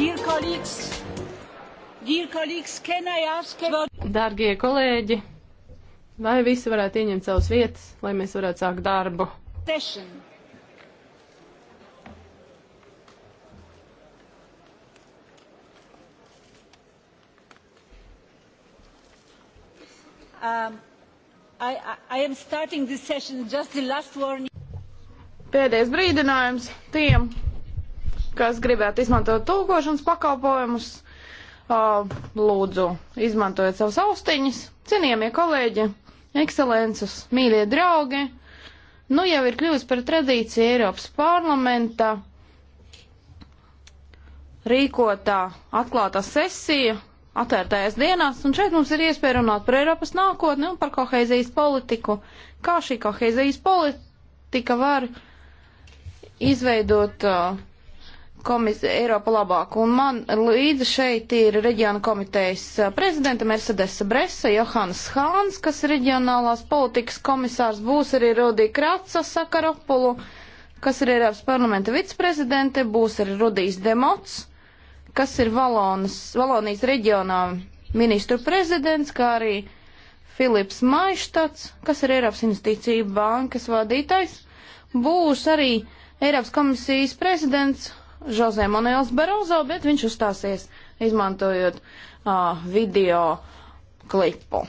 Dear colleagues, dear colleagues, can I ask about... Dargie kolēģi, vai visi varētu ieņemt savas vietas, lai mēs varētu sākt darbu? Session. Um, I, I, I am starting this session, just the last warning. Pēdējais brīdinājums tiem, kas gribētu izmantot tulkošanas pakalpojumus, lūdzu, izmantojiet savus austiņas, cienījamie kolēģi, ekscelences, mīļie draugi. Nu jau ir kļuvis par tradīciju Eiropas parlamenta rīkotā atklātā sesija, atvērtējās dienās, un šeit mums ir iespēja runāt par Eiropas nākotni un par kohēzijas politiku. Kā šī kohēzijas politika var izveidot uh, komisija Eiropa labāk. Un man līdzi šeit ir reģiona komitejas prezidenta Mercedesa Bresa, Johans Hāns, kas ir reģionālās politikas komisārs, būs arī Rudī Kratsa Sakaropulu, kas ir Eiropas parlamenta viceprezidente, būs arī Rudijs Demots, kas ir Valonas, Valonijas reģionā ministru prezidents, kā arī Filips Maištats, kas ir Eiropas investīcija bankas vadītājs, būs arī Eiropas komisijas prezidents Žozē Monēls Barozo, bet viņš uzstāsies izmantojot uh, video klipu.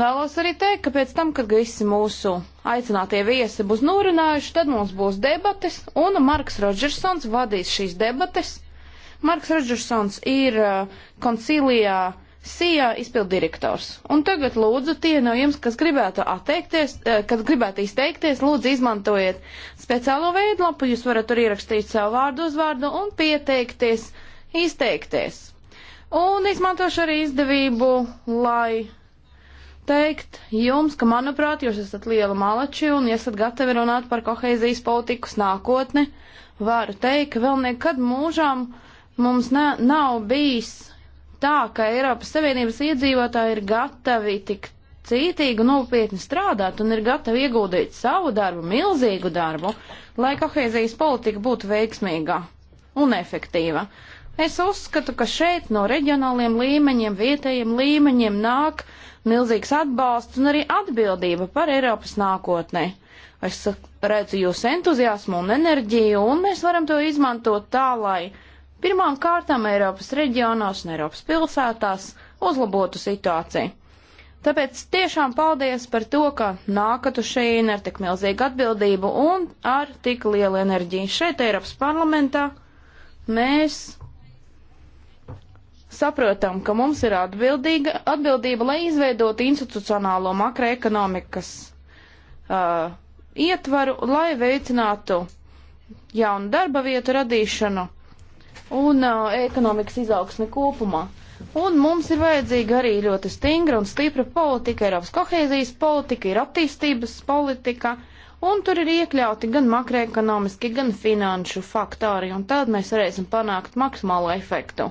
Vēlos arī teikt, ka pēc tam, kad visi mūsu aicinātie viesi būs norunājuši, tad mums būs debates, un Marks Rodžersons vadīs šīs debates. Marks Rodžersons ir uh, koncīlijā uh, SIA izpildirektors. Un tagad lūdzu tie no jums, kas gribētu atteikties, eh, kas gribētu izteikties, lūdzu izmantojiet speciālo veidlapu, jūs varat tur ierakstīt savu vārdu uzvārdu un pieteikties, izteikties. Un izmantošu arī izdevību, lai teikt jums, ka manuprāt, jūs esat liela malači un esat gatavi runāt par koheizijas politikas nākotni. Varu teikt, ka vēl nekad mūžām mums ne, nav bijis tā, ka Eiropas Savienības iedzīvotāji ir gatavi tik cītīgi un nopietni strādāt un ir gatavi ieguldīt savu darbu, milzīgu darbu, lai kohēzijas politika būtu veiksmīga un efektīva. Es uzskatu, ka šeit no reģionāliem līmeņiem, vietējiem līmeņiem nāk milzīgs atbalsts un arī atbildība par Eiropas nākotnē. Es redzu jūsu entuziasmu un enerģiju, un mēs varam to izmantot tā, lai Pirmām kārtām Eiropas reģionos un Eiropas pilsētās uzlabotu situāciju. Tāpēc tiešām paldies par to, ka nākat uz šejienu ar tik milzīgu atbildību un ar tik lielu enerģiju. Šeit Eiropas parlamentā mēs saprotam, ka mums ir atbildība, lai izveidotu institucionālo makroekonomikas uh, ietvaru, lai veicinātu jaunu darba vietu radīšanu un uh, ekonomikas izaugsme kopumā. Un mums ir vajadzīga arī ļoti stingra un stipra politika, ir abas kohēzijas politika, ir attīstības politika, un tur ir iekļauti gan makroekonomiski, gan finanšu faktori, un tad mēs varēsim panākt maksimālo efektu.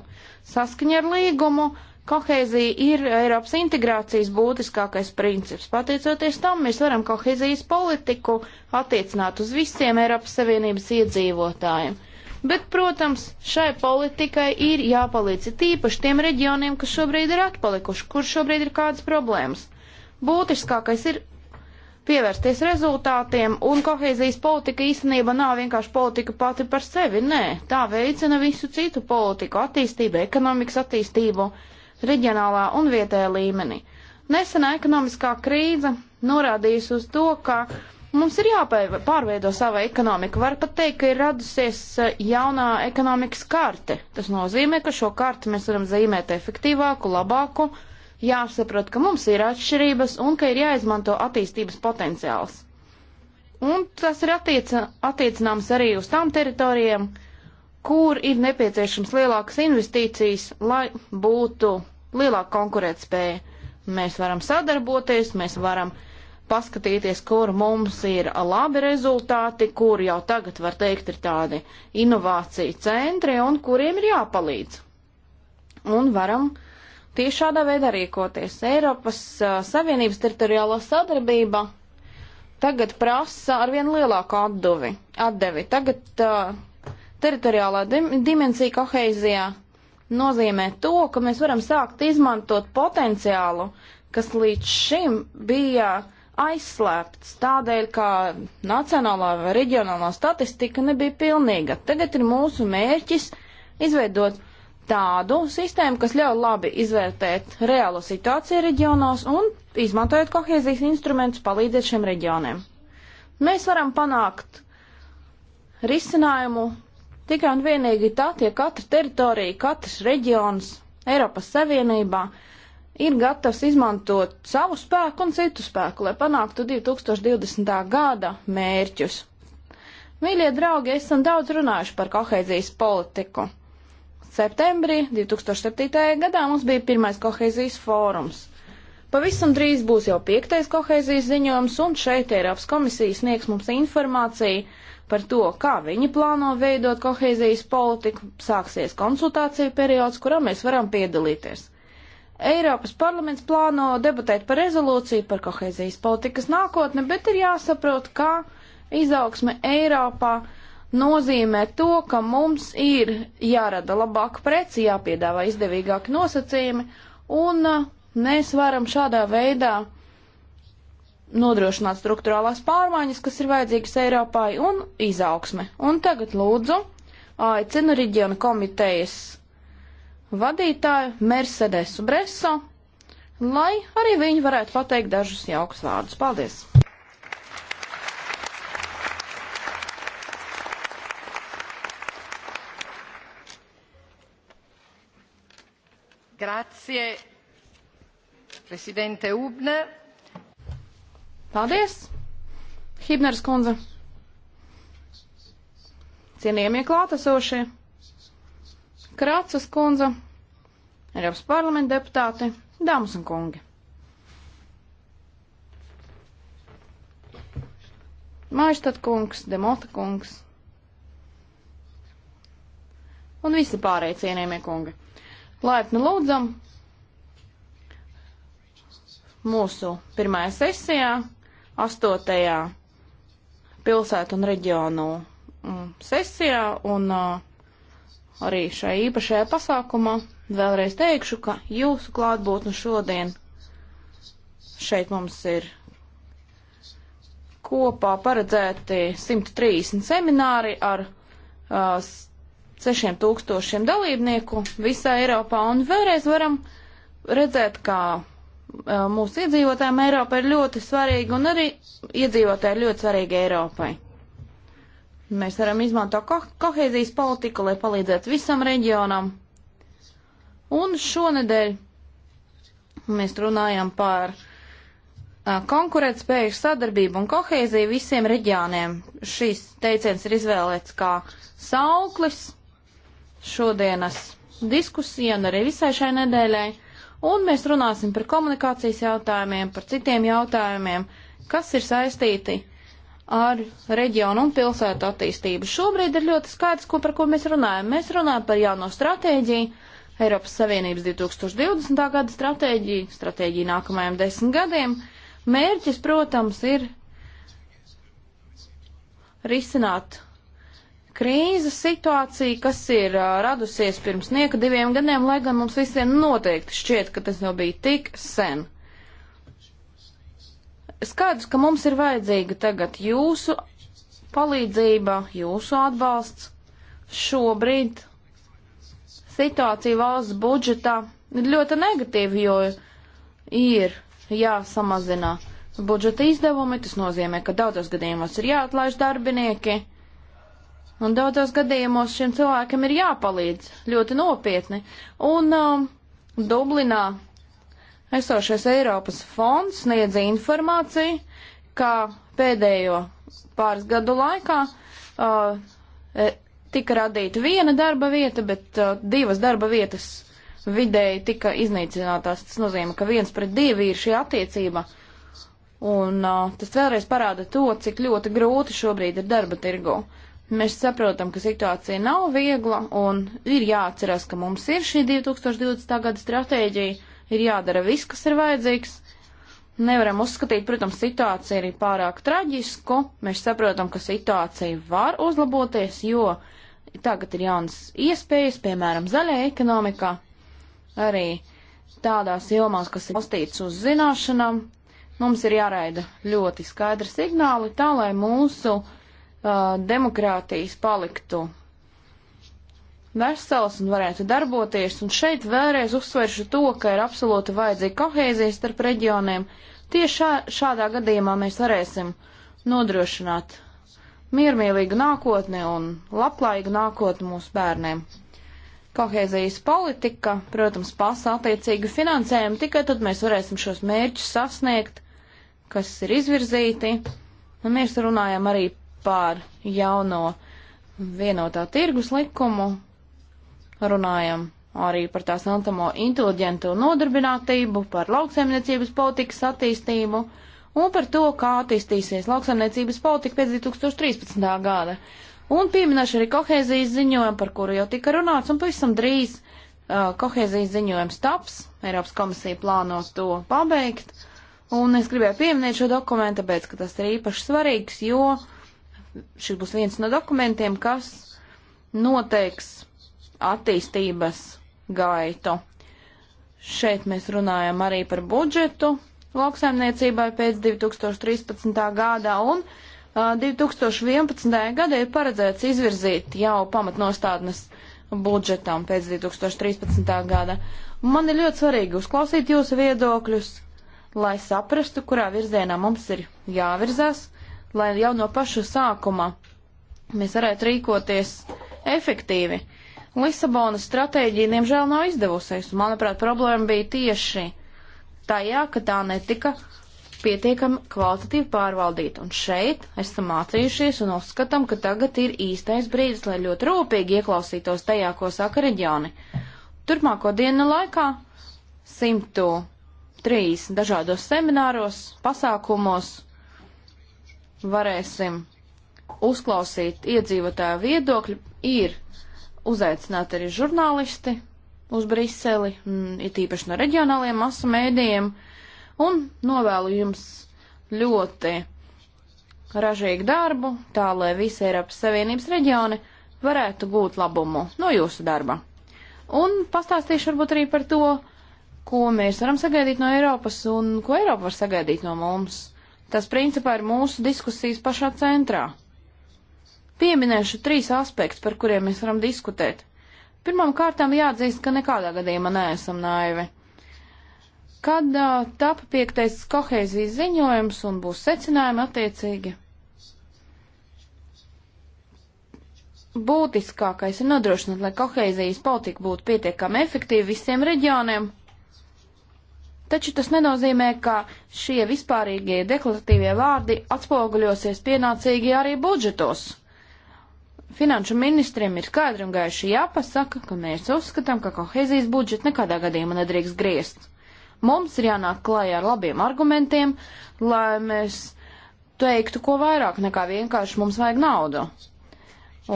Saskaņa ar līgumu kohēzija ir Eiropas integrācijas būtiskākais princips. Pateicoties tam, mēs varam kohēzijas politiku attiecināt uz visiem Eiropas Savienības iedzīvotājiem. Bet, protams, šai politikai ir jāpalīdz tīpaši tiem reģioniem, kas šobrīd ir atpalikuši, kur šobrīd ir kādas problēmas. Būtiskākais ir pievērsties rezultātiem, un kohēzijas politika īstenībā nav vienkārši politika pati par sevi, nē, tā veicina visu citu politiku attīstību, ekonomikas attīstību, reģionālā un vietējā līmenī. Nesenā ekonomiskā krīze norādījusi uz to, ka Mums ir jāpārveido sava ekonomika. Var pat teikt, ka ir radusies e, jaunā ekonomikas karte. Tas nozīmē, ka šo karti mēs varam zīmēt efektīvāku, labāku. Jāsaprot, ka mums ir atšķirības un ka ir jāizmanto attīstības potenciāls. Un tas ir attieca, attiecināms arī uz tām teritorijām, kur ir nepieciešams lielākas investīcijas, lai būtu lielāka konkurētspēja. Mēs varam sadarboties, mēs varam uh, paskatīties, kur mums ir labi rezultāti, kur jau tagad var teikt ir tādi inovāciju centri un kuriem ir jāpalīdz. Un varam tieši šādā veidā rīkoties. Eiropas uh, Savienības teritoriālā sadarbība tagad prasa arvien lielāku atduvi, atdevi. Tagad uh, teritoriālā dim dimensija koheizijā nozīmē to, ka mēs varam sākt izmantot potenciālu, kas līdz šim bija uh, aizslēpts tādēļ, ka nacionālā vai reģionālā statistika nebija pilnīga. Tagad ir mūsu mērķis izveidot tādu sistēmu, kas ļauj labi izvērtēt reālo situāciju reģionos un, izmantojot kohēzijas instrumentus, palīdzēt šiem reģioniem. Mēs varam panākt risinājumu tikai un vienīgi tā, ja katra teritorija, katrs reģions Eiropas Savienībā ir gatavs izmantot savu spēku un citu spēku, lai panāktu 2020. gada mērķus. Mīļie draugi, esam daudz runājuši par kohēzijas politiku. Septembrī 2007. gadā mums bija pirmais kohēzijas fórums. Pavisam drīz būs jau piektais kohēzijas ziņojums, un šeit Eiropas komisija sniegs mums informāciju par to, kā viņi plāno veidot kohēzijas politiku. Sāksies konsultāciju periods, kurā mēs varam piedalīties. Eiropas parlaments plāno debatēt par rezolūciju par kohēzijas politikas nākotni, bet ir jāsaprot, ka izaugsme Eiropā nozīmē to, ka mums ir jārada labāka preci, jāpiedāvā izdevīgāki nosacījumi, un uh, mēs varam šādā veidā nodrošināt struktūrālās pārmaiņas, kas ir vajadzīgas Eiropai, un izaugsme. Un tagad lūdzu aicinu reģiona komitejas vadītāju Mercedesu Breso, lai arī viņi varētu pateikt dažus jaukus vārdus. Paldies! Grazie, prezidente Hubner. Paldies, Hibners kundze. Cienījamie klātesošie! Krācas kundze, Eiropas parlamenta deputāti, dāmas un kungi. Maistat kungs, Demota kungs un visi pārējie cienījamie kungi. Laipni lūdzam mūsu pirmajā sesijā, astotajā pilsētu un reģionu mm, sesijā un uh, arī šai īpašajā pasākumā. Vēlreiz teikšu, ka jūsu klātbūtne šodien šeit mums ir kopā paredzēti 130 semināri ar uh, 6000 dalībnieku visā Eiropā, un vēlreiz varam redzēt, ka uh, mūsu iedzīvotājiem Eiropa ir ļoti svarīga, un arī iedzīvotāji ir ļoti svarīgi Eiropai. Mēs varam izmantot ko kohēzijas politiku, lai palīdzētu visam reģionam. Un šonedēļ mēs runājam par konkurētspēju, sadarbību un kohēziju visiem reģioniem. Šis teiciens ir izvēlēts kā sauklis šodienas diskusijām, arī visai šai nedēļai. Un mēs runāsim par komunikācijas jautājumiem, par citiem jautājumiem, kas ir saistīti ar reģionu un pilsētu attīstību. Šobrīd ir ļoti skaidrs, ko, par ko mēs runājam. Mēs runājam par jauno stratēģiju, Eiropas Savienības 2020. gada stratēģiju, stratēģiju nākamajiem desmit gadiem. Mērķis, protams, ir risināt krīzes situāciju, kas ir uh, radusies pirms nieka diviem gadiem, lai gan mums visiem noteikti šķiet, ka tas jau bija tik sen. Uh, skaidrs, ka mums ir vajadzīga tagad jūsu palīdzība, jūsu atbalsts. Šobrīd situācija valsts budžetā ir ļoti negatīva, jo ir jāsamazina budžeta izdevumi. Tas nozīmē, ka daudzos gadījumos ir jāatlaiž darbinieki. Un daudzos gadījumos šiem cilvēkiem ir jāpalīdz ļoti nopietni. Un um, Dublinā Esošais Eiropas fonds sniedza informāciju, ka pēdējo pāris gadu laikā uh, e, tika radīta viena darba vieta, bet uh, divas darba vietas vidēji tika iznīcinātās. Tas nozīmē, ka viens pret divi ir šī attiecība. Un uh, tas vēlreiz parāda to, cik ļoti grūti šobrīd ir darba tirgu. Mēs saprotam, ka situācija nav viegla un ir jāatcerās, ka mums ir šī 2020. gada stratēģija ir jādara viss, kas ir vajadzīgs. Nevaram uzskatīt, protams, situācija ir pārāk traģisku. Mēs saprotam, ka situācija var uzlaboties, jo tagad ir jaunas iespējas, piemēram, zaļajā ekonomikā, arī tādās jomās, kas ir balstīts uz zināšanām. Mums ir jāraida ļoti skaidri signāli tā, lai mūsu uh, demokrātijas paliktu vesels un varētu darboties, un šeit vēlreiz uzsveršu to, ka ir absolūti vajadzīga kohēzija starp reģioniem. Tieši šādā gadījumā mēs varēsim nodrošināt miermīlīgu nākotni un labklājīgu nākotni mūsu bērniem. Kohēzijas politika, protams, pasa attiecīgu finansējumu, tikai tad mēs varēsim šos mērķus sasniegt, kas ir izvirzīti, un mēs runājam arī pār jauno vienotā tirgus likumu, runājam arī par tā saucamo inteliģentu nodarbinātību, par lauksaimniecības politikas attīstību un par to, kā attīstīsies lauksaimniecības politika pēc 2013. gada. Un pieminēšu arī kohēzijas ziņojumu, par kuru jau tika runāts, un pavisam drīz uh, kohēzijas ziņojums taps, Eiropas komisija plāno to pabeigt, un es gribēju pieminēt šo dokumentu, tāpēc, ka tas ir īpaši svarīgs, jo šis būs viens no dokumentiem, kas noteiks attīstības gaitu. Šeit mēs runājam arī par budžetu lauksaimniecībai pēc 2013. gadā un uh, 2011. gadā ir paredzēts izvirzīt jau pamatnostādnes budžetam pēc 2013. gada. Man ir ļoti svarīgi uzklausīt jūsu viedokļus, lai saprastu, kurā virzienā mums ir jāvirzās, lai jau no paša sākuma mēs varētu rīkoties efektīvi. Uh, Lisabonas stratēģija, diemžēl, nav izdevusies. Manuprāt, problēma bija tieši tajā, ka tā netika pietiekami kvalitatīvi pārvaldīta. Un šeit esam mācījušies un uzskatām, ka tagad ir īstais brīdis, lai ļoti rūpīgi ieklausītos tajā, ko saka reģioni. Turpmāko dienu laikā 103 dažādos semināros, pasākumos varēsim uzklausīt iedzīvotāju viedokļu. Ir uzaicināti arī žurnālisti uz Briseli, mm, ir tīpaši no reģionāliem masu mēdījiem, un novēlu jums ļoti ražīgu darbu, tā lai visi Eiropas Savienības reģioni varētu gūt labumu no jūsu darba. Un pastāstīšu varbūt arī par to, ko mēs varam sagaidīt no Eiropas un ko Eiropa var sagaidīt no mums. Tas principā ir mūsu diskusijas pašā centrā. Pieminēšu trīs aspektus, par kuriem mēs varam diskutēt. Pirmām kārtām jāatzīst, ka nekādā gadījumā neesam naivi. Kad uh, tapa piektais kohēzijas ziņojums un būs secinājumi attiecīgi, būtiskākais ir nodrošināt, lai kohēzijas politika būtu pietiekami efektīva visiem reģioniem. Taču tas nenozīmē, ka šie vispārīgie deklaratīvie vārdi atspoguļosies pienācīgi arī budžetos finanšu ministriem ir skaidri un gaiši jāpasaka, ka mēs uzskatām, ka kohēzijas budžets nekādā gadījumā nedrīkst griezt. Mums ir jānāk klājā ar labiem argumentiem, lai mēs teiktu, ko vairāk nekā vienkārši mums vajag naudu.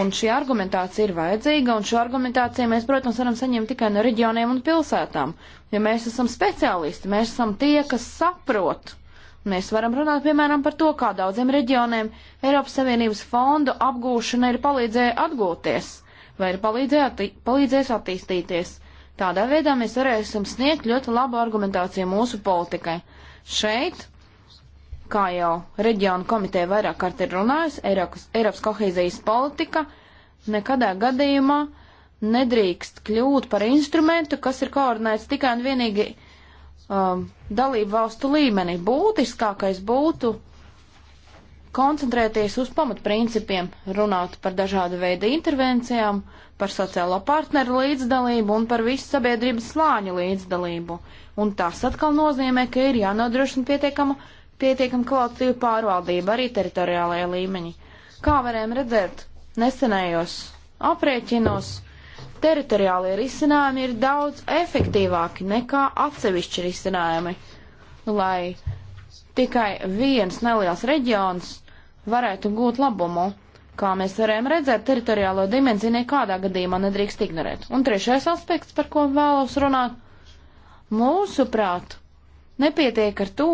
Un šī argumentācija ir vajadzīga, un šo argumentāciju mēs, protams, varam saņemt tikai no reģioniem un pilsētām. Jo ja mēs esam speciālisti, mēs esam tie, kas saprot, Mēs varam runāt, piemēram, par to, kā daudziem reģioniem Eiropas Savienības fondu apgūšana ir palīdzēja atgūties vai ir atti palīdzējis attīstīties. Tādā veidā mēs varēsim sniegt ļoti labu argumentāciju mūsu politikai. Šeit, kā jau reģionu komiteja vairāk kārt ir runājusi, Eiropas, Eiropas kohēzijas politika nekadā gadījumā nedrīkst kļūt par instrumentu, kas ir koordinēts tikai un vienīgi um, dalību valstu līmenī. Būtiskākais būtu koncentrēties uz pamatprincipiem, runāt par dažādu veidu intervencijām, par sociālo partneru līdzdalību un par visu sabiedrības slāņu līdzdalību. Un tas atkal nozīmē, ka ir jānodrošina pietiekama, pietiekama kvalitīva pārvaldība arī teritoriālajā līmeņī. Kā varējām redzēt nesenējos aprēķinos, mm Teritoriālie risinājumi ir daudz efektīvāki nekā atsevišķi risinājumi, lai tikai viens neliels reģions varētu gūt labumu. Kā mēs varējām redzēt, teritoriālo dimensiju nekādā gadījumā nedrīkst ignorēt. Un trešais aspekts, par ko vēlos runāt, mūsuprāt, nepietiek ar to,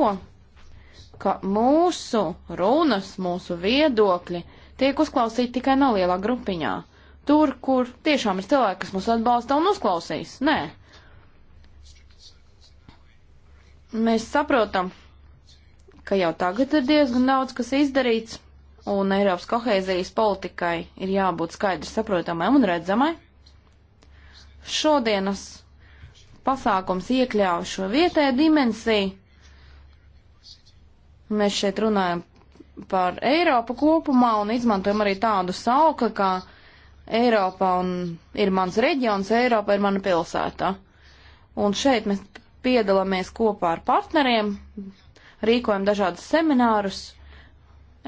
ka mūsu runas, mūsu viedokļi tiek uzklausīti tikai nelielā grupiņā tur, kur tiešām ir cilvēki, kas mūs atbalsta un uzklausīs. Nē. Mēs saprotam, ka jau tagad ir diezgan daudz, kas izdarīts, un Eiropas kohēzijas politikai ir jābūt skaidri saprotamai un redzamai. Šodienas pasākums iekļauj šo vietēju dimensiju. Mēs šeit runājam par Eiropu kopumā un izmantojam arī tādu sauku, kā ka Eiropa un ir mans reģions, Eiropa ir mana pilsēta. Un šeit mēs piedalāmies kopā ar partneriem, rīkojam dažādus seminārus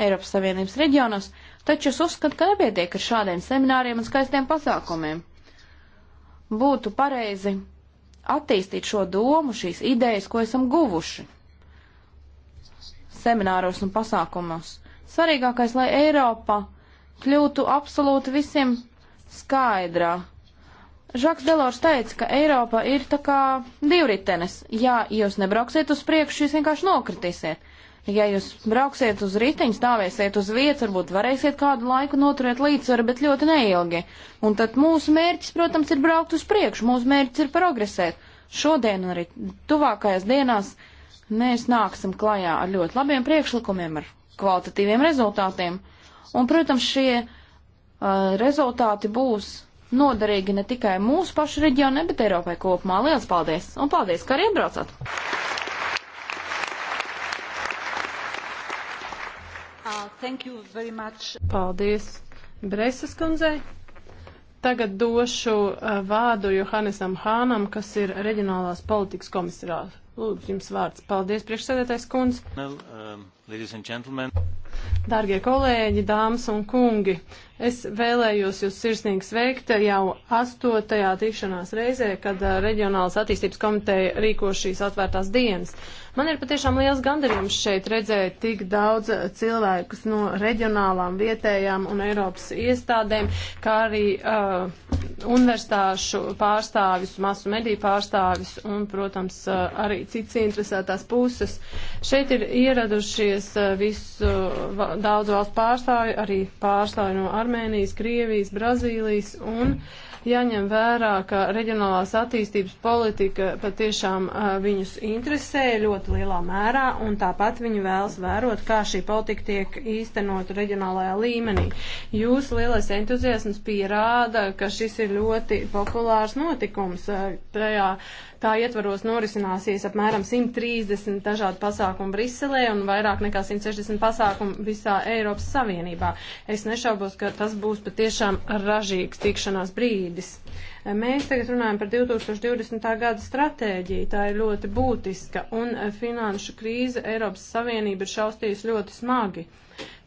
Eiropas Savienības reģionos, taču es uzskatu, ka nepietiek ar šādiem semināriem un skaistiem pasākumiem. Būtu pareizi attīstīt šo domu, šīs idejas, ko esam guvuši semināros un pasākumos. Svarīgākais, lai Eiropa kļūtu absolūti visiem skaidrā. Žaks Delors teica, ka Eiropa ir tā kā divritenis. Ja jūs nebrauksiet uz priekšu, jūs vienkārši nokritīsiet. Ja jūs brauksiet uz riteņu, stāvēsiet uz vietas, varbūt varēsiet kādu laiku noturēt līdzsvaru, bet ļoti neilgi. Un tad mūsu mērķis, protams, ir braukt uz priekšu, mūsu mērķis ir progresēt. Šodien un arī tuvākajās dienās mēs nāksim klajā ar ļoti labiem priekšlikumiem, ar kvalitatīviem rezultātiem. Un, protams, šie rezultāti būs noderīgi ne tikai mūsu pašu reģionē, bet Eiropai kopumā. Lielas paldies! Un paldies, ka arī iebraucāt! Uh, paldies Breises kundzei. Tagad došu uh, vārdu Johannesam Hānam, kas ir reģionālās politikas komisārā. Lūdzu, jums vārds. Paldies, priekšsēdētājs kundze. Well, um, Dārgie kolēģi, dāmas un kungi, es vēlējos jūs sirsnīgi sveikt jau astotajā tikšanās reizē, kad Reģionālas attīstības komiteja rīko šīs atvērtās dienas. Man ir patiešām liels gandarījums šeit redzēt tik daudz cilvēkus no reģionālām, vietējām un Eiropas iestādēm, kā arī uh, universitāšu pārstāvis, masu mediju pārstāvis un, protams, uh, arī cits interesētās puses. Šeit ir ieradušies uh, visu daudz valstu pārstāvju, arī pārstāvju no Armēnijas, Krievijas, Brazīlijas un jāņem vērā, ka reģionālās attīstības politika patiešām viņus interesē ļoti lielā mērā un tāpat viņi vēlas vērot, kā šī politika tiek īstenot reģionālajā līmenī. Jūsu lielais entuziasms pierāda, ka šis ir ļoti populārs notikums. Tajā Tā ietvaros norisināsies apmēram 130 dažādu pasākumu Briselē un vairāk nekā 160 pasākumu visā Eiropas Savienībā. Es nešaubos, ka tas būs patiešām ražīgs tikšanās brīdis. Mēs tagad runājam par 2020. gada stratēģiju. Tā ir ļoti būtiska un finanšu krīze Eiropas Savienība ir šaustījusi ļoti smagi.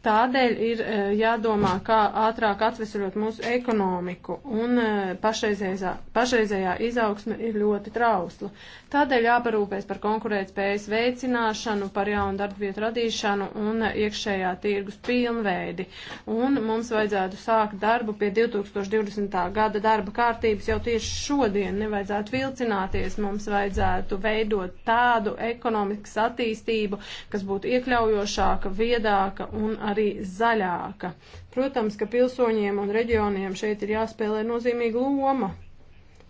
Tādēļ ir e, jādomā, kā ātrāk atvesaļot mūsu ekonomiku, un e, pašreizējā, pašreizējā izaugsme ir ļoti trausla. Tādēļ jāparūpēs par konkurētspējas veicināšanu, par jaunu darbvietu radīšanu un iekšējā tirgus pilnveidi. Un mums vajadzētu sākt darbu pie 2020. gada darba kārtības jau tieši šodien. Nevajadzētu vilcināties, mums vajadzētu veidot tādu ekonomikas attīstību, kas būtu iekļaujošāka, viedāka un arī arī zaļāka. Protams, ka pilsoņiem un reģioniem šeit ir jāspēlē nozīmīga loma.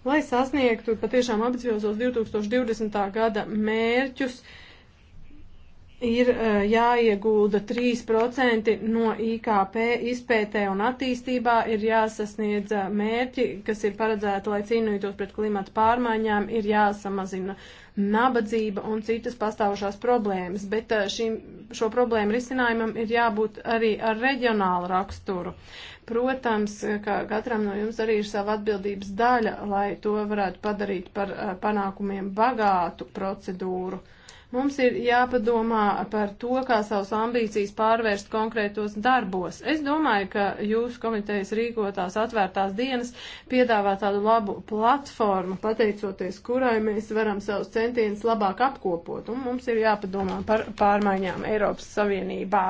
Lai sasniegtu patiešām apdzīvos 2020. gada mērķus, uh, ir e, jāiegulda 3% no IKP izpētē un attīstībā, ir jāsasniedz e, mērķi, kas ir paredzēti, lai cīnītos pret klimata pārmaiņām, ir jāsamazina nabadzība un citas pastāvošās problēmas, bet e, šim, šo problēmu risinājumam ir jābūt arī ar reģionālu raksturu. Protams, ka katram no jums arī ir sava atbildības daļa, lai to varētu padarīt par panākumiem bagātu procedūru. Mums ir jāpadomā par to, kā savas ambīcijas pārvērst konkrētos darbos. Es domāju, ka jūsu komitejas rīkotās atvērtās dienas piedāvā tādu labu platformu, pateicoties kurai mēs varam savus centienus labāk apkopot, un mums ir jāpadomā par pārmaiņām Eiropas Savienībā.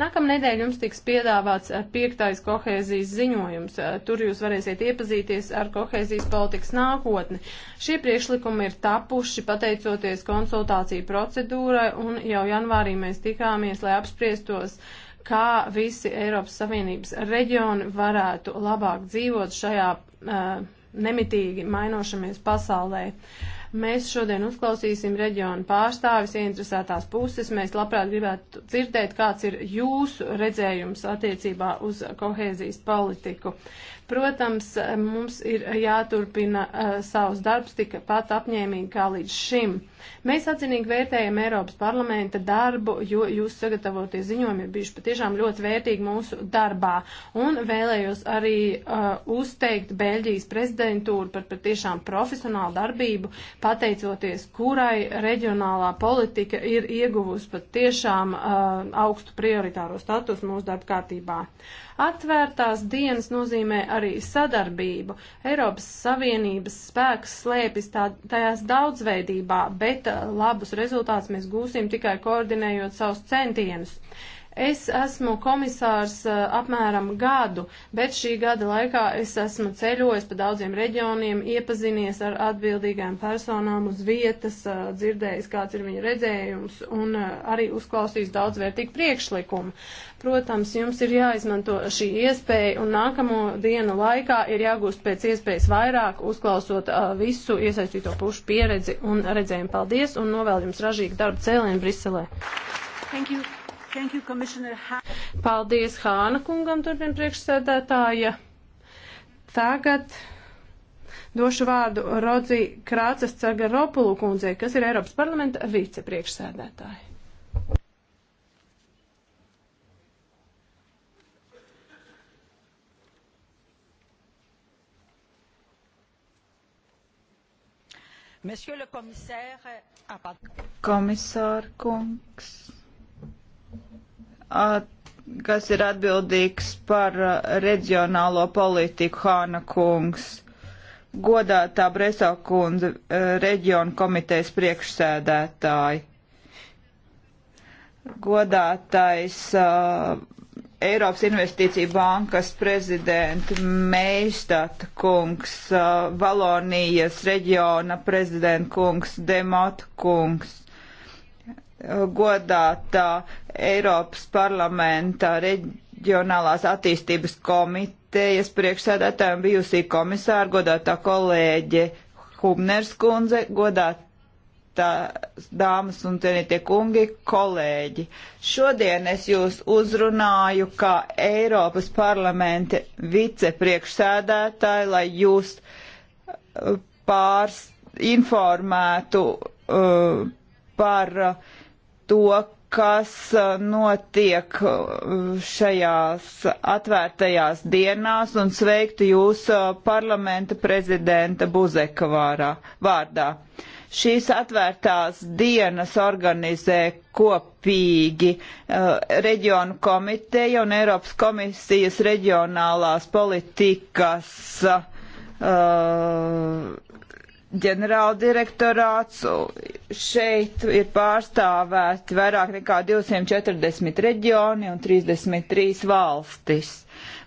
Nākamnedēļ jums tiks piedāvāts eh, piektais kohēzijas ziņojums. Eh, tur jūs varēsiet iepazīties ar kohēzijas politikas nākotni. Šie priekšlikumi ir tapuši pateicoties konsultāciju procedūrai un jau janvārī mēs tikāmies, lai apspriestos kā visi Eiropas Savienības reģioni varētu labāk dzīvot šajā uh, nemitīgi mainošamies pasaulē. Uh, Mēs šodien uzklausīsim reģionu pārstāvis, ieinteresētās puses. Mēs labprāt gribētu dzirdēt, kāds ir jūsu redzējums attiecībā uz kohēzijas politiku. Protams, mums ir jāturpina uh, savs darbs tikpat apņēmīgi kā līdz šim. Mēs atzinīgi vērtējam Eiropas parlamenta darbu, jo jūs sagatavotie ziņojumi ir bijuši patiešām ļoti vērtīgi mūsu darbā. Un vēlējos arī uh, uzteikt Beļģijas prezidentūru par patiešām profesionālu darbību, pateicoties kurai reģionālā politika ir ieguvusi patiešām uh, augstu prioritāro statusu mūsu darba kārtībā. Atvērtās dienas nozīmē arī sadarbību. Eiropas Savienības spēks slēpjas tā, tajās daudzveidībā, bet bet labus rezultātus mēs gūsim tikai koordinējot savus centienus. Uh, Es esmu komisārs eh, apmēram gadu, bet šī gada laikā es esmu ceļojis pa daudziem reģioniem, iepazinies ar atbildīgām personām uz vietas, eh, dzirdējis, kāds ir viņa redzējums un eh, arī uzklausījis daudz vērtīgu priekšlikumu. Protams, jums ir jāizmanto šī iespēja un nākamo dienu laikā ir jāgūst pēc iespējas vairāk, uzklausot visu iesaistīto pušu pieredzi un redzējumu. Paldies un novēl jums ražīgu darbu cēlienu Briselē. Thank you. Paldies Hāna kungam, turpin priekšsēdētāja. Tagad došu vārdu Rodzi Krācas Cagaropulu kundzei, kas ir Eiropas parlamenta vicepriekšsēdētāja. Komisār kungs, at, kas ir atbildīgs par uh, reģionālo politiku Hāna kungs godātā Breso kundze, uh, reģiona komitejas priekšsēdētāji, godātais uh, Eiropas Investīcija bankas prezidenta Meistata kungs, uh, Valonijas reģiona prezidenta kungs, Demot kungs, godātā Eiropas parlamenta reģionālās attīstības komitejas priekšsēdētājiem bijusī komisāra, godātā kolēģe Hubners kundze, godātā dāmas un cienītie kungi, kolēģi. Šodien es jūs uzrunāju kā Eiropas parlamenta vicepriekšsēdētāji, lai jūs uh, pārs informētu uh, par uh, to, kas uh, notiek uh, šajās atvērtajās dienās un sveiktu jūs uh, parlamenta prezidenta Buzeka vārā, vārdā. Šīs atvērtās dienas organizē kopīgi uh, reģionu komiteja un Eiropas komisijas reģionālās politikas uh, ģenerāldirektorāts. Šeit ir pārstāvēti vairāk nekā 240 reģioni un 33 valstis.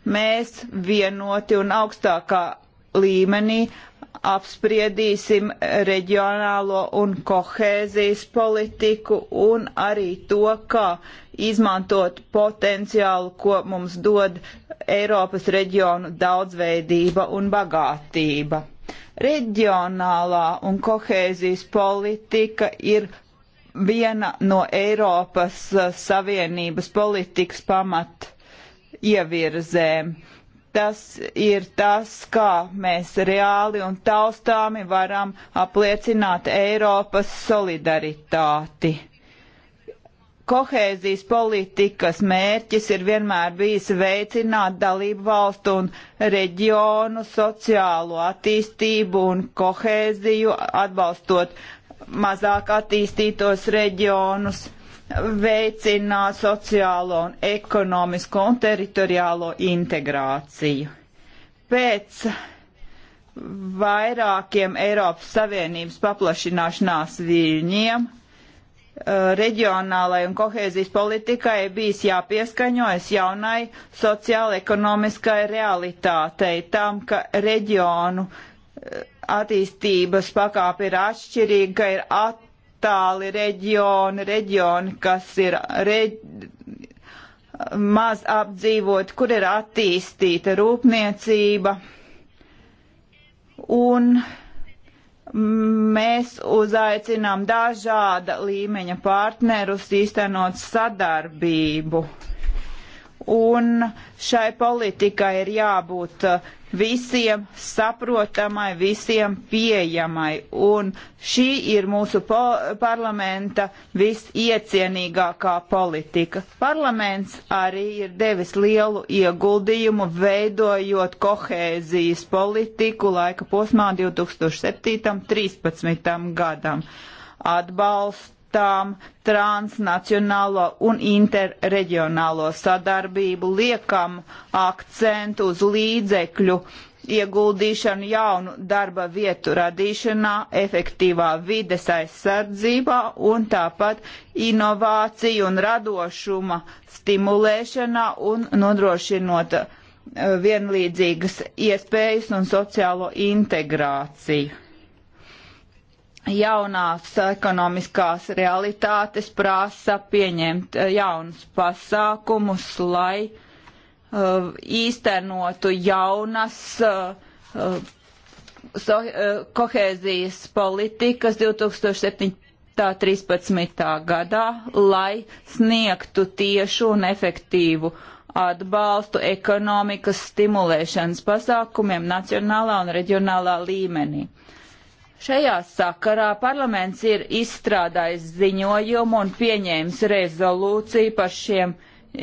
Mēs vienoti un augstākā līmenī apspriedīsim reģionālo un kohēzijas politiku un arī to, kā izmantot potenciālu, ko mums dod Eiropas reģionu daudzveidība un bagātība Reģionālā un kohēzijas politika ir viena no Eiropas eh, Savienības politikas pamat ievirzēm. Tas ir tas, kā mēs reāli un taustāmi varam apliecināt Eiropas solidaritāti kohēzijas politikas mērķis ir vienmēr bijis veicināt dalību valstu un reģionu sociālo attīstību un kohēziju, atbalstot mazāk attīstītos reģionus, veicināt sociālo un ekonomisko un teritoriālo integrāciju. Pēc vairākiem Eiropas Savienības paplašināšanās viļņiem Eh, reģionālai un kohēzijas politikai bijis jāpieskaņojas jaunai sociāla-ekonomiskai realitātei, tam, ka reģionu eh, attīstības pakāpe ir atšķirīga, ka ir attāli reģioni, reģioni, kas ir reģ... maz apdzīvot, kur ir attīstīta rūpniecība. Un uh, mēs uzaicinām dažāda līmeņa partnerus īstenot sadarbību un šai politikai ir jābūt uh, visiem saprotamai, visiem pieejamai. Un šī ir mūsu parlamenta visiecienīgākā politika. Parlaments arī ir devis lielu ieguldījumu veidojot kohēzijas politiku laika posmā 2007.13. gadam atbalstu lietām, transnacionālo un interreģionālo sadarbību, liekam akcentu uz līdzekļu ieguldīšanu jaunu darba vietu radīšanā, efektīvā vides aizsardzībā un tāpat inovāciju un radošuma stimulēšanā un nodrošinot eh, vienlīdzīgas iespējas un sociālo integrāciju jaunās ekonomiskās realitātes prasa pieņemt eh, jaunus pasākumus, lai uh, īstenotu jaunas uh, so, uh, kohēzijas politikas 2017. 13. gadā, lai sniegtu tiešu un efektīvu atbalstu ekonomikas stimulēšanas pasākumiem nacionālā un reģionālā līmenī. Uh, Šajā sakarā parlaments ir izstrādājis ziņojumu un pieņēmis rezolūciju par šiem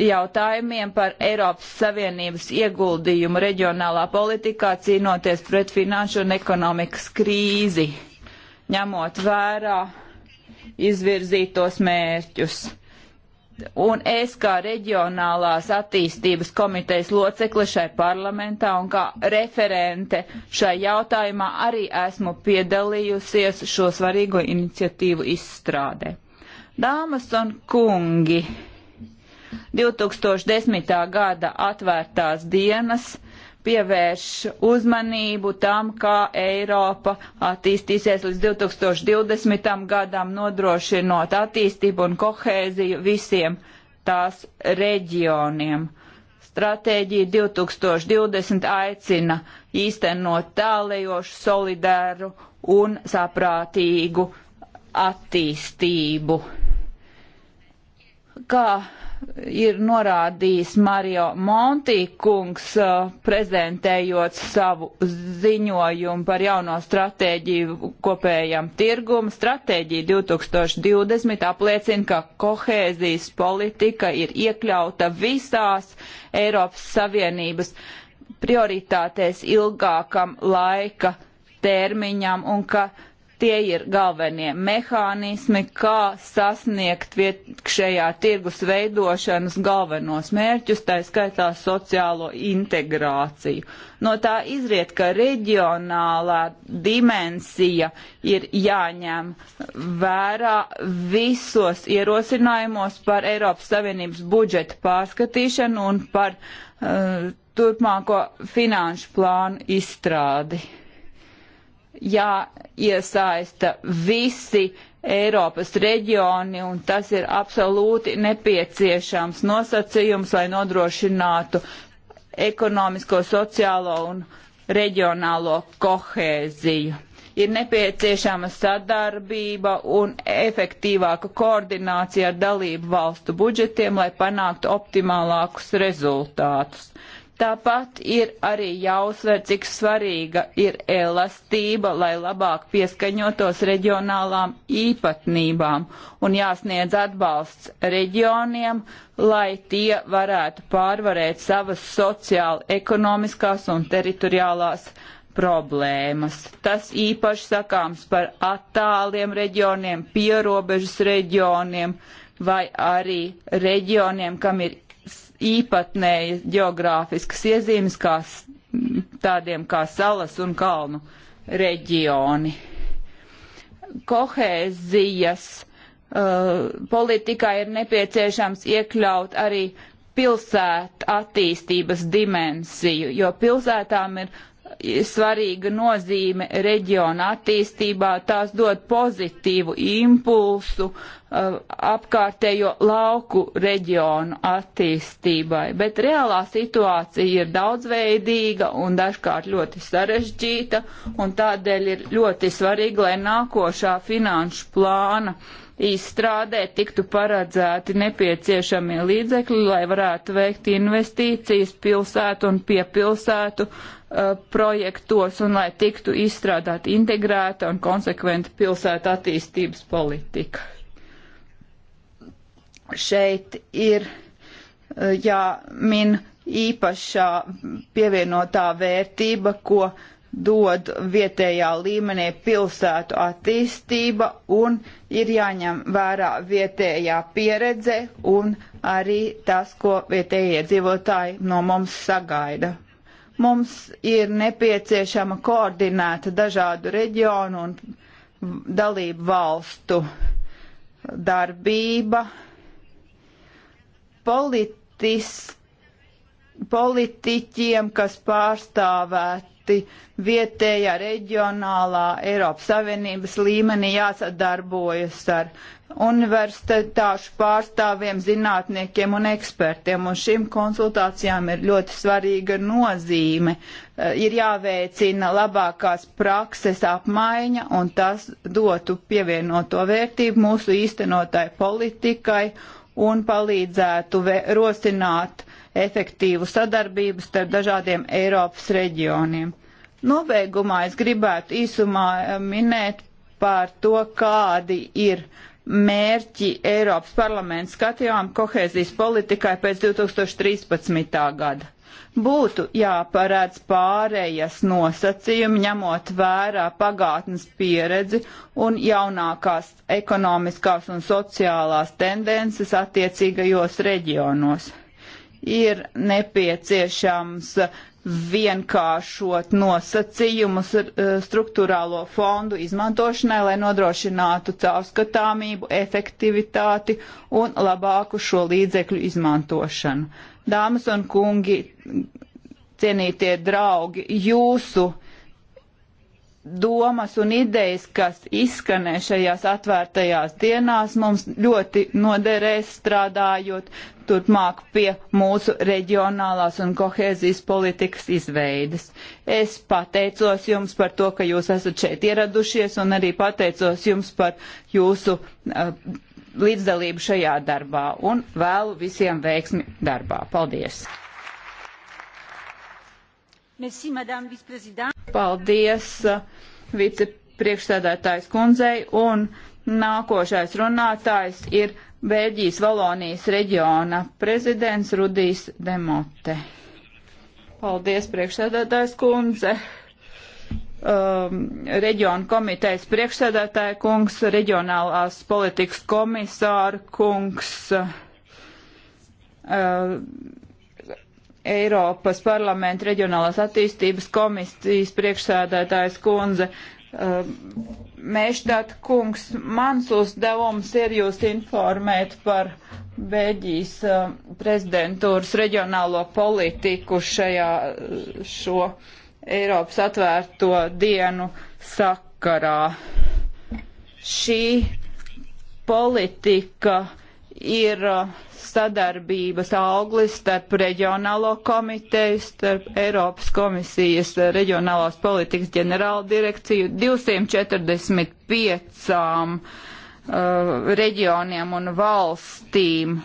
jautājumiem par Eiropas Savienības ieguldījumu reģionālā politikā cīnoties pret finanšu un ekonomikas krīzi, ņemot vērā izvirzītos mērķus un es kā reģionālās attīstības komitejas locekle šai parlamentā un kā referente šai jautājumā arī esmu piedalījusies šo svarīgo iniciatīvu izstrādē. Dāmas un kungi, 2010. gada atvērtās dienas pievērš uzmanību tam, kā Eiropa attīstīsies līdz 2020. gadam, nodrošinot attīstību un kohēziju visiem tās reģioniem. Stratēģija 2020 aicina īstenot tālējošu, solidāru un saprātīgu attīstību. Kā ir norādījis Mario Monti kungs, prezentējot savu ziņojumu par jauno stratēģiju kopējam tirgumu. Stratēģija 2020 apliecina, ka kohēzijas politika ir iekļauta visās Eiropas Savienības prioritātēs ilgākam laika termiņam un ka uh, Tie ir galvenie mehānismi, kā sasniegt vietšējā tirgus veidošanas galvenos mērķus, tā skaitā sociālo integrāciju. No tā izriet, ka reģionālā dimensija ir jāņem vērā visos ierosinājumos par Eiropas Savienības budžeta pārskatīšanu un par uh, turpmāko finanšu plānu izstrādi jāiesaista visi Eiropas reģioni, un tas ir absolūti nepieciešams nosacījums, lai nodrošinātu ekonomisko, sociālo un reģionālo kohēziju. Ir nepieciešama sadarbība un efektīvāka koordinācija ar dalību valstu budžetiem, lai panāktu optimālākus rezultātus. Tāpat ir arī jāuzsver, cik svarīga ir elastība, lai labāk pieskaņotos reģionālām īpatnībām un jāsniedz atbalsts reģioniem, lai tie varētu pārvarēt savas sociāli ekonomiskās un teritoriālās problēmas. Tas īpaši sakāms par attāliem reģioniem, pierobežas reģioniem vai arī reģioniem, kam ir īpatnējas geogrāfiskas iezīmes, kā tādiem kā salas un kalnu reģioni. Kohēzijas uh, politikā ir nepieciešams iekļaut arī pilsētu attīstības dimensiju, jo pilsētām ir svarīga nozīme reģiona attīstībā, tās dod pozitīvu impulsu uh, apkārtējo lauku reģionu attīstībai. Bet reālā situācija ir daudzveidīga un dažkārt ļoti sarežģīta, un tādēļ ir ļoti svarīgi, lai nākošā finanšu plāna izstrādē tiktu paredzēti nepieciešamie līdzekļi, lai varētu veikt investīcijas pilsētu un piepilsētu uh, Uh, projektos un lai tiktu izstrādāta integrēta un konsekventa pilsēta attīstības politika. Šeit ir uh, jāmin īpašā pievienotā vērtība, ko dod vietējā līmenī pilsētu attīstība un ir jāņem vērā vietējā pieredze un arī tas, ko vietējie dzīvotāji no mums sagaida. Mums ir nepieciešama koordinēta dažādu reģionu un dalību valstu darbība, politis, politiķiem, kas pārstāvēti vietējā, reģionālā, Eiropas Savienības līmenī jāsadarbojas ar universitāšu pārstāvjiem, zinātniekiem un ekspertiem, un šīm konsultācijām ir ļoti svarīga nozīme. E, ir jāveicina labākās prakses apmaiņa, un tas dotu pievienoto vērtību mūsu īstenotai politikai un palīdzētu rosināt efektīvu sadarbību starp dažādiem Eiropas reģioniem. Nobeigumā es gribētu īsumā e, minēt par to, kādi ir uh, mērķi Eiropas parlaments skatījām kohēzijas politikai pēc 2013. gada. Būtu jāparāds pārējas nosacījumi, ņemot vērā pagātnes pieredzi un jaunākās ekonomiskās un sociālās tendences attiecīgajos reģionos. Ir nepieciešams uh, vienkāršot nosacījumus eh, struktūrālo fondu izmantošanai, lai nodrošinātu caurskatāmību, efektivitāti un labāku šo līdzekļu izmantošanu. Dāmas un kungi, cienītie draugi, jūsu uh, domas un idejas, kas izskanē šajās atvērtajās dienās, mums ļoti noderēs strādājot turpmāk pie mūsu reģionālās un kohēzijas politikas izveides. Es pateicos jums par to, ka jūs esat šeit ieradušies un arī pateicos jums par jūsu uh, līdzdalību šajā darbā un vēlu visiem veiksmi darbā. Paldies! Merci, madame viceprezident. Paldies uh, vicepriekšsēdētājs kundzei un nākošais runātājs ir Bēļģijas Valonijas reģiona prezidents Rudijs Demote. Paldies priekšsēdētājs kundze. Um, reģiona komitejas priekšsēdētāja kungs, reģionālās politikas komisāra kungs. Uh, Eiropas parlamenta reģionālās attīstības komisijas priekšsēdētājs kundze. Uh, Mēšdāt kungs, mans uzdevums ir jūs informēt par Beļģijas uh, prezidentūras reģionālo politiku šajā uh, šo Eiropas atvērto dienu sakarā. Šī politika ir uh, sadarbības auglis starp reģionālo komiteju, starp Eiropas komisijas uh, reģionālās politikas ģenerāla direkciju 245 uh, reģioniem un valstīm.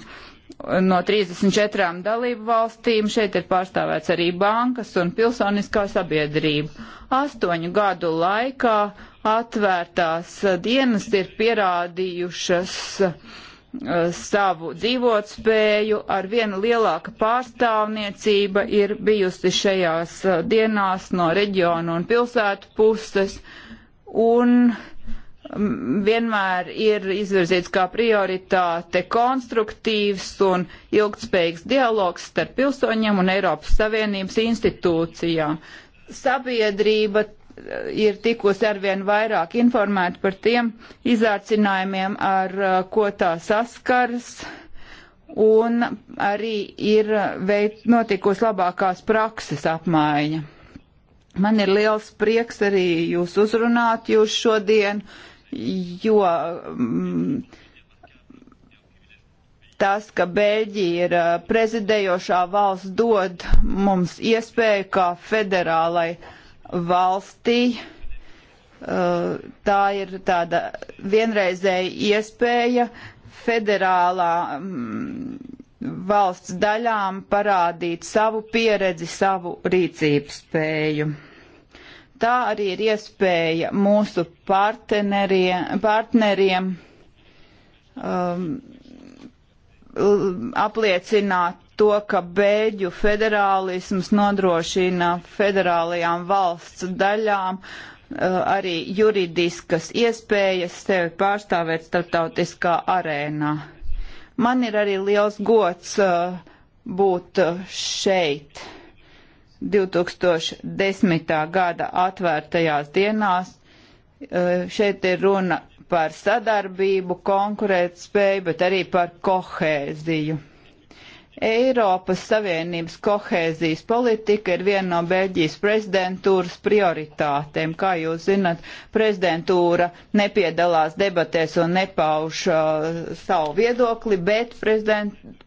No 34 dalību valstīm šeit ir pārstāvēts arī bankas un pilsoniskā sabiedrība. Astoņu gadu laikā atvērtās dienas ir pierādījušas uh, Eh, savu dzīvotspēju, ar vienu lielāka pārstāvniecība ir bijusi šajās eh, dienās no reģionu un pilsētu puses, un mm, vienmēr ir izvirzīts kā prioritāte konstruktīvs un ilgtspējīgs dialogs starp pilsoņiem un Eiropas Savienības institūcijām. Sabiedrība ir tikusi arvien vairāk informēta par tiem izaicinājumiem, ar uh, ko tā saskars, un arī ir veikt, notikusi labākās prakses apmaiņa. Man ir liels prieks arī jūs uzrunāt jūs šodien, jo mm, tas, ka Beļģija ir uh, prezidējošā valsts, dod mums iespēju kā federālai uh, valstī. Uh, tā ir tāda vienreizēja iespēja federālā mm, valsts daļām parādīt savu pieredzi, savu rīcības spēju. Tā arī ir iespēja mūsu partneriem, partneriem um, apliecināt to, ka bēģu federālisms nodrošina federālajām valsts daļām eh, arī juridiskas iespējas sevi pārstāvēt starptautiskā arēnā. Man ir arī liels gods eh, būt eh, šeit 2010. gada atvērtajās dienās. Šeit ir runa par sadarbību, konkurētspēju, bet arī par kohēziju. Eiropas Savienības kohēzijas politika ir viena no Beļģijas prezidentūras prioritātēm. Kā jūs zinat, prezidentūra nepiedalās debatēs un nepauž uh, savu viedokli, bet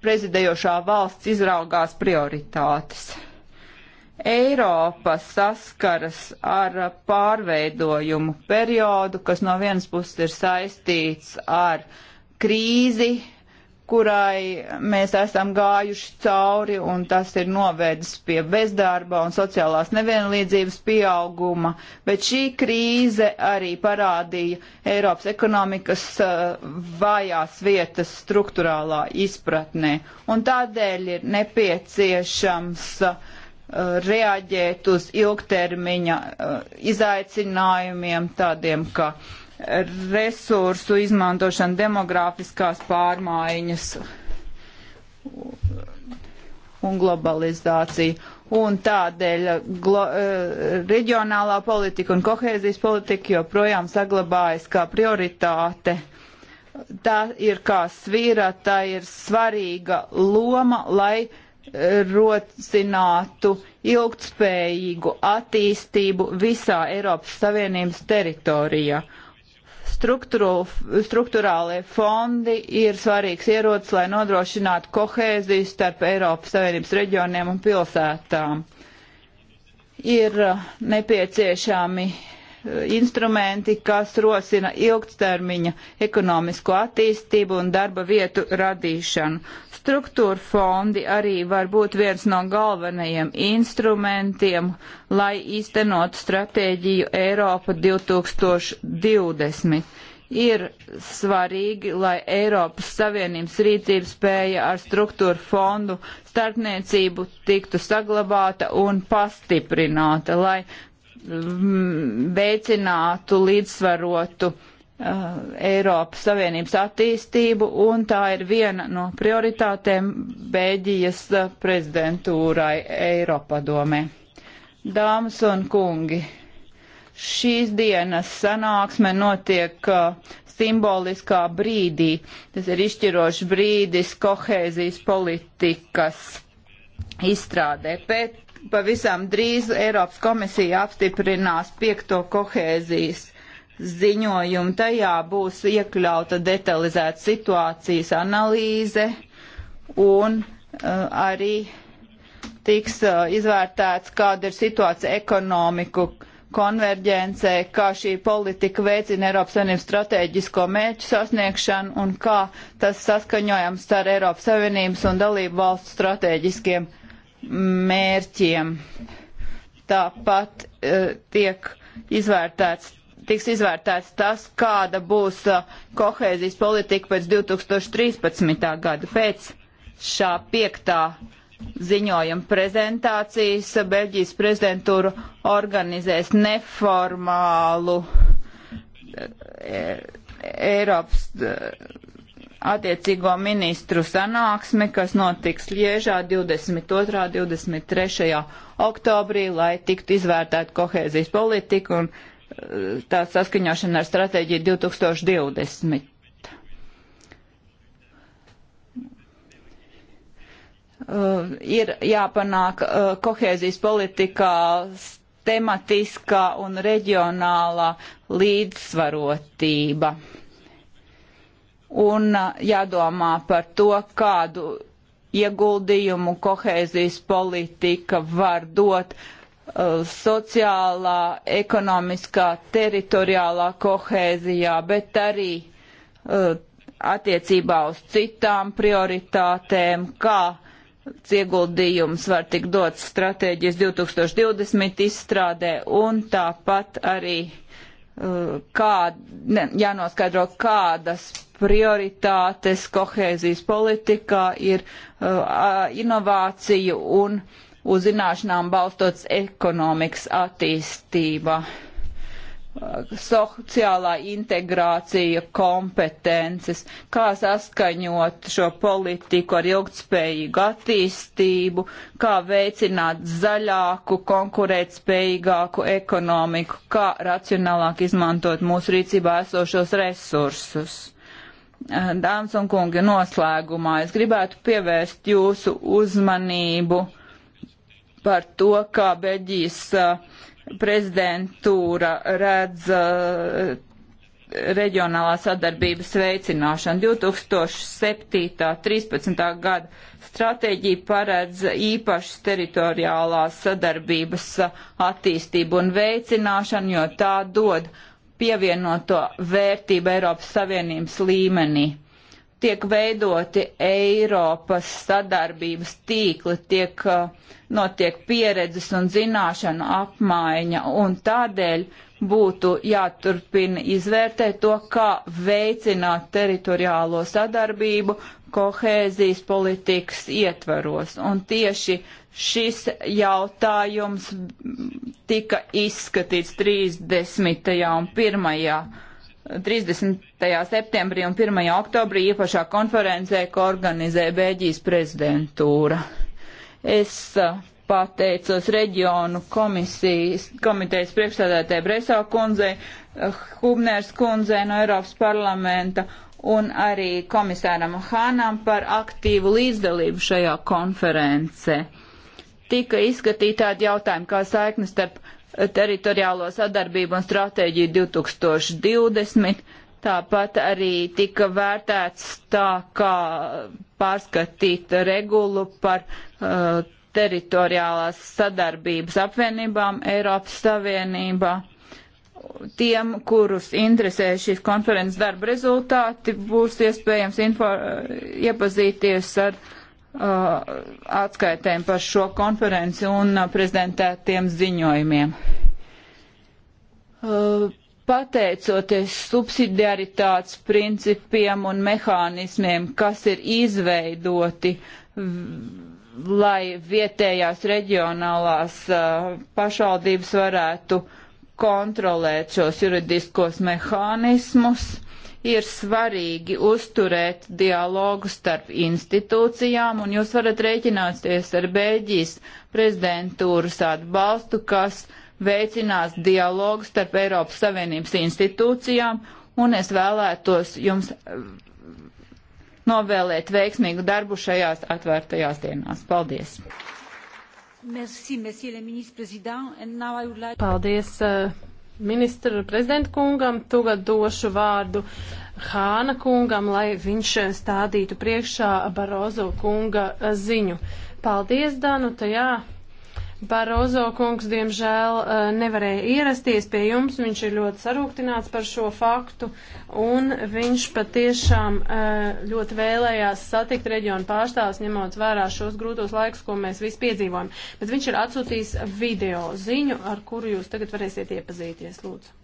prezidējošā valsts izraugās prioritātes. Eiropa saskaras ar pārveidojumu periodu, kas no vienas puses ir saistīts ar krīzi, kurai mēs esam gājuši cauri, un tas ir novedis pie bezdarba un sociālās nevienlīdzības pieauguma. Bet šī krīze arī parādīja Eiropas ekonomikas eh, vājās vietas struktūrālā izpratnē, un tādēļ ir nepieciešams eh, reaģēt uz ilgtermiņa eh, izaicinājumiem tādiem, ka resursu izmantošana, demogrāfiskās pārmaiņas un globalizācija. Un tādēļ glo, eh, reģionālā politika un kohēzijas politika joprojām saglabājas kā prioritāte. Tā ir kā svīra, tā ir svarīga loma, lai eh, rocinātu ilgtspējīgu attīstību visā Eiropas Savienības teritorijā strukturālie fondi ir svarīgs ierocis, lai nodrošinātu kohēziju starp Eiropas Savienības reģioniem un pilsētām. Ir uh, nepieciešami uh, instrumenti, kas rosina ilgstermiņa ekonomisko attīstību un darba vietu radīšanu. Struktūra fondi arī var būt viens no galvenajiem instrumentiem, lai īstenotu stratēģiju Eiropa 2020 ir svarīgi, lai Eiropas Savienības rīcības spēja ar struktūru fondu starpniecību tiktu saglabāta un pastiprināta, lai Mm, veicinātu līdzsvarotu uh, Eiropas Savienības attīstību, un tā ir viena no prioritātēm Bēģijas uh, prezidentūrai Eiropadomē. Dāmas un kungi, šīs dienas sanāksme notiek uh, simboliskā brīdī. Tas ir izšķirošs brīdis kohēzijas politikas izstrādē. Pēc pavisam drīz Eiropas komisija apstiprinās piekto kohēzijas ziņojumu. Tajā būs iekļauta detalizēta situācijas analīze un uh, arī tiks uh, izvērtēts, kāda ir situācija ekonomiku konverģencē, kā šī politika veicina Eiropas Savienības strateģisko mērķu sasniegšanu un kā tas saskaņojams ar Eiropas Savienības un dalību valstu strateģiskiem mērķiem mērķiem. Tāpat e, tiek izvērtēts, tiks izvērtēts tas, kāda būs e, kohēzijas politika pēc 2013. gada. Pēc šā piektā ziņojuma prezentācijas Beļģijas prezidentūra organizēs neformālu e, Eiropas attiecīgo ministru sanāksmi, kas notiks Liežā 22. un 23. oktobrī, lai tiktu izvērtēta kohēzijas politika un eh, tā saskaņošana ar stratēģiju 2020. Uh, eh, ir jāpanāk uh, kohēzijas politikā tematiskā un reģionālā līdzsvarotība un jādomā par to, kādu ieguldījumu kohēzijas politika var dot uh, sociālā, ekonomiskā, teritoriālā kohēzijā, bet arī uh, attiecībā uz citām prioritātēm, kā ieguldījums var tikt dots stratēģijas 2020 izstrādē un tāpat arī uh, kā, ne, jānoskaidro, kādas prioritātes kohēzijas politikā ir uh, inovāciju un uz zināšanām balstots ekonomikas attīstība, uh, sociālā integrācija, kompetences, kā saskaņot šo politiku ar ilgtspējīgu attīstību, kā veicināt zaļāku, konkurētspējīgāku ekonomiku, kā racionālāk izmantot mūsu rīcībā esošos resursus Eh, dāmas un kungi, noslēgumā es gribētu pievērst jūsu uzmanību par to, kā Beļģijas eh, prezidentūra redz eh, reģionālā sadarbības veicināšanu. 2007.13. gada stratēģija paredz īpašas teritoriālās sadarbības attīstību un veicināšanu, jo tā dod uh, pievienoto vērtību Eiropas Savienības līmenī. Tiek veidoti Eiropas sadarbības tīkli, tiek uh, notiek pieredzes un zināšanu apmaiņa, un tādēļ būtu jāturpina izvērtēt to, kā veicināt teritoriālo sadarbību kohēzijas politikas ietvaros. Un tieši šis jautājums tika izskatīts 30. un 1. 30. septembrī un 1. oktobrī īpašā konferencē, ko organizē Bēģijas prezidentūra. Es pateicos reģionu komisijas, komitejas priekšstādātē Breso kundzei, Hubners kundzei no Eiropas parlamenta un arī komisāram Hānam par aktīvu līdzdalību šajā konferencē. Tika izskatīti tādi jautājumi kā saiknes starp eh, teritoriālo sadarbību un stratēģiju 2020, tāpat arī tika vērtēts tā, kā pārskatīt regulu par uh, teritoriālās sadarbības apvienībām Eiropas Savienībā. Uh, tiem, kurus interesē šīs konferences darba rezultāti, būs iespējams info, iepazīties ar uh, atskaitēm par šo konferenci un uh, prezentētiem ziņojumiem. Uh, pateicoties subsidiaritātes principiem un mehānismiem, kas ir izveidoti, lai vietējās reģionālās uh, pašvaldības varētu uh, kontrolēt šos juridiskos mehānismus. Ir svarīgi uzturēt dialogu starp institūcijām, un jūs varat rēķināties ar Bēļģijas prezidentūras atbalstu, kas veicinās dialogu starp Eiropas Savienības institūcijām, un es vēlētos jums eh, novēlēt veiksmīgu darbu šajās atvērtajās dienās. Paldies! Merci, merci, like... Paldies eh, ministru prezidentu kungam. Tagad došu vārdu Hāna kungam, lai viņš eh, stādītu priekšā Barozo kunga eh, ziņu. Paldies, Danuta, jā. Barozo kungs, diemžēl, eh, nevarēja ierasties pie jums. Viņš ir ļoti sarūktināts par šo faktu, un viņš patiešām eh, ļoti vēlējās satikt reģionu pārstāvs, ņemot vērā šos grūtos laikus, ko mēs visi piedzīvojam. Bet viņš ir atsūtījis video ziņu, ar kuru jūs tagad varēsiet iepazīties. Lūdzu.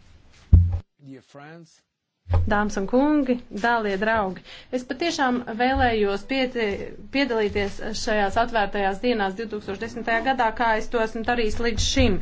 Dear friends, Dāmas un kungi, dālie draugi, es patiešām vēlējos pieti, piedalīties šajās atvērtajās dienās 2010. gadā, kā es to esmu darījis līdz šim,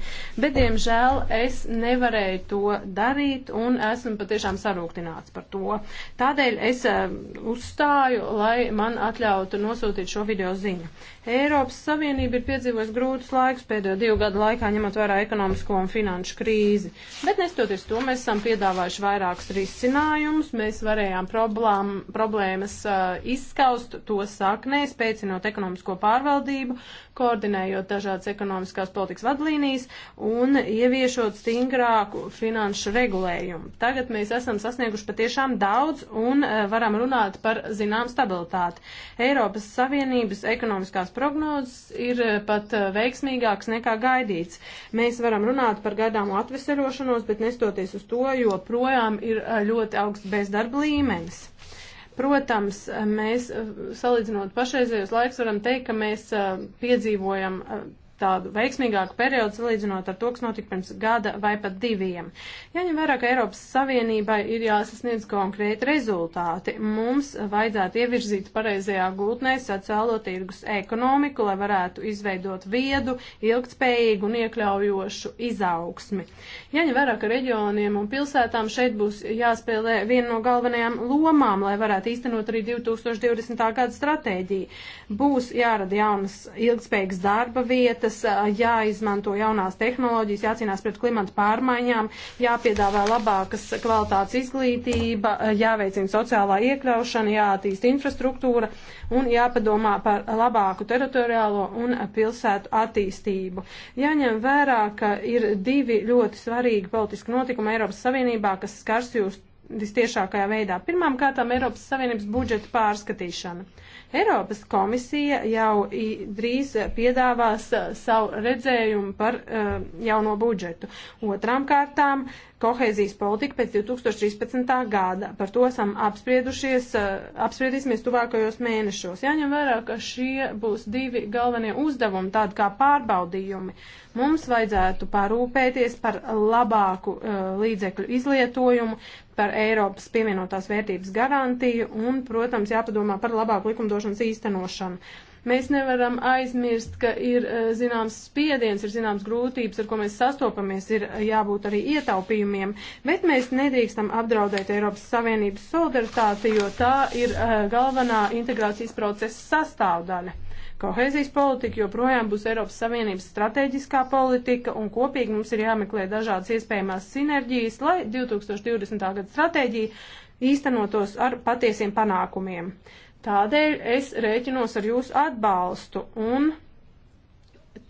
bet, diemžēl, es nevarēju to darīt un esmu patiešām sarūktināts par to. Tādēļ es eh, uzstāju, lai man atļautu nosūtīt šo video ziņu. Eiropas Savienība ir piedzīvojusi grūtus laikus pēdējo divu gadu laikā, ņemot vērā ekonomisko un finanšu krīzi. Bet nestoties to, mēs esam piedāvājuši vairākus risinājumus, mēs varējām problēm, problēmas uh, izskaust to saknē, spēcinot ekonomisko pārvaldību, koordinējot dažādas ekonomiskās politikas vadlīnijas un ieviešot stingrāku finanšu regulējumu. Tagad mēs esam sasnieguši patiešām daudz un uh, varam runāt par zinām stabilitāti. Eiropas Savienības ekonomiskās ekonomiskās prognozes ir eh, pat eh, veiksmīgāks nekā gaidīts. Mēs varam runāt par gaidāmo atveserošanos, bet nestoties uz to, joprojām ir eh, ļoti augsts bezdarba līmenis. Protams, mēs salīdzinot pašreizējos laiks varam teikt, ka mēs piedzīvojam tādu veiksmīgāku periodu salīdzinot ar to, kas notika pirms gada vai pat diviem. Jaņem vērā, ka Eiropas Savienībai ir jāsasniedz konkrēti rezultāti, mums vajadzētu ievirzīt pareizajā gultnē sociālo tirgus ekonomiku, lai varētu izveidot viedu, ilgtspējīgu un iekļaujošu izaugsmi. Jaņem vērā, ka reģioniem un pilsētām šeit būs jāspēlē viena no galvenajām lomām, lai varētu īstenot arī 2020. gada stratēģiju. Būs jārada jaunas ilgtspējīgas darba vietas, lietas, jāizmanto jaunās tehnoloģijas, jācīnās pret klimatu pārmaiņām, jāpiedāvā labākas kvalitātes izglītība, jāveicina sociālā iekļaušana, jāattīst infrastruktūra un jāpadomā par labāku teritoriālo un pilsētu attīstību. Jāņem vērā, ka ir divi ļoti svarīgi politiski notikumi Eiropas Savienībā, kas skars jūs vistiešākajā veidā. Pirmām kārtām Eiropas Savienības budžeta pārskatīšana. Eiropas komisija jau drīz piedāvās uh, savu redzējumu par uh, jauno budžetu. Otrām kārtām kohēzijas politika pēc 2013. gada. Par to esam apspriedušies, uh, apspriedīsimies tuvākajos mēnešos. Jāņem vērā, ka šie būs divi galvenie uzdevumi, tādi kā pārbaudījumi. Mums vajadzētu parūpēties par labāku uh, līdzekļu izlietojumu, par Eiropas pievienotās vērtības garantiju un, protams, jāpadomā par labāku likumdošanas īstenošanu. Mēs nevaram aizmirst, ka ir eh, zināms spiediens, ir zināms grūtības, ar ko mēs sastopamies, ir eh, jābūt arī ietaupījumiem, bet mēs nedrīkstam apdraudēt Eiropas Savienības solidaritāti, jo tā ir eh, galvenā integrācijas procesa sastāvdaļa. Kohēzijas politika joprojām būs Eiropas Savienības strateģiskā politika un kopīgi mums ir jāmeklē dažādas iespējamās sinerģijas, lai 2020. gada stratēģija īstenotos ar patiesiem panākumiem. Tādēļ es rēķinos ar jūsu atbalstu un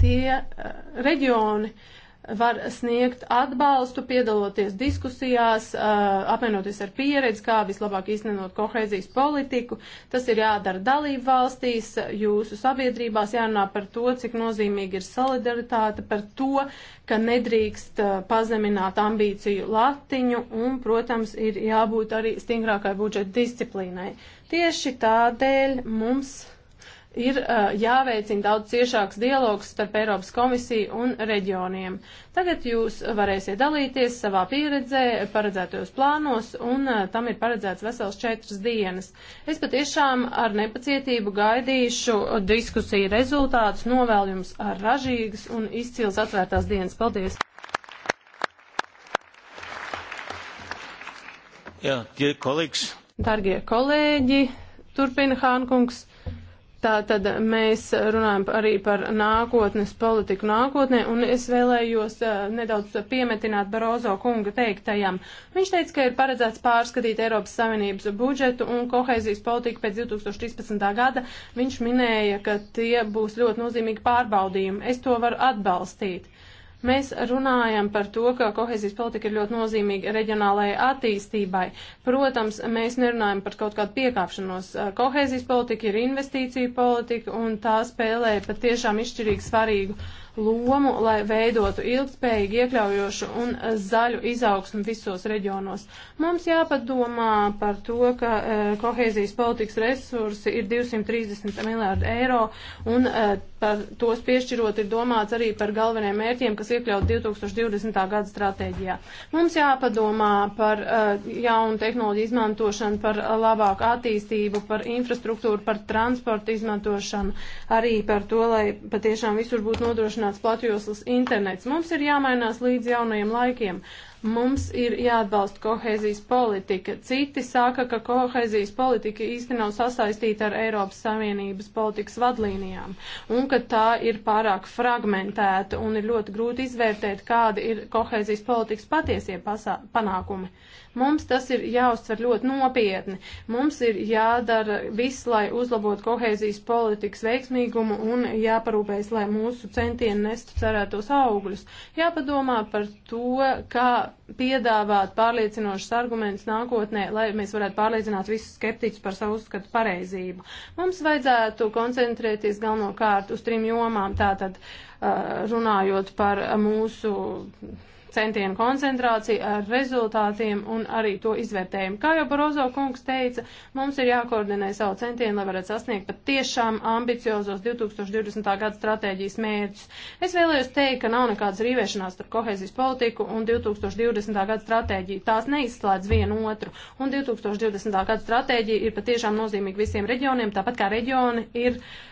tie uh, reģioni, uh, var sniegt atbalstu, piedaloties diskusijās, apvienoties ar pieredzi, kā vislabāk īstenot kohēzijas politiku. Tas ir jādara dalību valstīs, jūsu sabiedrībās jārunā par to, cik nozīmīgi ir solidaritāte, par to, ka nedrīkst pazemināt ambīciju latiņu un, protams, ir jābūt arī stingrākai budžeta disciplīnai. Tieši tādēļ mums ir uh, jāveicina daudz ciešāks dialogs starp Eiropas komisiju un reģioniem. Tagad jūs varēsiet dalīties savā pieredzē, paredzētajos plānos, un uh, tam ir paredzēts vesels četras dienas. Es patiešām ar nepacietību gaidīšu diskusiju rezultātus, novēljums ar ražīgas un izcils atvērtās dienas. Paldies! Jā, tie kolēģis. Dargie kolēģi, turpina Hānkungs. Tā tad mēs runājam arī par nākotnes politiku nākotnē, un es vēlējos eh, nedaudz piemetināt Barozo kunga teiktajam. Viņš teica, ka ir paredzēts pārskatīt Eiropas Savienības budžetu un kohēzijas politiku pēc 2013. gada. Viņš minēja, ka tie būs ļoti nozīmīgi pārbaudījumi. Es to varu atbalstīt. Mēs runājam par to, ka kohēzijas politika ir ļoti nozīmīga reģionālajai attīstībai. Protams, mēs nerunājam par kaut kādu piekāpšanos. Kohēzijas politika ir investīcija politika un tā spēlē patiešām izšķirīgi svarīgu lomu lomu, lai veidotu ilgspējīgi iekļaujošu un zaļu izaugsmu visos reģionos. Mums jāpadomā par to, ka e, kohēzijas politikas resursi ir 230 miljārdi eiro un e, par tos piešķirot ir domāts arī par galveniem mērķiem, kas iekļaut 2020. gada stratēģijā. Mums jāpadomā par e, jaunu tehnoloģiju izmantošanu, par labāku attīstību, par infrastruktūru, par transportu izmantošanu, arī par to, lai patiešām visur būtu nodrošināta nodrošināts platjoslas internets. Mums ir jāmainās līdz jaunajiem laikiem. Mums ir jāatbalsta kohēzijas politika. Citi saka, ka kohēzijas politika īsti nav sasaistīta ar Eiropas Savienības politikas vadlīnijām un ka tā ir pārāk fragmentēta un ir ļoti grūti izvērtēt, kādi ir kohēzijas politikas patiesie panākumi. Uh, Mums tas ir jāuztver ļoti nopietni. Mums ir jādara viss, lai uzlabotu kohēzijas politikas veiksmīgumu un jāparūpējas, lai mūsu centieni nestu cerētos augļus. Jāpadomā par to, kā piedāvāt pārliecinošus argumentus nākotnē, lai mēs varētu pārliecināt visus skeptiķus par savu uzskatu pareizību. Mums vajadzētu koncentrēties galvenokārt uz trim jomām, tātad uh, runājot par mūsu centienu koncentrāciju ar rezultātiem un arī to izvērtējumu. Kā jau Barozo kungs teica, mums ir jākoordinē savu centienu, lai varētu sasniegt pat tiešām ambiciozos 2020. gada stratēģijas mērķus. Es vēlējos teikt, ka nav nekādas rīvēšanās starp kohēzijas politiku un 2020. gada stratēģiju. Tās neizslēdz vienu otru. Un 2020. gada stratēģija ir patiešām nozīmīga visiem reģioniem, tāpat kā reģioni ir. Uh,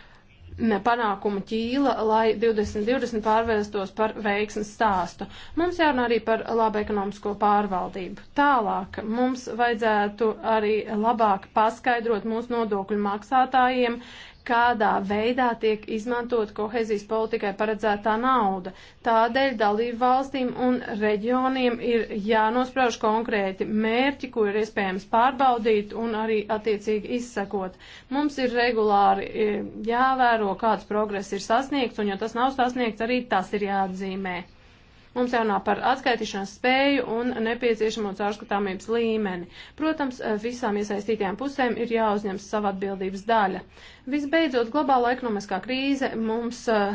panākumu ķīla, lai 2020 pārvērstos par veiksmes stāstu. Mums jārunā arī par labu ekonomisko pārvaldību. Tālāk mums vajadzētu arī labāk paskaidrot mūsu nodokļu maksātājiem, uh, kādā veidā tiek izmantot kohezijas politikai paredzētā nauda. Tādēļ dalību valstīm un reģioniem ir jānosprauž konkrēti mērķi, ko ir iespējams pārbaudīt un arī attiecīgi izsakot. Mums ir regulāri e, jāvēro, kāds progress ir sasniegts, un ja tas nav sasniegts, arī tas ir jāatzīmē. Mums jārunā par atskaitīšanās spēju un nepieciešamo caurskatāmības līmeni. Protams, eh, visām iesaistītajām pusēm ir jāuzņems sava atbildības daļa. Visbeidzot, globāla ekonomiskā krīze mums eh,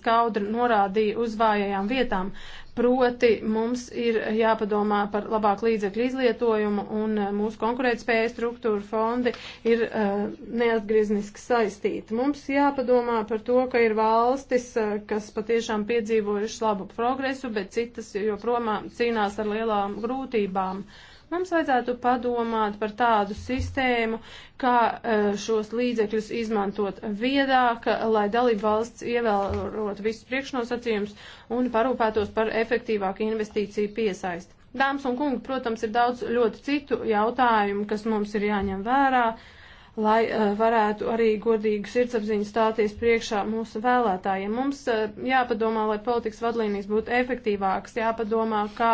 skaudri norādīja uz vājajām vietām. Proti mums ir jāpadomā par labāku līdzekļu izlietojumu un eh, mūsu konkurētspēja struktūra fondi ir uh, neatgriezniski saistīti. Mums jāpadomā par to, ka ir valstis, eh, kas patiešām piedzīvojušas labu progresu, bet citas joprojām cīnās ar lielām grūtībām. Uh, Mums vajadzētu padomāt par tādu sistēmu, kā e, šos līdzekļus izmantot viedāk, lai dalību valsts ievērot visus priekšnosacījumus un parūpētos par efektīvāku investīciju piesaisti. Dāmas un kungi, protams, ir daudz ļoti citu jautājumu, kas mums ir jāņem vērā. Uh, lai uh, varētu arī godīgu sirdsapziņu stāties priekšā mūsu vēlētājiem. Mums uh, jāpadomā, lai politikas vadlīnijas būtu efektīvākas, jāpadomā, kā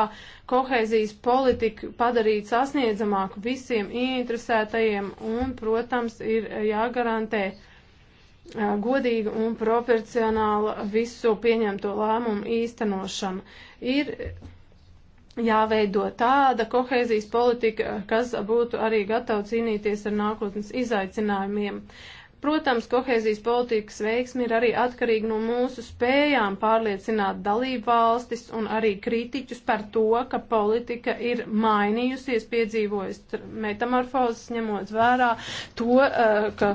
kohēzijas politiku padarīt sasniedzamāku visiem ieinteresētajiem un, protams, ir eh, jāgarantē godīga un proporcionāla visu pieņemto lēmumu īstenošana. Ir jāveido tāda kohēzijas politika, kas būtu arī gatava cīnīties ar nākotnes izaicinājumiem. Protams, kohēzijas politikas veiksmi ir arī atkarīgi no mūsu spējām pārliecināt dalību valstis un arī kritiķus par to, ka politika ir mainījusies, piedzīvojusi metamorfozes, ņemot vērā to, ka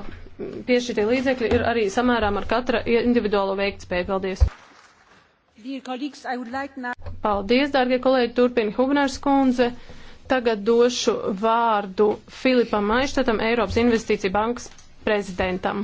tieši tie līdzekļi ir arī samērām ar katra individuālo veiktspēju. Paldies! Dear colleagues, I would like now... Paldies, dārgie kolēģi, turpina Hubners kundze. Tagad došu vārdu Filipam Maištatam, Eiropas Investīcija bankas prezidentam.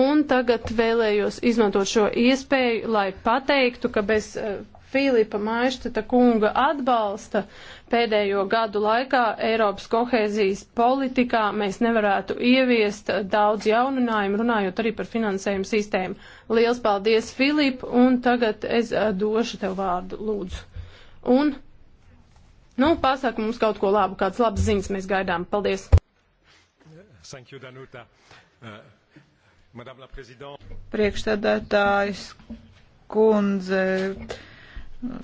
Un tagad vēlējos izmantot šo iespēju, lai pateiktu, ka bez eh, Filipa Maištata kunga atbalsta pēdējo gadu laikā Eiropas kohēzijas politikā mēs nevarētu ieviest daudz jauninājumu, runājot arī par finansējumu sistēmu. Liels paldies, Filip, un tagad es eh, došu tev vārdu, lūdzu. Un, nu, pasaka mums kaut ko labu, kāds labs ziņas mēs gaidām. Paldies. Thank you, Danuta. Uh, Madame la Présidente. Priekšstādātājs kundze. Uh,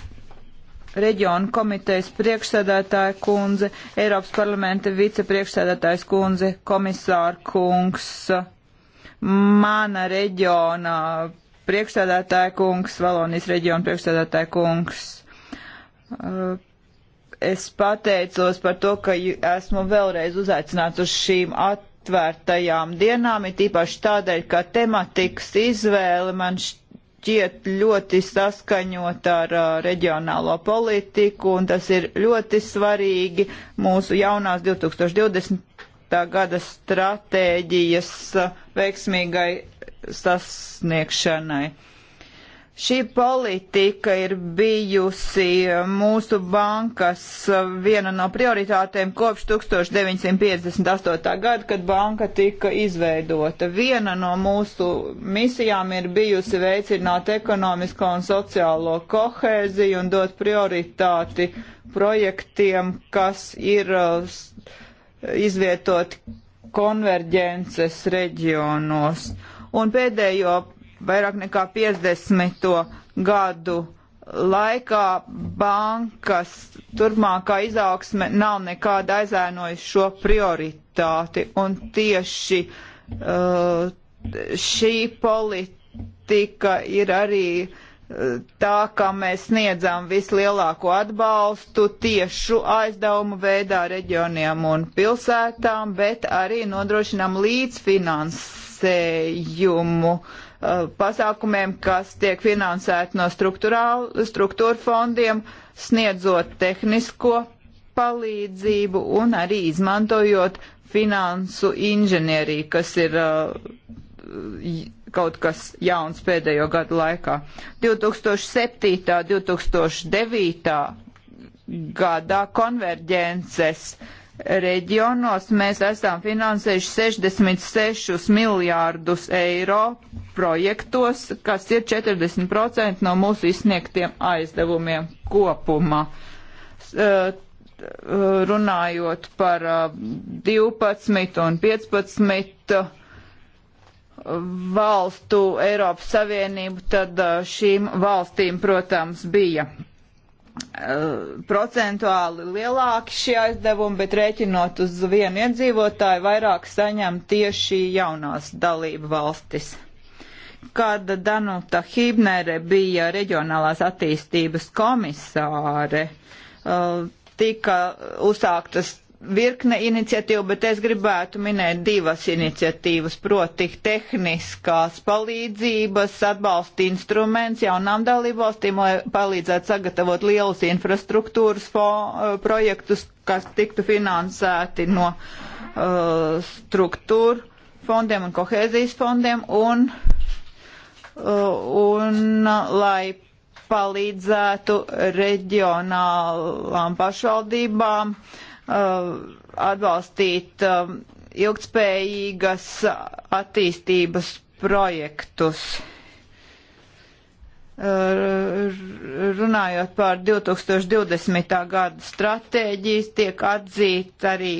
reģionu komitejas priekšsēdētāja kundze, Eiropas parlamenta vicepriekšsēdētājs kundze, komisāra kungs, mana reģiona priekšsēdētāja kungs, Valonijas reģiona priekšsēdētāja kungs. Eh, es pateicos par to, ka esmu vēlreiz uzaicināts uz šīm atvērtajām dienām, it īpaši tādēļ, ka tematikas izvēle man šķiet šķiet ļoti saskaņot ar uh, reģionālo politiku, un tas ir ļoti svarīgi mūsu jaunās 2020. gada stratēģijas uh, veiksmīgai sasniegšanai. Šī politika ir bijusi eh, mūsu bankas eh, viena no prioritātēm kopš 1958. gada, kad banka tika izveidota. Viena no mūsu misijām ir bijusi veicināt ekonomisko un sociālo kohēziju un dot prioritāti projektiem, kas ir eh, izvietoti konverģences reģionos. Un pēdējo vairāk nekā 50. gadu laikā bankas turpmākā izaugsme nav nekāda aizēnojusi šo prioritāti. Un tieši uh, šī politika ir arī uh, tā, kā mēs sniedzam vislielāko atbalstu tiešu aizdevumu veidā reģioniem un pilsētām, bet arī nodrošinām līdzfinansējumu uh, Uh, pasākumiem, kas tiek finansēti no struktūra fondiem, sniedzot tehnisko palīdzību un arī izmantojot finansu inženieriju, kas ir uh, kaut kas jauns pēdējo gadu laikā. 2007. 2009. gadā konverģences uh, reģionos mēs esam finansējuši 66 miljārdus eiro projektos, kas ir 40% no mūsu izsniegtiem aizdevumiem kopumā. E, e, runājot par 12 e, un 15 valstu Eiropas Savienību, tad šīm valstīm, protams, bija procentuāli lielāki šie aizdevumi, bet rēķinot uz vienu iedzīvotāju, vairāk saņem tieši jaunās dalību valstis. Kad Danuta Hībnere bija reģionālās attīstības komisāre, uh, tika uzsāktas virkne iniciatīvu, bet es gribētu minēt divas iniciatīvas, proti tehniskās palīdzības atbalsta instruments jaunām dalībvalstīm, lai palīdzētu sagatavot lielus infrastruktūras eh, projektus, kas tiktu finansēti no uh, eh, struktūra fondiem un kohēzijas fondiem, un, uh, un lai palīdzētu reģionālām pašvaldībām uh, Uh, atbalstīt um, ilgtspējīgas attīstības projektus. Uh, runājot par 2020. gada stratēģijas, tiek atzīt arī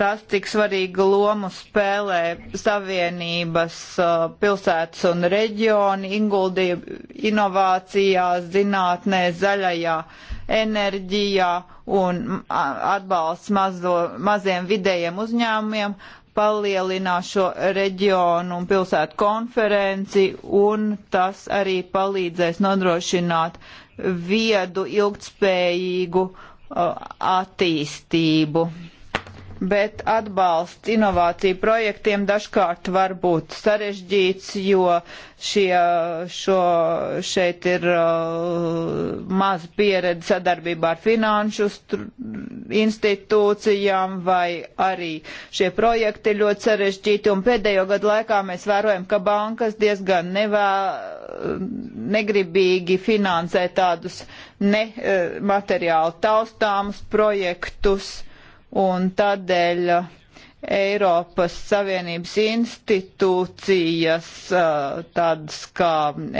tas, cik svarīgu lomu spēlē savienības uh, pilsētas un reģioni, inguldīja inovācijās, zinātnē, zaļajā enerģijā un atbalsts mazo, maziem vidējiem uzņēmumiem, palielinās šo reģionu un pilsētu konferenci, un tas arī palīdzēs nodrošināt viedu, ilgtspējīgu uh, attīstību bet atbalsts inovāciju projektiem dažkārt var būt sarežģīts, jo šie, šo, šeit ir uh, maz pieredze sadarbībā ar finanšu institūcijām, vai arī šie projekti ir ļoti sarežģīti, un pēdējo gadu laikā mēs vērojam, ka bankas diezgan nevā, negribīgi finansē tādus nemateriāli uh, taustāmus projektus, un tādēļ Eiropas Savienības institūcijas, tādas kā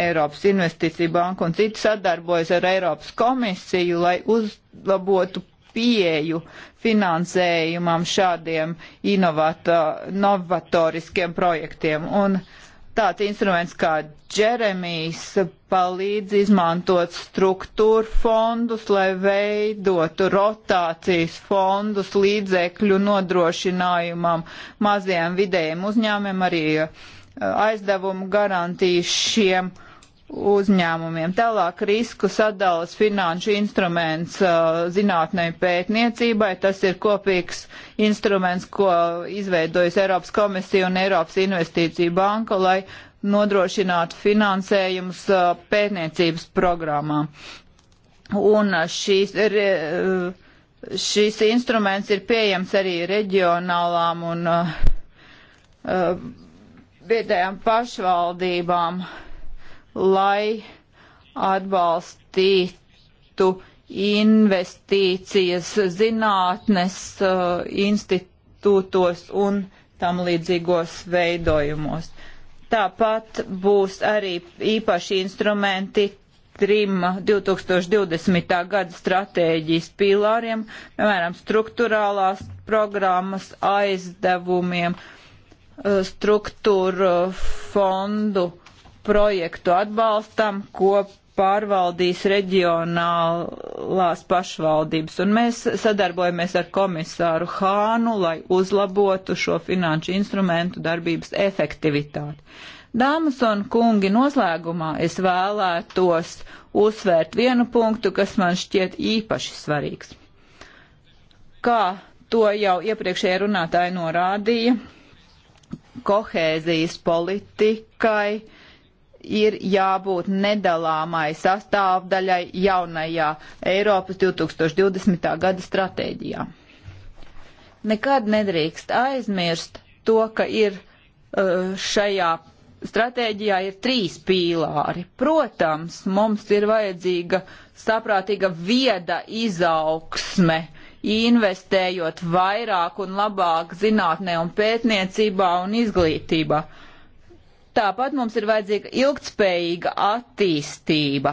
Eiropas Investīcija Banka un citas, sadarbojas ar Eiropas komisiju, lai uzlabotu pieju finansējumam šādiem inovato, novatoriskiem projektiem. Un tāds instruments kā Džeremijs palīdz izmantot struktūru fondus, lai veidotu rotācijas fondus līdzekļu nodrošinājumam maziem vidējiem uzņēmumiem, arī eh, aizdevumu garantijas šiem uh, uzņēmumiem. Tālāk risku sadalas finanšu instruments uh, zinātnē pētniecībai. Tas ir kopīgs instruments, ko izveidojas Eiropas komisija un Eiropas investīcija banka, lai nodrošinātu finansējumus uh, pētniecības programmām. Un uh, šīs, šis instruments ir pieejams arī reģionālām un vietējām pašvaldībām. Uh, lai atbalstītu investīcijas zinātnes uh, institūtos un tam līdzīgos veidojumos. Tāpat būs arī īpaši instrumenti trim 2020. gada stratēģijas pīlāriem, piemēram, struktūrālās programmas aizdevumiem, uh, struktūru fondu projektu atbalstam, ko pārvaldīs reģionālās pašvaldības. Un mēs sadarbojamies ar komisāru Hānu, lai uzlabotu šo finanšu instrumentu darbības efektivitāti. Dāmas un kungi, noslēgumā es vēlētos uzsvērt vienu punktu, kas man šķiet īpaši svarīgs. Kā to jau iepriekšējā runātāja norādīja, kohēzijas politikai, uh, ir jābūt nedalāmai sastāvdaļai jaunajā Eiropas 2020. gada stratēģijā. Nekad nedrīkst aizmirst to, ka ir uh, šajā stratēģijā ir trīs pīlāri. Protams, mums ir vajadzīga saprātīga vieda izaugsme, investējot vairāk un labāk zinātnē un pētniecībā un izglītībā. Uh, Tāpat mums ir vajadzīga ilgtspējīga attīstība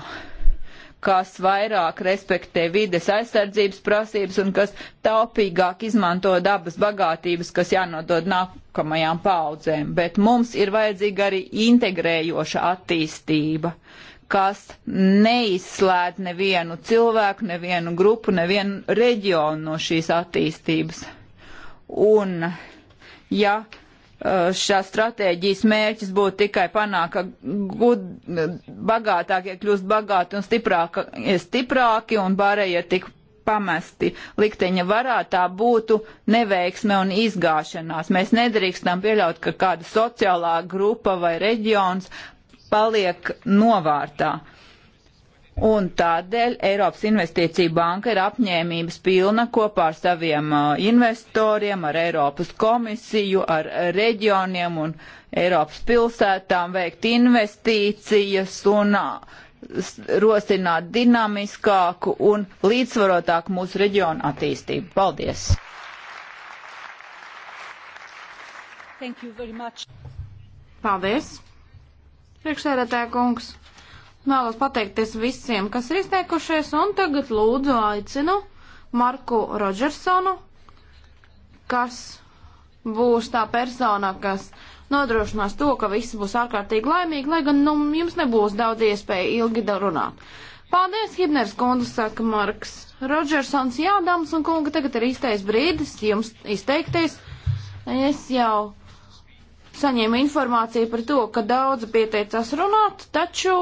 kas vairāk respektē vides aizsardzības prasības un kas taupīgāk izmanto dabas bagātības, kas jānodod nākamajām paudzēm. Bet mums ir vajadzīga arī integrējoša attīstība, kas neizslēdz nevienu cilvēku, nevienu grupu, nevienu reģionu no šīs attīstības. Un, ja Uh, šās stratēģijas mērķis būtu tikai panākt, ka gud, bagātākie kļūst bagāti un stiprāki, stiprāki un pārējie tik pamesti likteņa varā, tā būtu neveiksme un izgāšanās. Mēs nedrīkstam pieļaut, ka kāda sociālā grupa vai reģions paliek novārtā. Uh, Un tādēļ Eiropas Investīcija banka ir apņēmības pilna kopā ar saviem uh, investoriem, ar Eiropas komisiju, ar reģioniem un Eiropas pilsētām veikt investīcijas un uh, rosināt dinamiskāku un līdzsvarotāku mūsu reģionu attīstību. Paldies! Paldies! Priekšsēdētāja kungs! Vēlos pateikties visiem, kas ir izteikušies, un tagad lūdzu aicinu Marku Rodžersonu, kas būs tā persona, kas nodrošinās to, ka visi būs ārkārtīgi laimīgi, lai gan nu, jums nebūs daudz iespēju ilgi runāt. Paldies, Hibners kundze, saka Marks. Rodžersons, jā, dāmas un kungi, tagad ir īstais brīdis jums izteikties. Es jau saņēma informāciju par to, ka daudzi pieteicās runāt, taču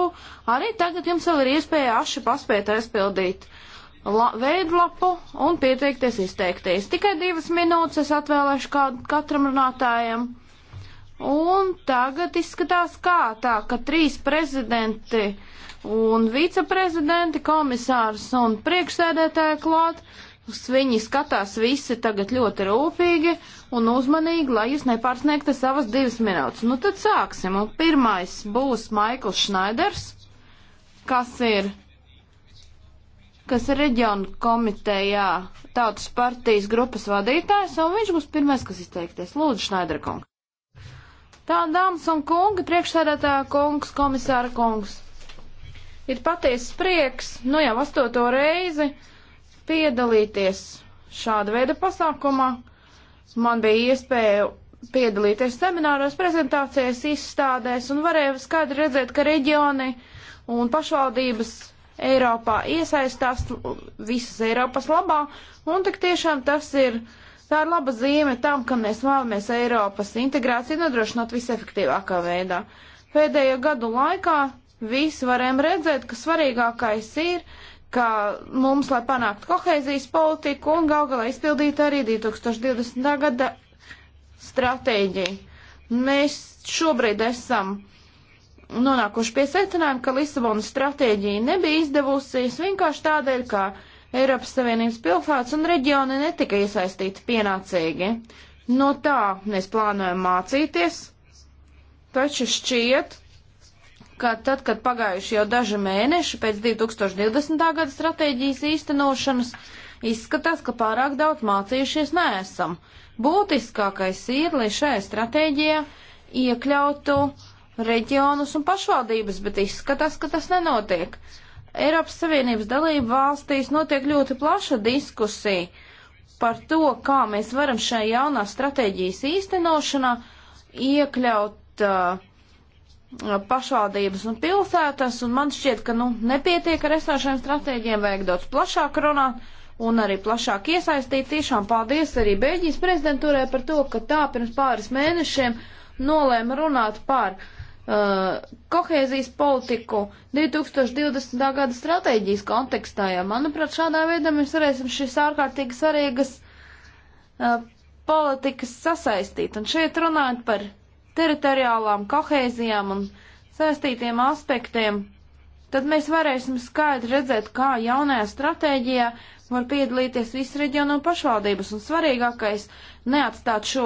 arī tagad jums vēl ir iespēja aši paspēt aizpildīt la, veidlapu un pieteikties izteikties. Tikai divas minūtes es atvēlēšu kā, katram runātājam. Un tagad izskatās kā tā, ka trīs prezidenti un viceprezidenti, komisārs un priekšsēdētāja klāt, viņi skatās visi tagad ļoti rūpīgi un uzmanīgi, lai jūs nepārsniegtu savas divas minūtes. Nu tad sāksim. Un pirmais būs Maikls Šnaiders, kas ir, kas ir reģionu komitejā tautas partijas grupas vadītājs, un viņš būs pirmais, kas izteikties. Lūdzu, Šnaiderkungs. Tā, dāmas un kungi, priekšsēdētā kungs, komisāra kungs. Ir patiesa prieks, nu jau astoto reizi, piedalīties šāda veida pasākumā. Man bija iespēja piedalīties semināros, prezentācijās, izstādēs un varēja skaidri redzēt, ka reģioni un pašvaldības Eiropā iesaistās visas Eiropas labā, un tik tiešām tas ir, tā ir laba zīme tam, ka mēs vēlamies Eiropas integrāciju nodrošināt visefektīvākā veidā. Pēdējo gadu laikā visi varējām redzēt, ka svarīgākais ir ka mums, lai panāktu kohēzijas politiku un gal galā izpildītu arī 2020. gada stratēģiju. Mēs šobrīd esam nonākuši pie secinājuma, ka Lisabonas stratēģija nebija izdevusies vienkārši tādēļ, ka Eiropas Savienības pilsētas un reģioni netika iesaistīti pienācīgi. No tā mēs plānojam mācīties, taču šķiet, ka tad, kad pagājuši jau daži mēneši pēc 2020. gada stratēģijas īstenošanas, izskatās, ka pārāk daudz mācījušies neesam. Būtiskākais ir, lai šajā stratēģijā iekļautu reģionus un pašvaldības, bet izskatās, ka tas nenotiek. Eiropas Savienības dalību valstīs notiek ļoti plaša diskusija par to, kā mēs varam šajā jaunā stratēģijas īstenošanā iekļaut uh, pašvaldības un pilsētas, un man šķiet, ka nu, nepietiek ar esošiem stratēģiem, vajag daudz plašāk runāt un arī plašāk iesaistīt. Tiešām paldies arī Beļģijas prezidentūrē par to, ka tā pirms pāris mēnešiem nolēma runāt par uh, kohēzijas politiku 2020. gada stratēģijas kontekstā. Ja, manuprāt, šādā veidā mēs varēsim šīs ārkārtīgi svarīgas uh, politikas sasaistīt. Un šeit runājot par teritoriālām kohēzijām un saistītiem aspektiem, tad mēs varēsim skaidri redzēt, kā jaunajā stratēģijā var piedalīties visi reģionu pašvaldības. Un svarīgākais - neatstāt šo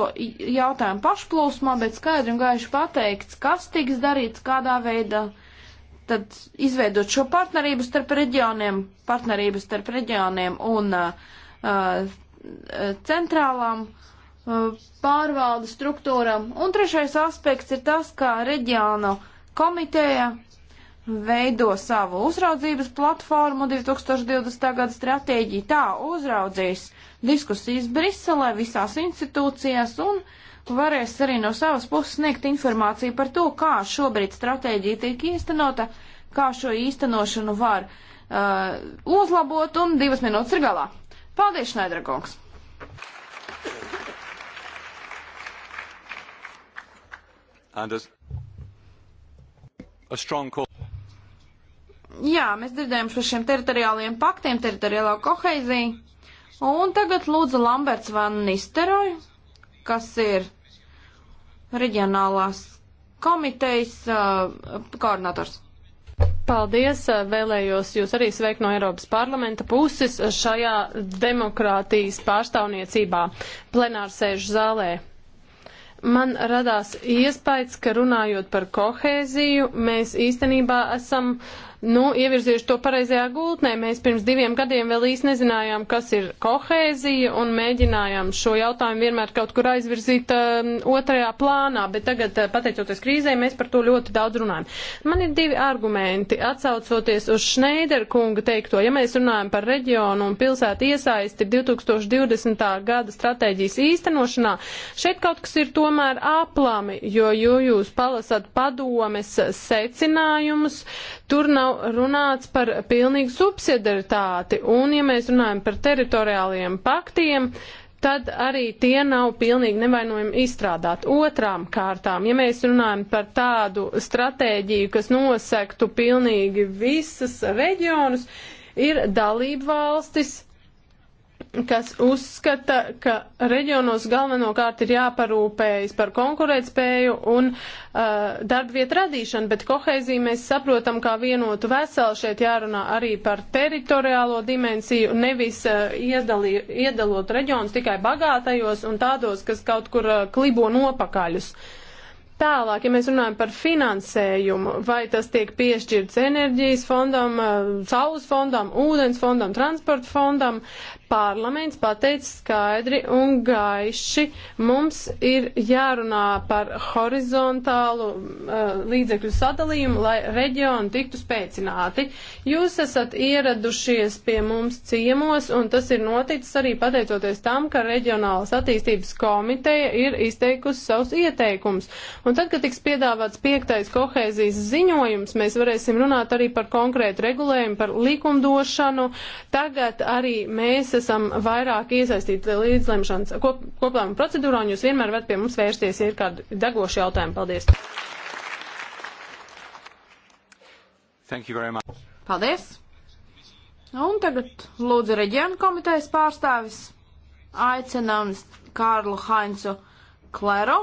jautājumu pašplūsmā, bet skaidri un gaiši pateikts, kas tiks darīts, kādā veidā. Tad izveidot šo partnerību starp reģioniem, partnerību starp reģioniem un uh, uh, centrālām uh, pārvaldu struktūram. Un trešais aspekts ir tas, kā reģionu komiteja veido savu uzraudzības platformu 2020. gada stratēģiju. Tā uzraudzīs diskusijas Briselē, visās institūcijās un varēs arī no savas puses sniegt informāciju par to, kā šobrīd stratēģija tiek īstenota, kā šo īstenošanu var uh, uzlabot un divas minūtes ir galā. Paldies, Šnaidrakungs! and a, a strong call. Jā, mēs dzirdējām par šiem teritoriāliem paktiem, teritoriālā koheizija. Un tagad lūdzu Lamberts van Nisteroj, kas ir reģionālās komitejas uh, koordinators. Paldies! Uh, vēlējos jūs arī sveikt no Eiropas parlamenta puses šajā demokrātijas pārstāvniecībā plenārsēžu zālē man radās iespējas, ka runājot par kohēziju, mēs īstenībā esam uh, nu, ievirzījuši to pareizajā gultnē. Mēs pirms diviem gadiem vēl īsti nezinājām, kas ir kohēzija, un mēģinājām šo jautājumu vienmēr kaut kur aizvirzīt um, otrajā plānā, bet tagad, uh, pateicoties krīzē, mēs par to ļoti daudz runājam. Man ir divi argumenti, atsaucoties uz Šneidera kunga teikto. Ja mēs runājam par reģionu un pilsētu iesaisti 2020. gada stratēģijas īstenošanā, šeit kaut kas ir tomēr aplami, jo, jo jūs palasat padomes secinājumus, tur nav nav runāts par pilnīgu subsidiaritāti, un ja mēs runājam par teritoriāliem paktiem, tad arī tie nav pilnīgi nevainojami izstrādāt. Otrām kārtām, ja mēs runājam par tādu stratēģiju, kas nosektu pilnīgi visas reģionus, ir dalība valstis, kas uzskata, ka reģionos galvenokārt ir jāparūpējas par konkurētspēju un uh, darbvietu radīšanu, bet koheiziju mēs saprotam kā vienotu veselu. Šeit jārunā arī par teritoriālo dimensiju, nevis uh, iedalī, iedalot reģionus tikai bagātajos un tādos, kas kaut kur uh, klibo nopakaļus. Tālāk, ja mēs runājam par finansējumu, vai tas tiek piešķirts enerģijas fondam, uh, saules fondam, ūdens fondam, transporta fondam, parlaments pateica skaidri un gaiši, mums ir jārunā par horizontālu uh, līdzekļu sadalījumu, lai reģioni tiktu spēcināti. Jūs esat ieradušies pie mums ciemos, un tas ir noticis arī pateicoties tam, ka Reģionālas attīstības komiteja ir izteikusi savus ieteikumus. Un tad, kad tiks piedāvāts piektais kohēzijas ziņojums, mēs varēsim runāt arī par konkrētu regulējumu, par likumdošanu. Tagad arī mēs esam vairāk iesaistīti līdzlemšanas kop, koplēmu procedūrā, un jūs vienmēr varat pie mums vērsties, ja ir kādi degoši jautājumi. Paldies! Thank you very much. Paldies! Un tagad lūdzu reģionu komitejas pārstāvis. Aicinām Kārlu Haincu Klero,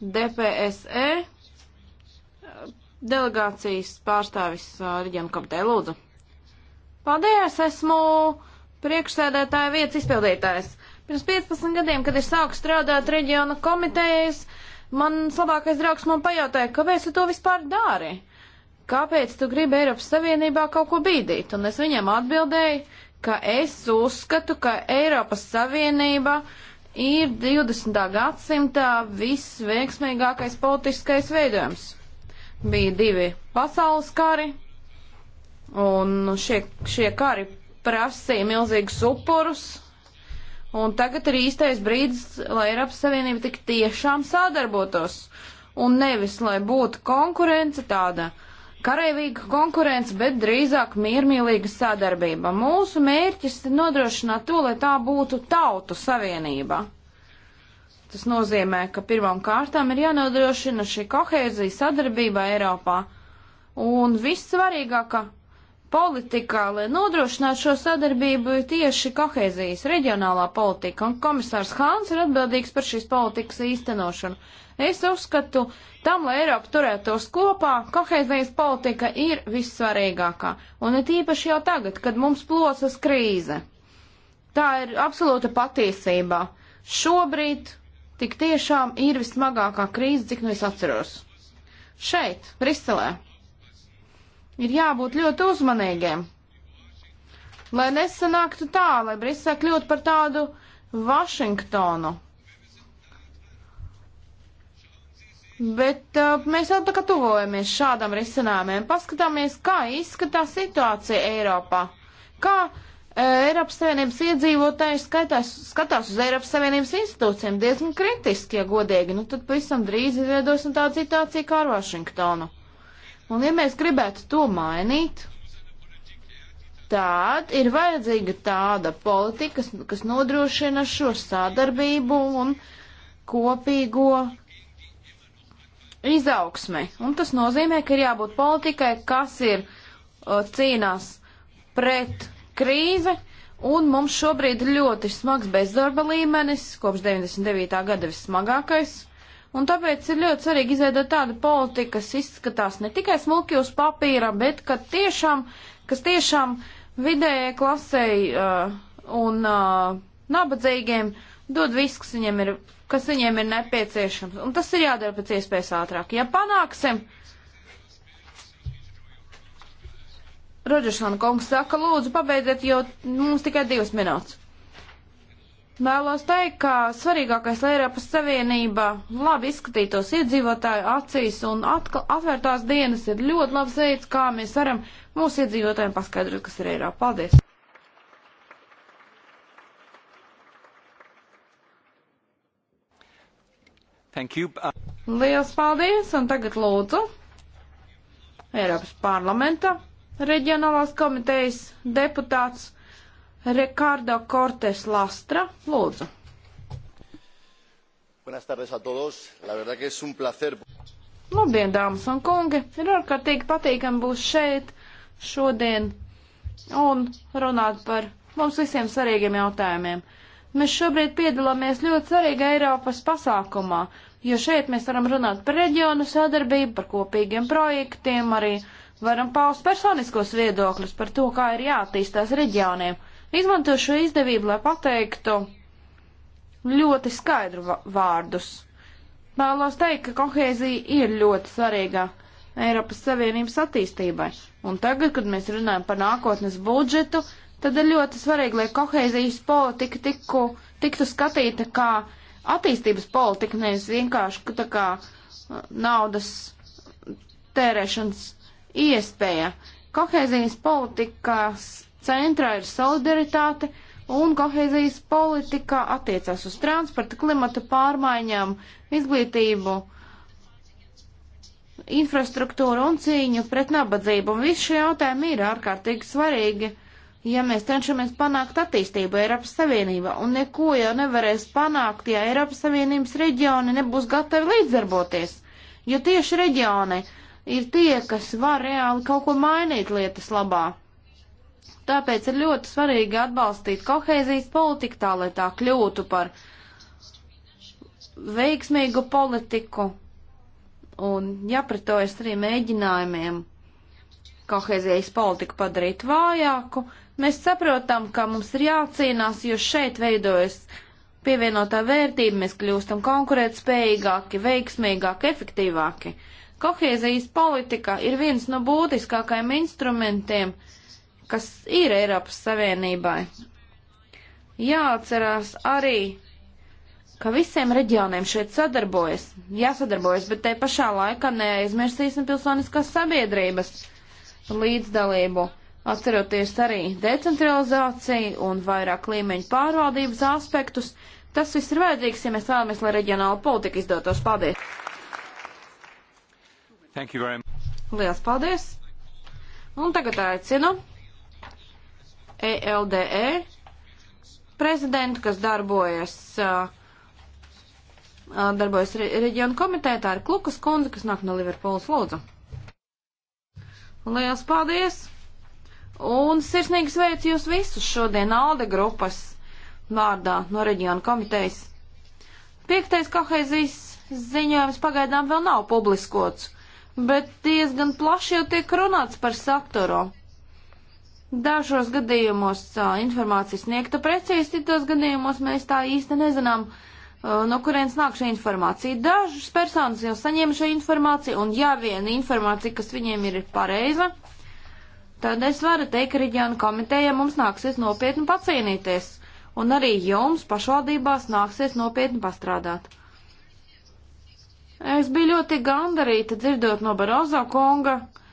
DPSE, delegācijas pārstāvis uh, reģionu komiteja lūdzu. Paldies, esmu priekšsēdētāja vietas izpildītājs. Pirms 15 gadiem, kad es sāku strādāt reģiona komitejas, mans labākais draugs man pajautāja, kāpēc tu to vispār dari? Kāpēc tu gribi Eiropas Savienībā kaut ko bīdīt? Un es viņam atbildēju, ka es uzskatu, ka Eiropas Savienība ir 20. gadsimta visveiksmīgākais politiskais veidojums. Bija divi pasaules kari, un šie, šie kari prasīja milzīgus upurus, un tagad ir īstais brīdis, lai Eiropas Savienība tik tiešām sadarbotos, un nevis, lai būtu konkurence tāda karavīga konkurence, bet drīzāk miermīlīga sadarbība. Mūsu mērķis ir nodrošināt to, lai tā būtu tautu savienība. Tas nozīmē, ka pirmām kārtām ir jānodrošina šī kohēzija sadarbība Eiropā. Un vissvarīgākā politikā, lai nodrošinātu šo sadarbību, ir tieši kohēzijas reģionālā politika, un komisārs Hāns ir atbildīgs par šīs politikas īstenošanu. Es uzskatu, tam, lai Eiropa turētos kopā, kohēzijas politika ir vissvarīgākā, un it īpaši jau tagad, kad mums plosas krīze. Tā ir absolūta patiesība. Šobrīd tik tiešām ir vismagākā krīze, cik nu es atceros. Šeit, Briselē, ir jābūt ļoti uzmanīgiem, lai nesanāktu tā, lai Brisele kļūtu par tādu Vašingtonu. Bet uh, mēs jau tā kā tuvojamies šādam risinājumiem. Paskatāmies, kā izskatās situācija Eiropā. Kā uh, Eiropas Savienības iedzīvotāji skatās, skatās uz Eiropas Savienības institūcijiem diezgan kritiski, ja godīgi. Nu tad pavisam drīz izveidosim tādu situāciju kā ar Vašingtonu. Un ja mēs gribētu to mainīt, tad ir vajadzīga tāda politika, kas, kas nodrošina šo sadarbību un kopīgo izaugsmi. Un tas nozīmē, ka ir jābūt politikai, kas ir uh, cīnās pret krīzi, un mums šobrīd ir ļoti smags bezdarba līmenis, kopš 99. gada vissmagākais. Un tāpēc ir ļoti svarīgi izveidot tādu politiku, kas izskatās ne tikai smuki uz papīra, bet ka tiešām, kas tiešām vidējai klasei uh, un uh, nabadzīgiem dod viss, kas viņiem ir, kas viņiem ir nepieciešams. Un tas ir jādara pēc iespējas ātrāk. Ja panāksim, Rodžersona kungs saka, lūdzu, pabeidziet, jo mums tikai divas minūtes. Vēlos teikt, ka svarīgākais, lai Eiropas Savienība labi izskatītos iedzīvotāju acīs un atkal atvērtās dienas ir ļoti labs veids, kā mēs varam mūsu iedzīvotājiem paskaidrot, kas ir Eiropa. Paldies! Thank you. Uh, Liels paldies, un tagad lūdzu Eiropas parlamenta reģionālās komitejas deputāts Ricardo Cortes Lastra, lūdzu. Buenas tardes a todos. La verdad que es un placer. Labdien, dāmas un kungi! Ir ārkārtīgi patīkami būt šeit šodien un runāt par mums visiem svarīgiem jautājumiem. Mēs šobrīd piedalāmies ļoti svarīga Eiropas pasākumā, jo šeit mēs varam runāt par reģionu sadarbību, par kopīgiem projektiem, arī varam paust personiskos viedokļus par to, kā ir jātīstās reģioniem. Izmantošu šo izdevību, lai pateiktu ļoti skaidru vārdus. Vēlos teikt, ka kohēzija ir ļoti svarīga Eiropas Savienības attīstībai. Un tagad, kad mēs runājam par nākotnes budžetu, tad ir ļoti svarīgi, lai kohēzijas politika tiku, tiktu skatīta kā attīstības politika, nevis vienkārši tā kā uh, naudas tērēšanas iespēja. Kohēzijas politikas centrā ir solidaritāte un kohēzijas politika attiecās uz transporta, klimata pārmaiņām, izglītību, infrastruktūru un cīņu pret nabadzību. Un visi šie jautājumi ir ārkārtīgi svarīgi, ja mēs cenšamies panākt attīstību Eiropas Savienībā. Un neko jau nevarēs panākt, ja Eiropas Savienības reģioni nebūs gatavi līdzdarboties. Jo tieši reģioni ir tie, kas var reāli kaut ko mainīt lietas labā. Tāpēc ir ļoti svarīgi atbalstīt kohēzijas politiku tā, lai tā kļūtu par veiksmīgu politiku un jāpretojas arī mēģinājumiem kohēzijas politiku padarīt vājāku. Mēs saprotam, ka mums ir jācīnās, jo šeit veidojas pievienotā vērtība, mēs kļūstam konkurētspējīgāki, veiksmīgāki, efektīvāki. Kohēzijas politika ir viens no būtiskākajiem instrumentiem, uh, kas ir Eiropas Savienībai. Jāatcerās arī, ka visiem reģioniem šeit sadarbojas, jāsadarbojas, bet te pašā laikā neaizmirsīsim pilsoniskās sabiedrības līdzdalību, atceroties arī decentralizāciju un vairāk līmeņu pārvaldības aspektus. Tas viss ir vajadzīgs, ja mēs vēlamies, lai reģionāla politika izdotos. Paldies! Lielas paldies! Un tagad aicinu ELDE e, prezidentu, kas darbojas, darbojas re, reģionu komitētā ar Klukas kundzi, kas nāk no Liverpoolas lūdzu. Liels paldies! Un sirsnīgi sveicu jūs visus šodien ALDE grupas vārdā no reģionu komitejas. Piektais kohēzijas ziņojums pagaidām vēl nav publiskots, bet diezgan plaši jau tiek runāts par saturu. Dažos gadījumos informācija sniegta precīzi, citos gadījumos mēs tā īsti nezinām, no kurienes nāk šī informācija. Dažas personas jau saņēma šo informāciju, un ja viena informācija, kas viņiem ir, ir pareiza, tad es varu teikt, ka reģiona komiteja mums nāksies nopietni pacīnīties, un arī jums pašvaldībās nāksies nopietni pastrādāt. Es biju ļoti gandarīta dzirdot no Barozo konga, uh,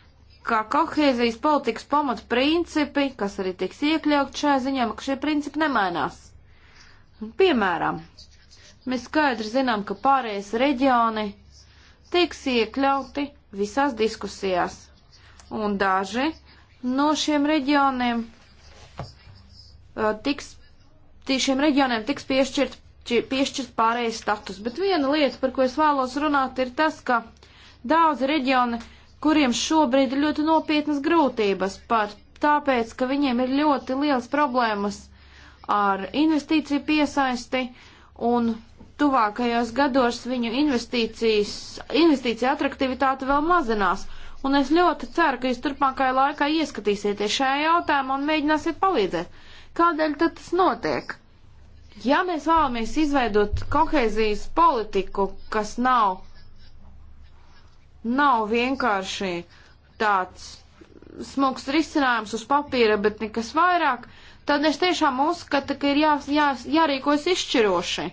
ka kohēzijas politikas pamatprincipi, kas arī tiks iekļaut šajā ziņā, ka šie principi nemainās. Piemēram, mēs skaidri zinām, ka pārējais reģioni tiks iekļauti visās diskusijās, un daži no šiem reģioniem uh, tiks, šiem reģioniem tiks piešķirt, piešķirt pārējais status. Bet viena lieta, par ko es vēlos runāt, ir tas, ka daudzi reģioni kuriem šobrīd ir ļoti nopietnas grūtības pat tāpēc, ka viņiem ir ļoti liels problēmas ar investīciju piesaisti un tuvākajos gados viņu investīcijas, investīcija atraktivitāte vēl mazinās. Un es ļoti ceru, ka jūs turpmākajā laikā ieskatīsieties šajā jautājumā un mēģināsiet palīdzēt. Kādēļ tad tas notiek? Ja mēs vēlamies izveidot kohēzijas politiku, kas nav nav vienkārši tāds smags risinājums uz papīra, bet nekas vairāk, tad es tiešām uzskatu, ka ir jā, jā, jārīkojas izšķiroši.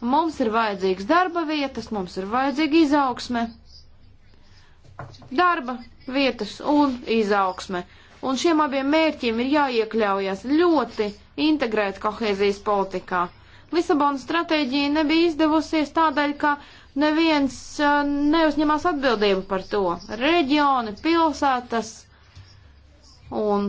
Mums ir vajadzīgs darba vietas, mums ir vajadzīga izaugsme, darba vietas un izaugsme. Un šiem abiem mērķiem ir jāiekļaujas ļoti integrēt kohēzijas politikā. Lisabonas stratēģija nebija izdevusies tādēļ, ka neviens uh, neuzņemās atbildību par to. Reģioni, pilsētas un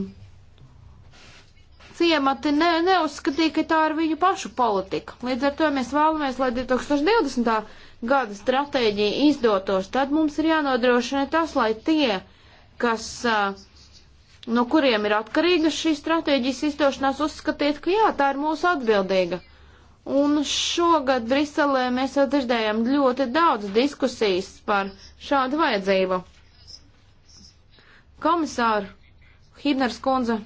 ciemati ne, neuzskatīja, ka tā ir viņu pašu politika. Līdz ar to mēs vēlamies, lai 2020. gada stratēģija izdotos, tad mums ir jānodrošina tas, lai tie, kas, uh, no kuriem ir atkarīga šī stratēģijas izdošanās, uzskatītu, ka jā, tā ir mūsu atbildīga. Un šogad Briselē mēs jau dzirdējām ļoti daudz diskusijas par šādu vajadzību. Komisāru Hibners kundze,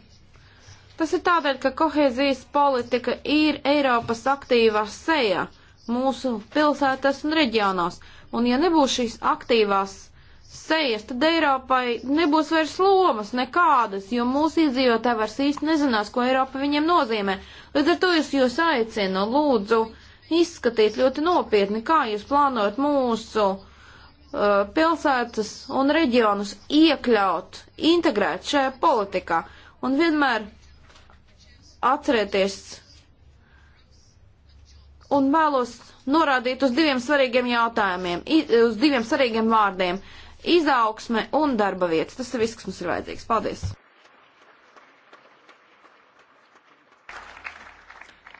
tas ir tādēļ, ka kohēzijas politika ir Eiropas aktīvā seja mūsu pilsētas un reģionos. Un ja nebūs šīs aktīvās sejas, tad Eiropai nebūs vairs lomas nekādas, jo mūsu iedzīvotāji vairs īsti nezinās, ko Eiropa viņiem nozīmē. Līdz ar to es jūs aicinu, lūdzu, izskatīt ļoti nopietni, kā jūs plānojat mūsu uh, pilsētas un reģionus iekļaut, integrēt šajā politikā. Un vienmēr atcerieties un vēlos norādīt uz diviem svarīgiem jautājumiem, uz diviem svarīgiem vārdiem. Uh, izaugsme un darba vietas. Tas ir viss, kas mums ir vajadzīgs. Paldies!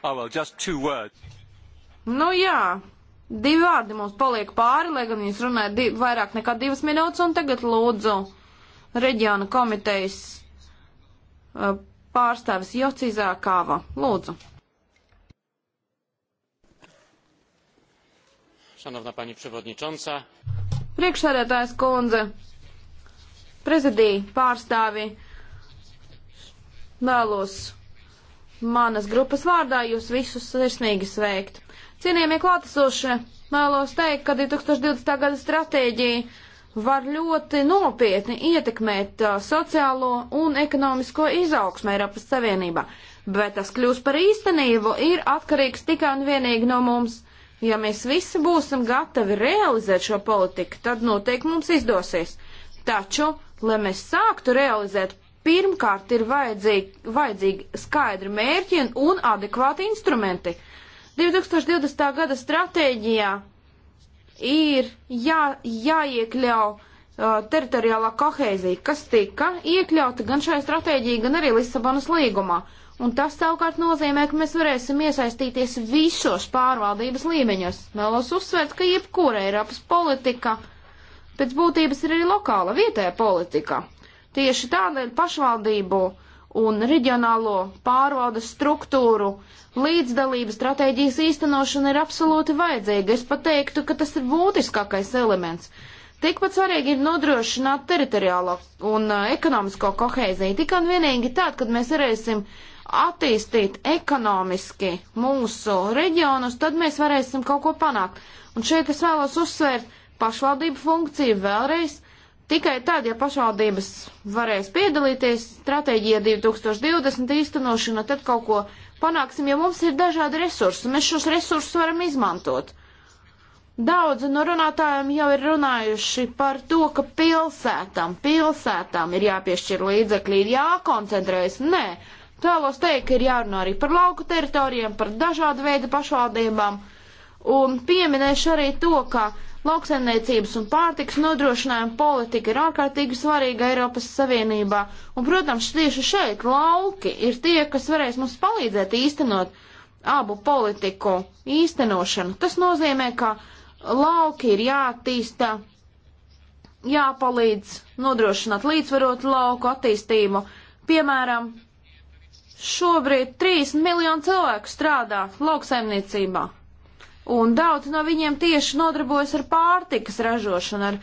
Oh, well, just two words. Nu jā, divi vārdi mums paliek pāri, lai gan jūs runājat div, vairāk nekā divas minūtes, un tagad lūdzu reģiona komitejas uh, pārstāvis Jocīzā Kāva. Lūdzu. Šanovna pani przewodnicząca. Priekšsēdētājs kundze, prezidija pārstāvi vēlos manas grupas vārdā jūs visus sirsnīgi sveikt. Cienījamie klātesošie, vēlos teikt, ka 2020. gada stratēģija var ļoti nopietni ietekmēt uh, sociālo un ekonomisko izaugsmu Eiropas Savienībā, bet tas kļūs par īstenību ir atkarīgs tikai un vienīgi no mums. Ja mēs visi būsim gatavi realizēt šo politiku, tad noteikti mums izdosies. Taču, lai mēs sāktu realizēt, pirmkārt ir vajadzīgi, vajadzīgi skaidri mērķi un, un adekvāti instrumenti. 2020. gada stratēģijā ir jā, jāiekļau uh, teritoriālā koheizija, kas tika iekļauta gan šajā stratēģijā, gan arī Lisabonas līgumā. Uh, Un tas savukārt nozīmē, ka mēs varēsim iesaistīties visos pārvaldības līmeņos. Vēlos uzsvērt, ka jebkura Eiropas politika pēc būtības ir arī lokāla vietējā politika. Tieši tādēļ pašvaldību un reģionālo pārvaldes struktūru līdzdalības stratēģijas īstenošana ir absolūti vajadzīga. Es pateiktu, ka tas ir būtiskākais elements. Tikpat svarīgi ir nodrošināt teritoriālo un uh, ekonomisko koheiziju. Tikai un vienīgi tad, kad mēs varēsim uh, attīstīt ekonomiski mūsu reģionus, tad mēs varēsim kaut ko panākt. Un šeit es vēlos uzsvērt pašvaldību funkciju vēlreiz. Tikai tad, ja pašvaldības varēs piedalīties stratēģija 2020 īstenošana, tad kaut ko panāksim, jo ja mums ir dažādi resursi, mēs šos resursus varam izmantot. Daudzi no runātājiem jau ir runājuši par to, ka pilsētām, pilsētām ir jāpiešķir līdzekļi, ir jākoncentrējas. Nē, Tēlos teikt, ka ir jārunā arī par lauku teritorijām, par dažādu veidu pašvaldībām. Un pieminēšu arī to, ka lauksaimniecības un pārtiks nodrošinājuma politika ir ārkārtīgi svarīga Eiropas Savienībā. Un, protams, tieši šeit lauki ir tie, kas varēs mums palīdzēt īstenot abu politiku īstenošanu. Tas nozīmē, ka lauki ir jātīsta, jāpalīdz nodrošināt līdzvarotu lauku attīstību. Piemēram, Šobrīd 3 miljoni cilvēku strādā lauksaimniecībā, un daudz no viņiem tieši nodarbojas ar pārtikas ražošanu, ar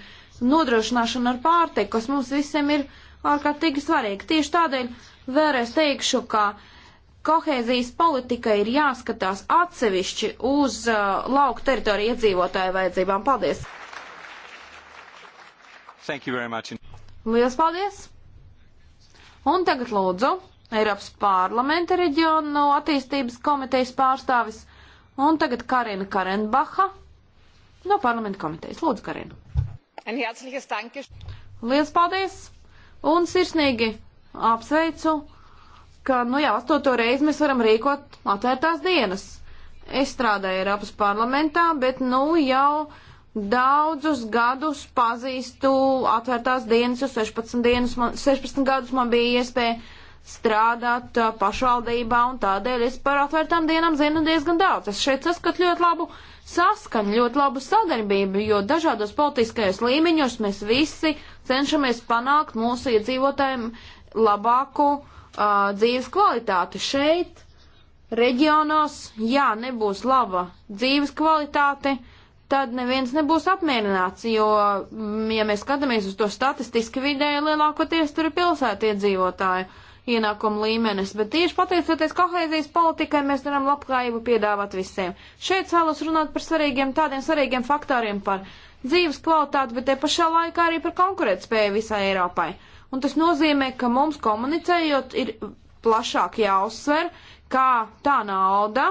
nodrošināšanu ar pārtiku, kas mums visiem ir ārkārtīgi svarīgi. Tieši tādēļ vēlreiz teikšu, ka kohēzijas politika ir jāskatās atsevišķi uz uh, lauku teritoriju iedzīvotāju vajadzībām. Paldies! Lielas paldies! Un tagad lūdzu Eiropas parlamenta reģionu attīstības komitejas pārstāvis un tagad Karina Karenbaha no parlamenta komitejas. Lūdzu, Karina. Lielas paldies un sirsnīgi apsveicu, ka nu jau astoto reizi mēs varam rīkot atvērtās dienas. Es strādāju Eiropas parlamentā, bet nu jau daudzus gadus pazīstu atvērtās dienas, jo 16, dienas man, 16 gadus man bija iespēja strādāt uh, pašvaldībā, un tādēļ es par atvērtām dienām zinu diezgan daudz. Es šeit saskatu ļoti labu saskaņu, ļoti labu sadarbību, jo dažādos politiskajos līmeņos mēs visi cenšamies panākt mūsu iedzīvotājiem labāku uh, dzīves kvalitāti šeit. Reģionos, jā, nebūs laba dzīves kvalitāte, tad neviens nebūs apmierināts, jo, mm, ja mēs skatāmies uz to statistiski vidēji, lielākoties tur ir pilsētiedzīvotāji. Uh, ienākumu līmenis, bet tieši pateicoties kohēzijas politikai mēs varam labklājību piedāvāt visiem. Šeit vēlos runāt par svarīgiem tādiem svarīgiem faktoriem par dzīves kvalitāti, bet te pašā laikā arī par konkurētspēju visai Eiropai. Un tas nozīmē, ka mums komunicējot ir plašāk jāuzsver, kā tā nauda,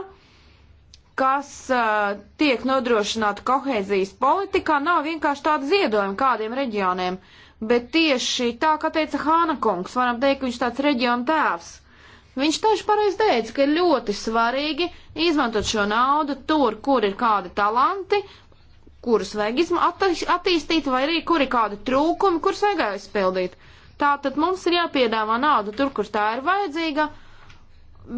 kas uh, tiek nodrošināta kohēzijas politikā, nav vienkārši tāda ziedojuma kādiem reģioniem. Uh, bet tieši tā, kā teica Hāna kungs, varam teikt, viņš tāds reģiona tēvs. Viņš tieši pareizi teica, ka ļoti svarīgi izmantot šo naudu tur, kur ir kādi talanti, kurus vajag attīstīt, vai arī kur ir kādi trūkumi, kurus vajag aizpildīt. Tātad mums ir jāpiedāvā nauda tur, kur tā ir vajadzīga,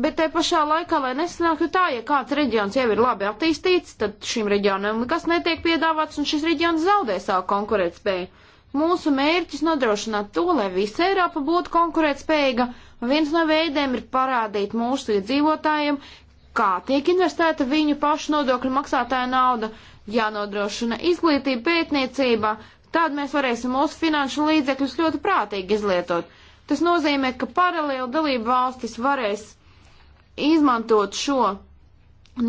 bet te pašā laikā, lai nesanāktu tā, ja kāds reģions jau ir labi attīstīts, tad šim reģionam nekas netiek piedāvāts un šis reģions zaudē savu konkurētspēju. Mūsu mērķis nodrošināt to, lai visa Eiropa būtu konkurētspējīga, un viens no veidiem ir parādīt mūsu iedzīvotājiem, kā tiek investēta viņu pašu nodokļu maksātāja nauda, jānodrošina izglītība, pētniecība, tad mēs varēsim mūsu finanšu līdzekļus ļoti prātīgi izlietot. Tas nozīmē, ka paralēli dalību valstis varēs izmantot šo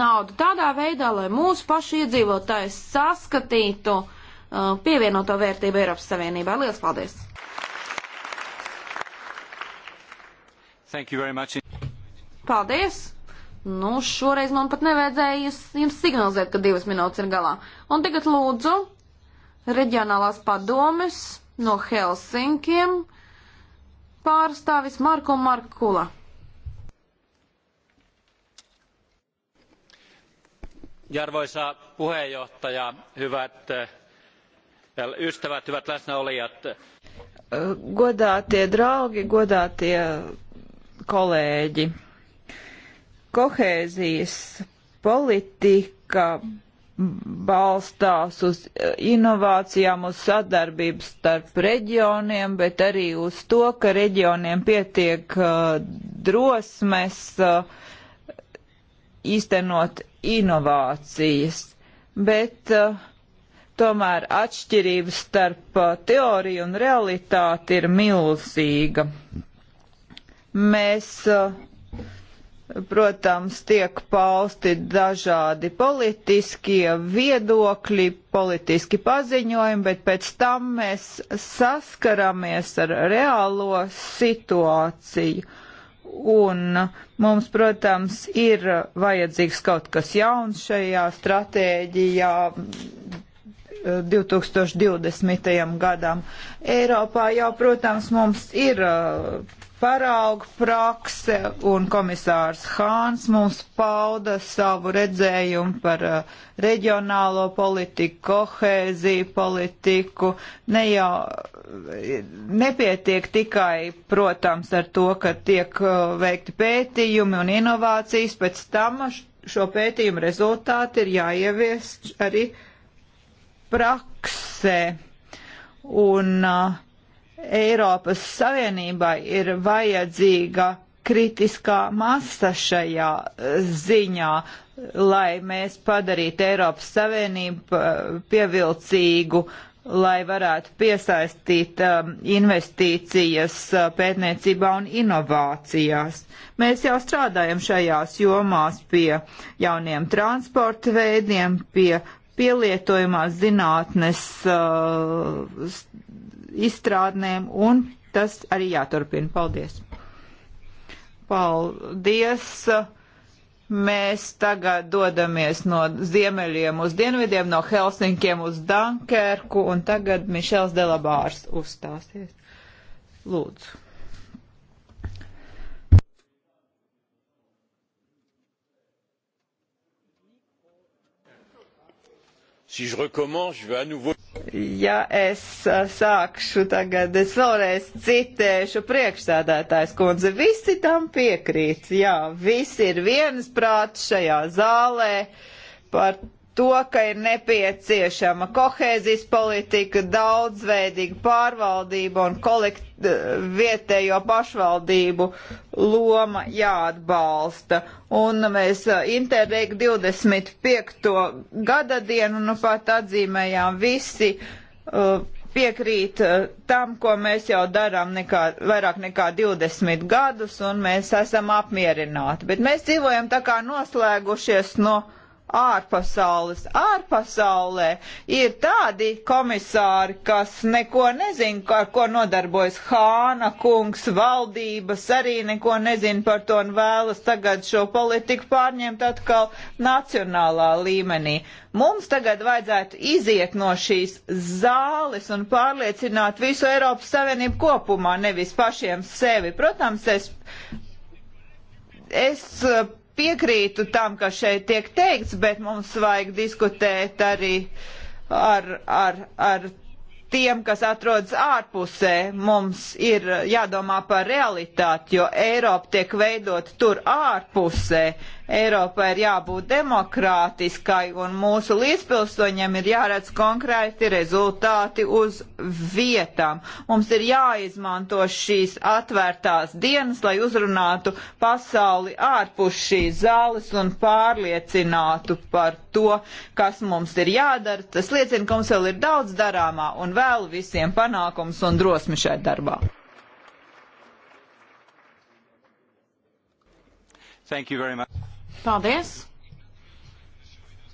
naudu tādā veidā, lai mūsu pašu iedzīvotājs saskatītu, uh, Uh, pievienoto vērtību Eiropas Savienībā. Lielas paldies! Paldies! Nu, šoreiz man pat nevajadzēja jums signalizēt, ka divas minūtes ir galā. Un tagad lūdzu reģionālās padomes no Helsinkiem pārstāvis Marko Markula. arvoisa puheenjohtaja hyvät eh, Ystävät, hyvät läsnäolijat. Godātie draugi, godātie kolēģi. Kohēzijas politika balstās uz inovācijām, uz sadarbību starp reģioniem, bet arī uz to, ka reģioniem pietiek uh, drosmes uh, īstenot inovācijas. Bet uh, Tomēr atšķirības starp uh, teoriju un realitāti ir milzīga. Mēs, uh, protams, tiek pausti dažādi politiskie viedokļi, politiski paziņojumi, bet pēc tam mēs saskaramies ar reālo situāciju un uh, mums, protams, ir vajadzīgs kaut kas jauns šajā stratēģijā, 2020. gadam. Eiropā jau, protams, mums ir uh, parauga prakse un komisārs Hāns mums pauda savu redzējumu par uh, reģionālo politiku, kohēziju politiku. Ne jau nepietiek tikai, protams, ar to, ka tiek uh, veikti pētījumi un inovācijas, pēc tam šo pētījumu rezultāti ir jāieviest arī praksē. Un uh, Eiropas Savienībai ir vajadzīga kritiskā masa šajā uh, ziņā, lai mēs padarītu Eiropas Savienību uh, pievilcīgu, lai varētu piesaistīt um, investīcijas uh, pētniecībā un inovācijās. Mēs jau strādājam šajās jomās pie jauniem transporta veidiem, pie pielietojumās zinātnes uh, izstrādnēm, un tas arī jāturpina. Paldies! Paldies! Mēs tagad dodamies no ziemeļiem uz dienvidiem, no Helsinkiem uz Dankerku, un tagad Mišels Delabārs uzstāsies. Lūdzu. Si je recommence, je vais à nouveau. Ja es uh, sākšu tagad, es vēlreiz citēšu priekšsēdētājs kundze, visi tam piekrīt, jā, visi ir viensprāts šajā zālē par to, ka ir nepieciešama kohēzijas politika, daudzveidīga pārvaldība un kolekt, vietējo pašvaldību loma jāatbalsta. Un mēs Interreg 25. gada dienu nu pat atzīmējām visi uh, piekrīt uh, tam, ko mēs jau darām nekā, vairāk nekā 20 gadus, un mēs esam apmierināti. Bet mēs dzīvojam tā kā noslēgušies no. Nu, ārpasaules. Ārpasaulē ir tādi komisāri, kas neko nezina, ar ko nodarbojas Hāna kungs, valdības arī neko nezina par to un vēlas tagad šo politiku pārņemt atkal nacionālā līmenī. Mums tagad vajadzētu iziet no šīs zāles un pārliecināt visu Eiropas Savienību kopumā, nevis pašiem sevi. Protams, es. es piekrītu tam, kas šeit tiek teikts, bet mums vajag diskutēt arī ar, ar, ar tiem, kas atrodas ārpusē. Mums ir jādomā par realitāti, jo Eiropa tiek veidot tur ārpusē. Eiropai ir jābūt demokrātiskai un mūsu līdzpilsoņiem ir jāredz konkrēti rezultāti uz vietām. Mums ir jāizmanto šīs atvērtās dienas, lai uzrunātu pasauli ārpus šīs zāles un pārliecinātu par to, kas mums ir jādara. Tas liecina, ka mums vēl ir daudz darāmā un vēlu visiem panākums un drosmi šai darbā. Thank you very much. Paldies!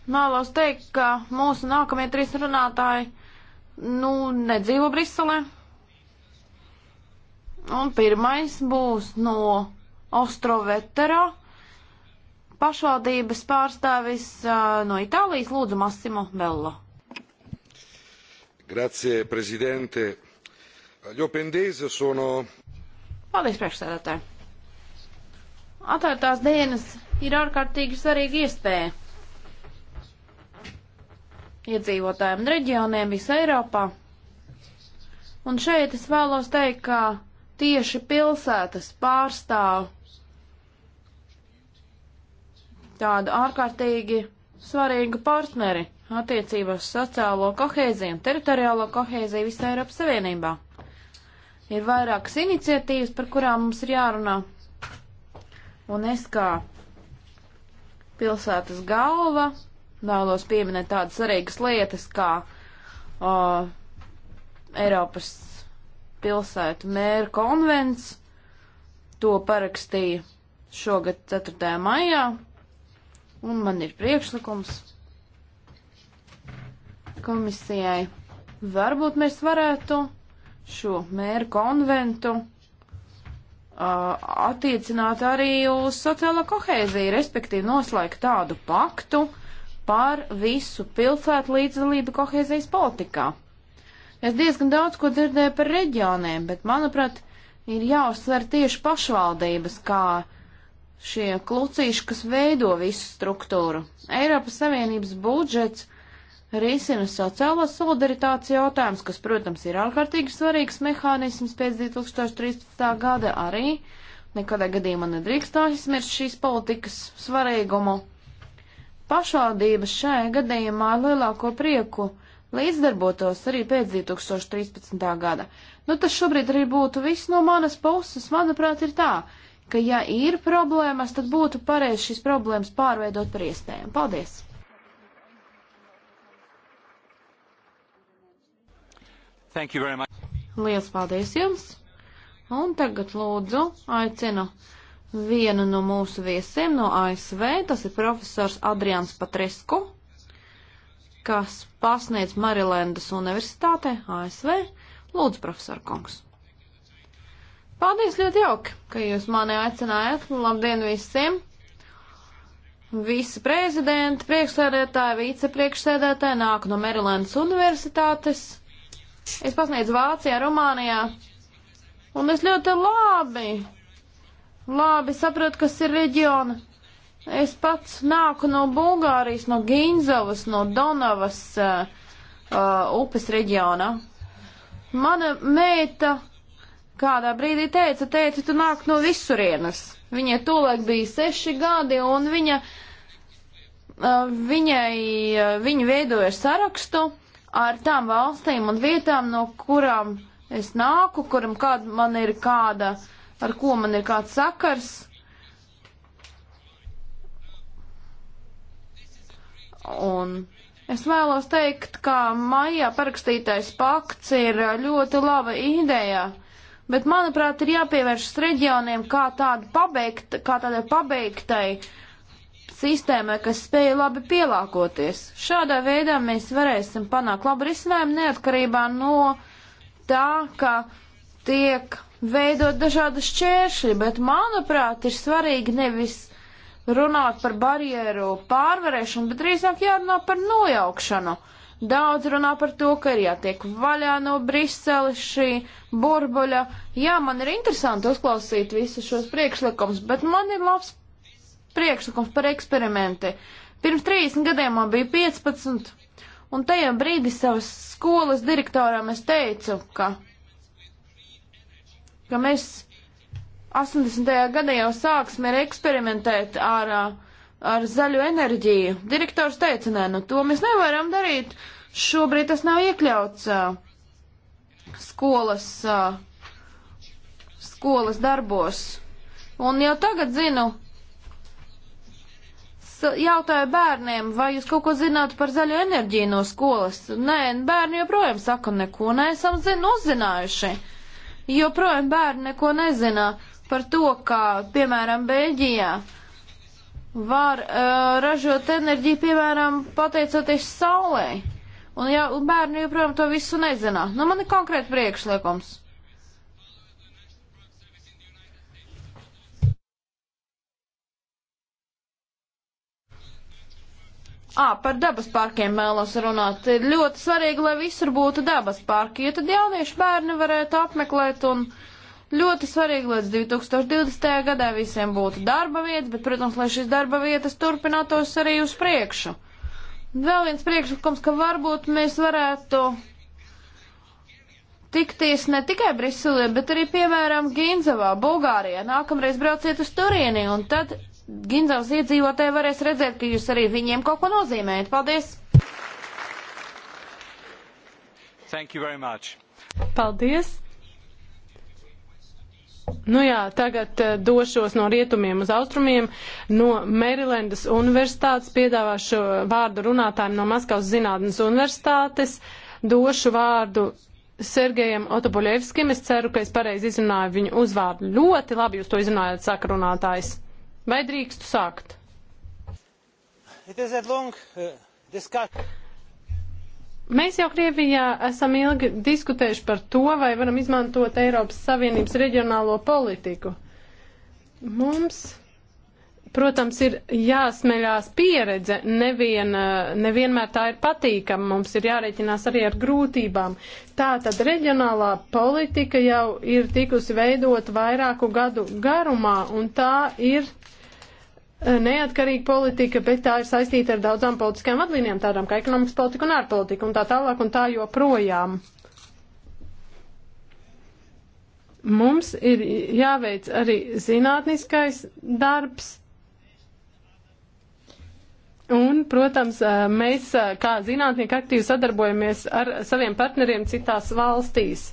Vēlos teikt, ka mūsu nākamie trīs runātāji, nu, nedzīvo Briselē. Un pirmais būs no Ostrovetera pašvaldības pārstāvis uh, no Itālijas, lūdzu, Massimo Bello. Grazie, prezidente. Gli open days sono... Paldies, priekšsēdētāji. Atvērtās dienas ir ārkārtīgi svarīga iespēja iedzīvotājiem un reģioniem visā Eiropā. Un šeit es vēlos teikt, ka tieši pilsētas pārstāv tādu ārkārtīgi svarīgu partneri attiecībās sociālo kohēziju un teritoriālo kohēziju visā Eiropas Savienībā. Ir vairākas iniciatīvas, par kurām mums ir jārunā. Un es kā pilsētas galva. Vēlos pieminēt tādas svarīgas lietas kā uh, Eiropas pilsētu mēra konvents. To parakstīja šogad 4. maijā. Un man ir priekšlikums komisijai. Varbūt mēs varētu šo mēru konventu Uh, attiecināt arī uz sociālo kohēziju, respektīvi noslēgt tādu paktu par visu pilsētu līdzdalību kohēzijas politikā. Es diezgan daudz ko dzirdēju par reģioniem, bet, manuprāt, ir jāuzsver tieši pašvaldības, kā šie klucīši, kas veido visu struktūru. Eiropas Savienības budžets risina sociālās solidaritātes jautājums, kas, protams, ir ārkārtīgi svarīgs mehānisms pēc 2013. gada arī. Nekadā gadījumā nedrīkst aizmirst šīs politikas svarīgumu. Pašvaldības šajā gadījumā lielāko prieku līdzdarbotos arī pēc 2013. gada. Nu, tas šobrīd arī būtu viss no manas puses, manuprāt, ir tā, ka ja ir problēmas, tad būtu pareizi šīs problēmas pārveidot par iespējām. Paldies! Lielas paldies jums! Un tagad lūdzu aicinu vienu no mūsu viesiem no ASV, tas ir profesors Adrians Patresku, kas pasniedz Marilendas Universitātē ASV. Lūdzu, profesor Kungs! Paldies ļoti jauki, ka jūs mani aicinājāt. Labdien visiem! Visi prezidenti, priekšsēdētāji, vicepriekšsēdētāji nāk no Marilendas Universitātes Es pasniedzu Vācijā, Rumānijā. Un es ļoti labi, labi saprotu, kas ir reģiona. Es pats nāku no Bulgārijas, no Ginzavas, no Donavas uh, uh, upes reģiona. Mana meita kādā brīdī teica, teica, tu nāk no visurienes. Viņai tolaik bija seši gadi, un viņa, uh, viņai, uh, viņa veidoja sarakstu. Uh, ar tām valstīm un vietām, no kurām es nāku, kuram kād, man ir kāda, ar ko man ir kāds sakars. Un es vēlos teikt, ka maijā parakstītais pakts ir ļoti laba ideja, bet manuprāt ir jāpievēršas reģioniem kā tāda pabeigta, kā tādai pabeigtai uh, sistēmai, kas spēja labi pielāgoties. Šādā veidā mēs varēsim panākt labu risinājumu neatkarībā no tā, ka tiek veidot dažādi šķēršļi, bet manuprāt ir svarīgi nevis runāt par barjeru pārvarēšanu, bet drīzāk jārunā par nojaukšanu. Daudz runā par to, ka ir jātiek vaļā no Briseles šī burbuļa. Jā, man ir interesanti uzklausīt visus šos priekšlikumus, bet man ir labs priekšlikums par eksperimenti. Pirms 30 gadiem man bija 15, un tajā brīdī savas skolas direktoram es teicu, ka, ka mēs 80. gadā jau sāksim eksperimentēt ar, ar zaļu enerģiju. Direktors teica, nē, nu to mēs nevaram darīt, šobrīd tas nav iekļauts skolas, skolas darbos. Un jau tagad zinu, jautāju bērniem, vai jūs kaut ko zināt par zaļo enerģiju no skolas. Nē, bērni joprojām saka, neko neesam zin, uzzinājuši. Joprojām bērni neko nezina par to, kā, piemēram, Beļģijā var uh, ražot enerģiju, piemēram, pateicoties saulē. Un, ja, un bērni joprojām to visu nezina. Nu, man ir konkrēti priekšlikums. Ā, par dabas parkiem vēlos runāt. Ir ļoti svarīgi, lai visur būtu dabas parki, jo tad jaunieši bērni varētu apmeklēt un ļoti svarīgi, lai 2020. gadā visiem būtu darba vietas, bet, protams, lai šīs darba vietas turpinātos arī uz priekšu. Vēl viens priekšlikums, ka varbūt mēs varētu tikties ne tikai Briselē, bet arī, piemēram, Ginzavā, Bulgārijā. Nākamreiz brauciet uz turieni un tad Ginzavas iedzīvotāji varēs redzēt, ka jūs arī viņiem kaut ko nozīmējat. Paldies! Thank you very much. Paldies! Nu jā, tagad uh, došos no rietumiem uz austrumiem. No Marylandas universitātes piedāvāšu vārdu runātājiem no Maskavas zinātnes universitātes. Došu vārdu Sergejam Otopoļevskim. Es ceru, ka es pareizi izrunāju viņu uzvārdu. Ļoti labi jūs to izrunājat, saka runātājs. Vai drīkstu sākt? Long, uh, Mēs jau Krievijā esam ilgi diskutējuši par to, vai varam izmantot Eiropas Savienības reģionālo politiku. Mums protams, ir jāsmeļās pieredze. Nevien, uh, nevienmēr tā ir patīkama. Mums ir jārēķinās arī ar grūtībām. Tā tad reģionālā politika jau ir tikusi veidot vairāku gadu garumā, un tā ir Eh, neatkarīga politika, bet tā ir saistīta ar daudzām politiskām vadlīnijām, tādām kā ekonomikas politika un ārpolitika un tā tālāk un tā joprojām. Mums ir jāveic arī zinātniskais darbs. Un, protams, eh, mēs eh, kā zinātnieki aktīvi sadarbojamies ar saviem partneriem citās valstīs.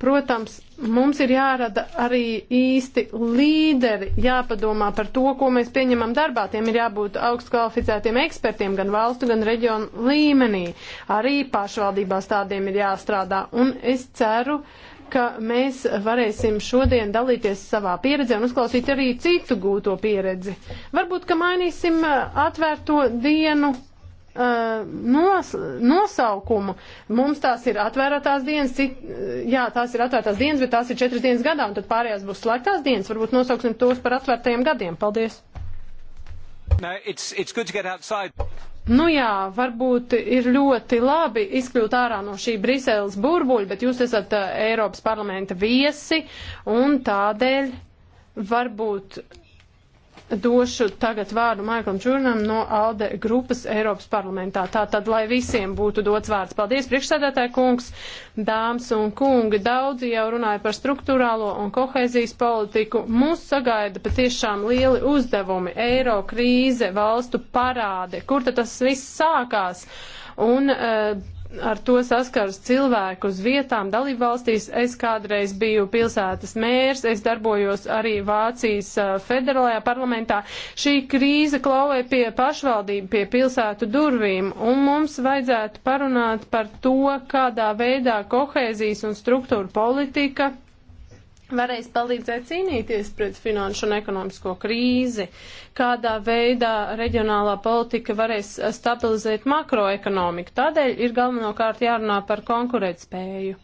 Protams, mums ir jārada arī īsti līderi, jāpadomā par to, ko mēs pieņemam darbā. Tiem ir jābūt augstu kvalificētiem ekspertiem gan valstu, gan reģionu līmenī. Arī pašvaldībās tādiem ir jāstrādā. Un es ceru, ka mēs varēsim šodien dalīties savā pieredzē un uzklausīt arī citu gūto pieredzi. Varbūt, ka mainīsim uh, atvērto dienu Uh, nos, nosaukumu. Mums tās ir atvērtās dienas, cik, uh, jā, tās ir atvērtās dienas, bet tās ir četras dienas gadā, un tad pārējās būs slēgtās dienas. Varbūt nosauksim tos par atvērtajiem gadiem. Paldies! No, it's, it's good to get outside. Nu jā, varbūt ir ļoti labi izkļūt ārā no šī Briseles burbuļa, bet jūs esat uh, Eiropas parlamenta viesi un tādēļ varbūt došu tagad vārdu Maiklam Čurnam no ALDE grupas Eiropas parlamentā. Tā tad, lai visiem būtu dots vārds. Paldies, priekšsēdētāji kungs, dāmas un kungi. Daudzi jau runāja par struktūrālo un kohēzijas politiku. Mūs sagaida patiešām lieli uzdevumi - eiro krīze, valstu parāde. Kur tad tas viss sākās? Un, uh, ar to saskaras cilvēku uz vietām dalībvalstīs. Es kādreiz biju pilsētas mērs, es darbojos arī Vācijas federālajā parlamentā. Šī krīze klauvē pie pašvaldību, pie pilsētu durvīm, un mums vajadzētu parunāt par to, kādā veidā kohēzijas un struktūra politika varēs palīdzēt cīnīties pret finanšu un ekonomisko krīzi, kādā veidā reģionālā politika varēs stabilizēt makroekonomiku. Tādēļ ir galvenokārt jārunā par konkurētspēju.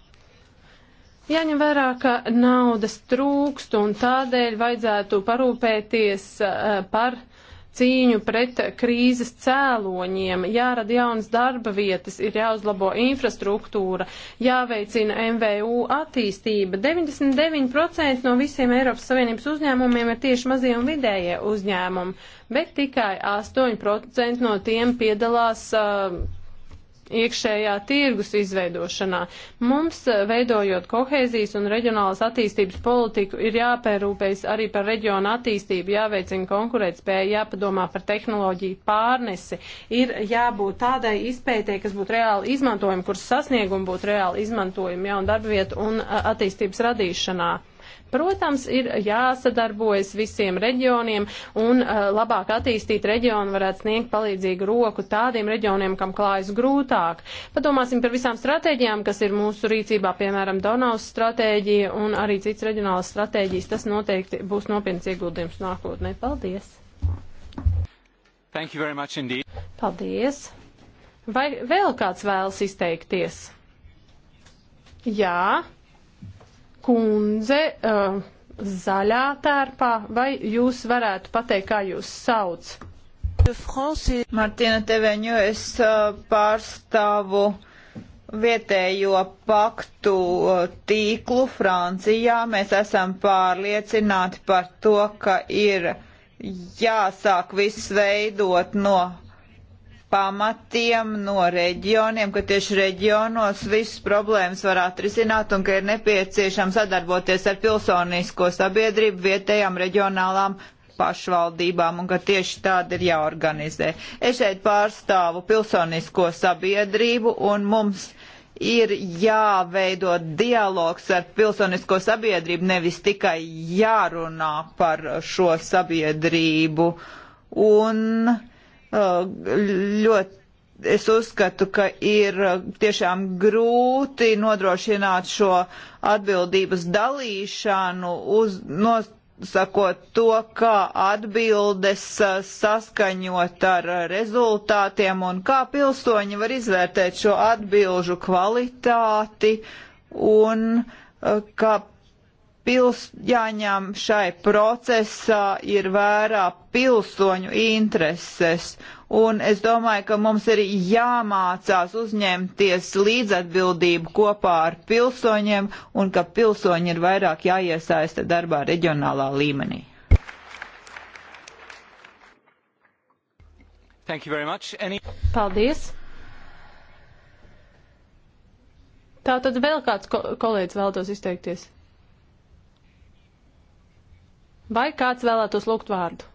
Jāņem vērā, ka naudas trūkst un tādēļ vajadzētu parūpēties eh, par uh, cīņu pret krīzes cēloņiem, jārada jaunas darba vietas, ir jāuzlabo infrastruktūra, jāveicina MVU attīstība. 99% no visiem Eiropas Savienības uzņēmumiem ir tieši mazie un vidējie uzņēmumi, bet tikai 8% no tiem piedalās uh, iekšējā tirgus izveidošanā. Mums, eh, veidojot kohēzijas un reģionālas attīstības politiku, ir jāpērūpējas arī par reģionu attīstību, jāveicina konkurētspēja, jāpadomā par tehnoloģiju pārnesi, ir jābūt tādai izpētē, kas būtu reāli izmantojama, kuras sasniegumi būtu reāli izmantojami jaunu darba vietu un eh, attīstības radīšanā. Protams, ir jāsadarbojas visiem reģioniem un uh, labāk attīstīt reģionu varētu sniegt palīdzīgu roku tādiem reģioniem, kam klājas grūtāk. Padomāsim par visām stratēģijām, kas ir mūsu rīcībā, piemēram, Donavas stratēģija un arī cits reģionāls stratēģijas. Tas noteikti būs nopietns ieguldījums nākotnē. Paldies! Thank you very much indeed. Paldies! Vai vēl kāds vēlas izteikties? Jā kundze uh, zaļā tērpā, vai jūs varētu pateikt, kā jūs sauc? Martina Teveņu, es uh, pārstāvu vietējo paktu eh, tīklu Francijā. Mēs esam pārliecināti par to, ka ir jāsāk viss veidot no pamatiem no reģioniem, ka tieši reģionos visas problēmas var atrisināt un ka ir nepieciešams sadarboties ar pilsonisko sabiedrību vietējām reģionālām pašvaldībām un ka tieši tāda ir jāorganizē. Es šeit pārstāvu pilsonisko sabiedrību un mums ir jāveido dialogs ar pilsonisko sabiedrību, nevis tikai jārunā par šo sabiedrību. Un uh, ļoti es uzskatu, ka ir tiešām grūti nodrošināt šo atbildības dalīšanu, uz, nosakot to, kā atbildes saskaņot ar rezultātiem un kā pilsoņi var izvērtēt šo atbilžu kvalitāti un kā pils, jāņem šai procesā ir vērā pilsoņu intereses. Un es domāju, ka mums ir jāmācās uzņemties līdzatbildību kopā ar pilsoņiem un ka pilsoņi ir vairāk jāiesaista darbā reģionālā līmenī. Any... Paldies! Tātad vēl kāds ko kolēģis vēlētos izteikties? Vai kāds vēlētos lūgt vārdu?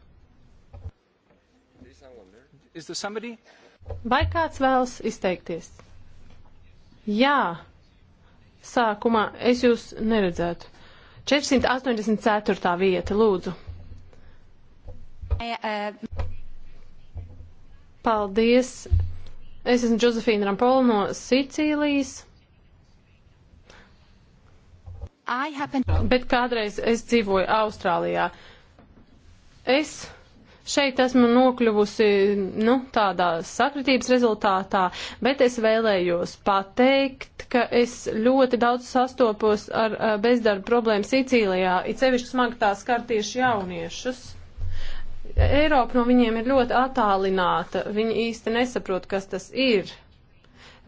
Vai kāds vēlas izteikties? Jā, sākumā es jūs neredzētu. 484. vieta, lūdzu. Uh, Paldies. Es esmu Džozefīna Rampola no Sicīlijas happen... Bet kādreiz es dzīvoju Austrālijā. Es šeit esmu nokļuvusi nu, tādā sakritības rezultātā, bet es vēlējos pateikt, ka es ļoti daudz sastopos ar eh, bezdarba problēmu Sicīlijā, it sevišķi smagi tā skar tieši jauniešus. Eiropa no viņiem ir ļoti attālināta, viņi īsti nesaprot, kas tas ir.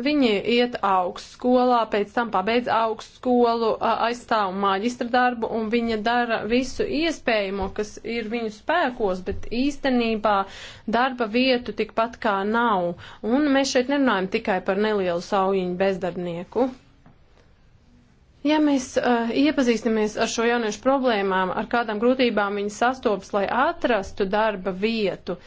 Viņi iet augstskolā, pēc tam pabeidz augstskolu, aizstāv maģistra darbu un viņa dara visu iespējamo, kas ir viņu spēkos, bet īstenībā darba vietu tikpat kā nav. Un mēs šeit nerunājam tikai par nelielu saujiņu bezdarbnieku. Ja mēs uh, iepazīstamies ar šo jauniešu problēmām, ar kādām grūtībām viņi sastopas, lai atrastu darba vietu,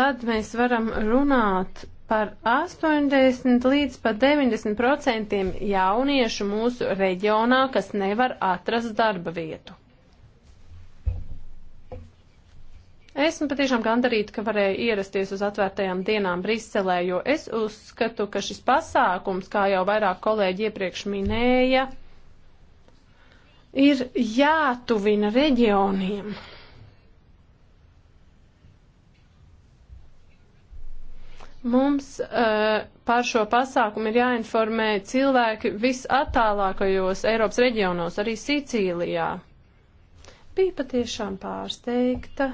tad mēs varam runāt par 80 līdz pat 90 procentiem jauniešu mūsu reģionā, kas nevar atrast darba vietu. Esmu patiešām gandarīta, ka varēju ierasties uz atvērtajām dienām Briselē, jo es uzskatu, ka šis pasākums, kā jau vairāk kolēģi iepriekš minēja, ir jātuvina reģioniem. Mums uh, par šo pasākumu ir jāinformē cilvēki visattālākajos Eiropas reģionos, arī Sicīlijā. Bija patiešām pārsteigta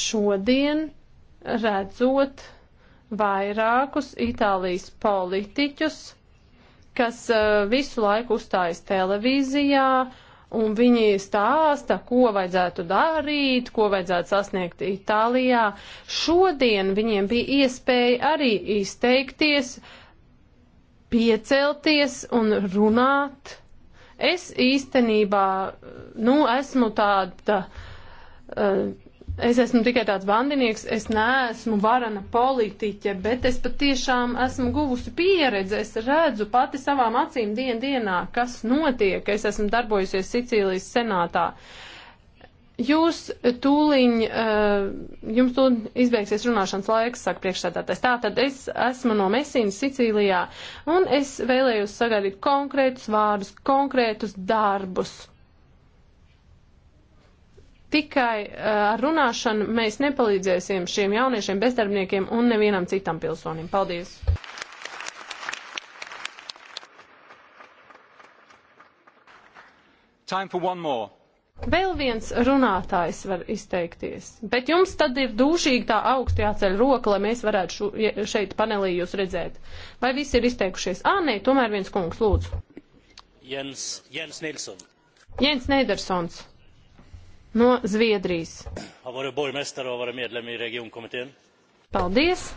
šodien redzot vairākus Itālijas politiķus, kas uh, visu laiku uzstājas televīzijā, uh, un viņi stāsta, ko vajadzētu darīt, ko vajadzētu sasniegt Itālijā. Šodien viņiem bija iespēja arī izteikties, piecelties un runāt. Es īstenībā, nu, esmu tāda. Uh, Es esmu tikai tāds bandinieks, es neesmu varana politiķe, bet es patiešām esmu guvusi pieredzi. Es redzu pati savām acīm dien dienā, kas notiek. Es esmu darbojusies Sicīlijas senātā. Jūs tūliņ, eh, jums tūliņ izbeigsies runāšanas laiks, saka priekšsēdātais. Tātad es esmu no Mesīnas, Sicīlijā, un es vēlējos sagaidīt konkrētus vārdus, konkrētus darbus Tikai eh, ar runāšanu mēs nepalīdzēsim šiem jauniešiem, bezdarbniekiem un nevienam citam pilsonim. Paldies! Vēl viens runātājs var izteikties, bet jums tad ir dūšīgi tā augsti jāceļ roka, lai mēs varētu šu, šeit panelī jūs redzēt. Vai visi ir izteikušies? Ā, nē, tomēr viens kungs, lūdzu. Jens, Jens Nilsson. Jens Neidersons no Zviedrijas. Paldies!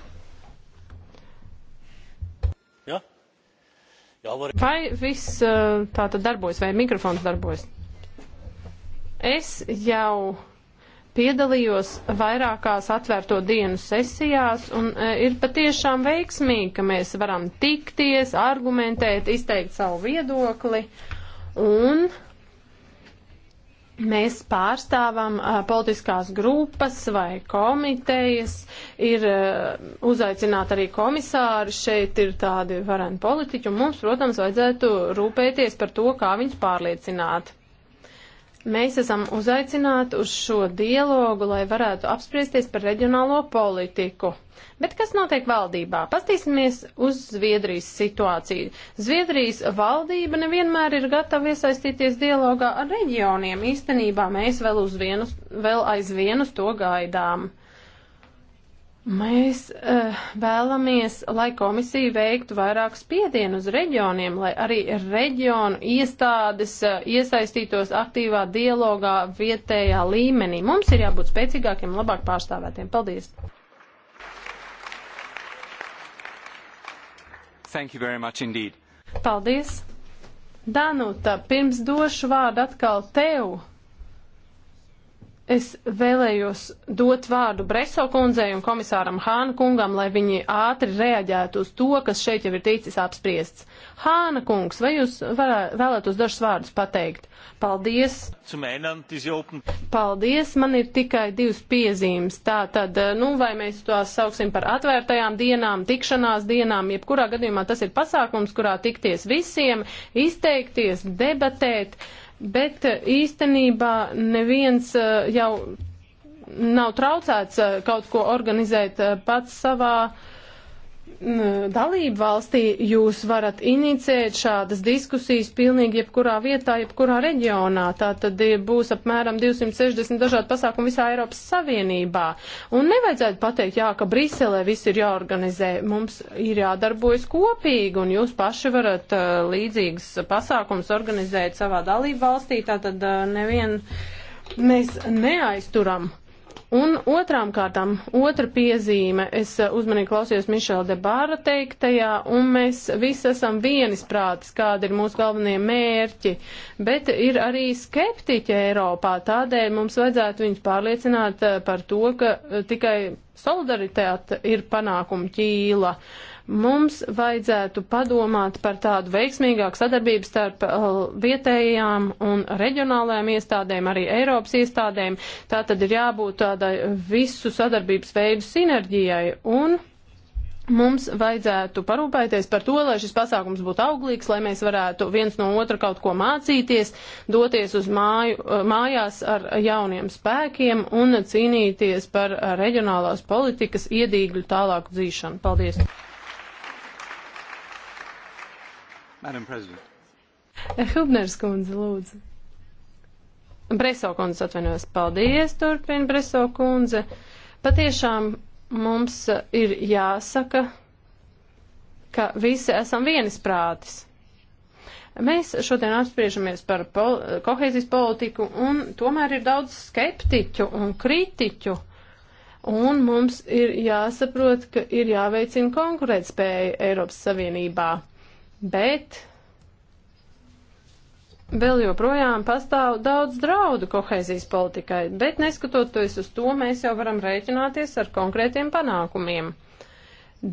Vai viss eh, tā tad darbojas, vai mikrofons darbojas? Es jau piedalījos vairākās atvērto dienu sesijās, un eh, ir patiešām veiksmīgi, ka mēs varam tikties, argumentēt, izteikt savu viedokli, un Mēs pārstāvam uh, politiskās grupas vai komitejas, ir uh, uzaicināti arī komisāri, šeit ir tādi vareni politiķi, un mums, protams, vajadzētu rūpēties par to, kā viņus pārliecināt. Mēs esam uzaicināti uz šo dialogu, lai varētu apspriesties par reģionālo politiku. Bet kas notiek valdībā? Pastīsimies uz Zviedrijas situāciju. Zviedrijas valdība nevienmēr ir gatava iesaistīties dialogā ar reģioniem. Īstenībā mēs vēl, uz vienus, vēl aiz vienus to gaidām. Mēs uh, vēlamies, lai komisija veiktu vairāk spiedienu uz reģioniem, lai arī reģionu iestādes uh, iesaistītos aktīvā dialogā vietējā līmenī. Mums ir jābūt spēcīgākiem, labāk pārstāvētiem. Paldies! Thank you very much indeed. Paldies! Danuta, pirms došu vārdu atkal tev. Es vēlējos dot vārdu Breso kundzei un komisāram Hāna kungam, lai viņi ātri reaģētu uz to, kas šeit jau ir ticis apspriests. Hāna kungs, vai jūs varā, vēlētos dažus vārdus pateikt? Paldies! Paldies, man ir tikai divas piezīmes. Tā tad, eh, nu, vai mēs tās sauksim par atvērtajām dienām, tikšanās dienām, jebkurā gadījumā tas ir pasākums, kurā tikties visiem, izteikties, debatēt. Uh, Bet eh, īstenībā neviens eh, jau nav traucēts eh, kaut ko organizēt pats savā uh, dalību valstī jūs varat inicēt šādas diskusijas pilnīgi jebkurā vietā, jebkurā reģionā. Tā tad būs apmēram 260 dažādu pasākumu visā Eiropas Savienībā. Un nevajadzētu pateikt, jā, ka Briselē viss ir jāorganizē. Mums ir jādarbojas kopīgi, un jūs paši varat uh, līdzīgas pasākumus organizēt savā dalību valstī. Tā tad uh, nevien mēs neaizturam Un otrām kārtām, otra piezīme, es eh, uzmanīgi klausījos Mišela Debāra teiktajā, un mēs visi esam vienisprātis, kādi ir mūsu galvenie mērķi, bet ir arī skeptiķi Eiropā, tādēļ mums vajadzētu viņus pārliecināt eh, par to, ka eh, tikai solidaritāte ir panākuma ķīla. Uh, Mums vajadzētu padomāt par tādu veiksmīgāku sadarbību starp uh, vietējām un reģionālajām iestādēm, arī Eiropas iestādēm. Tā tad ir jābūt tādai visu sadarbības veidu sinerģijai un mums vajadzētu parūpēties par to, lai šis pasākums būtu auglīgs, lai mēs varētu viens no otra kaut ko mācīties, doties uz māju, uh, mājās ar jauniem spēkiem un cīnīties par reģionālās politikas iedīgļu tālāku dzīšanu. Paldies! Hubners kundze, lūdzu. Breso kundze atvainojos. Paldies, turpina Breso kundze. Patiešām mums ir jāsaka, ka visi esam vienisprātis. Mēs šodien apspriežamies par pol kohēzijas politiku, un tomēr ir daudz skeptiķu un kritiķu. Un mums ir jāsaprot, ka ir jāveicina konkurētspēja Eiropas Savienībā bet vēl joprojām pastāv daudz draudu kohēzijas politikai, bet neskatoties uz to, mēs jau varam rēķināties ar konkrētiem panākumiem.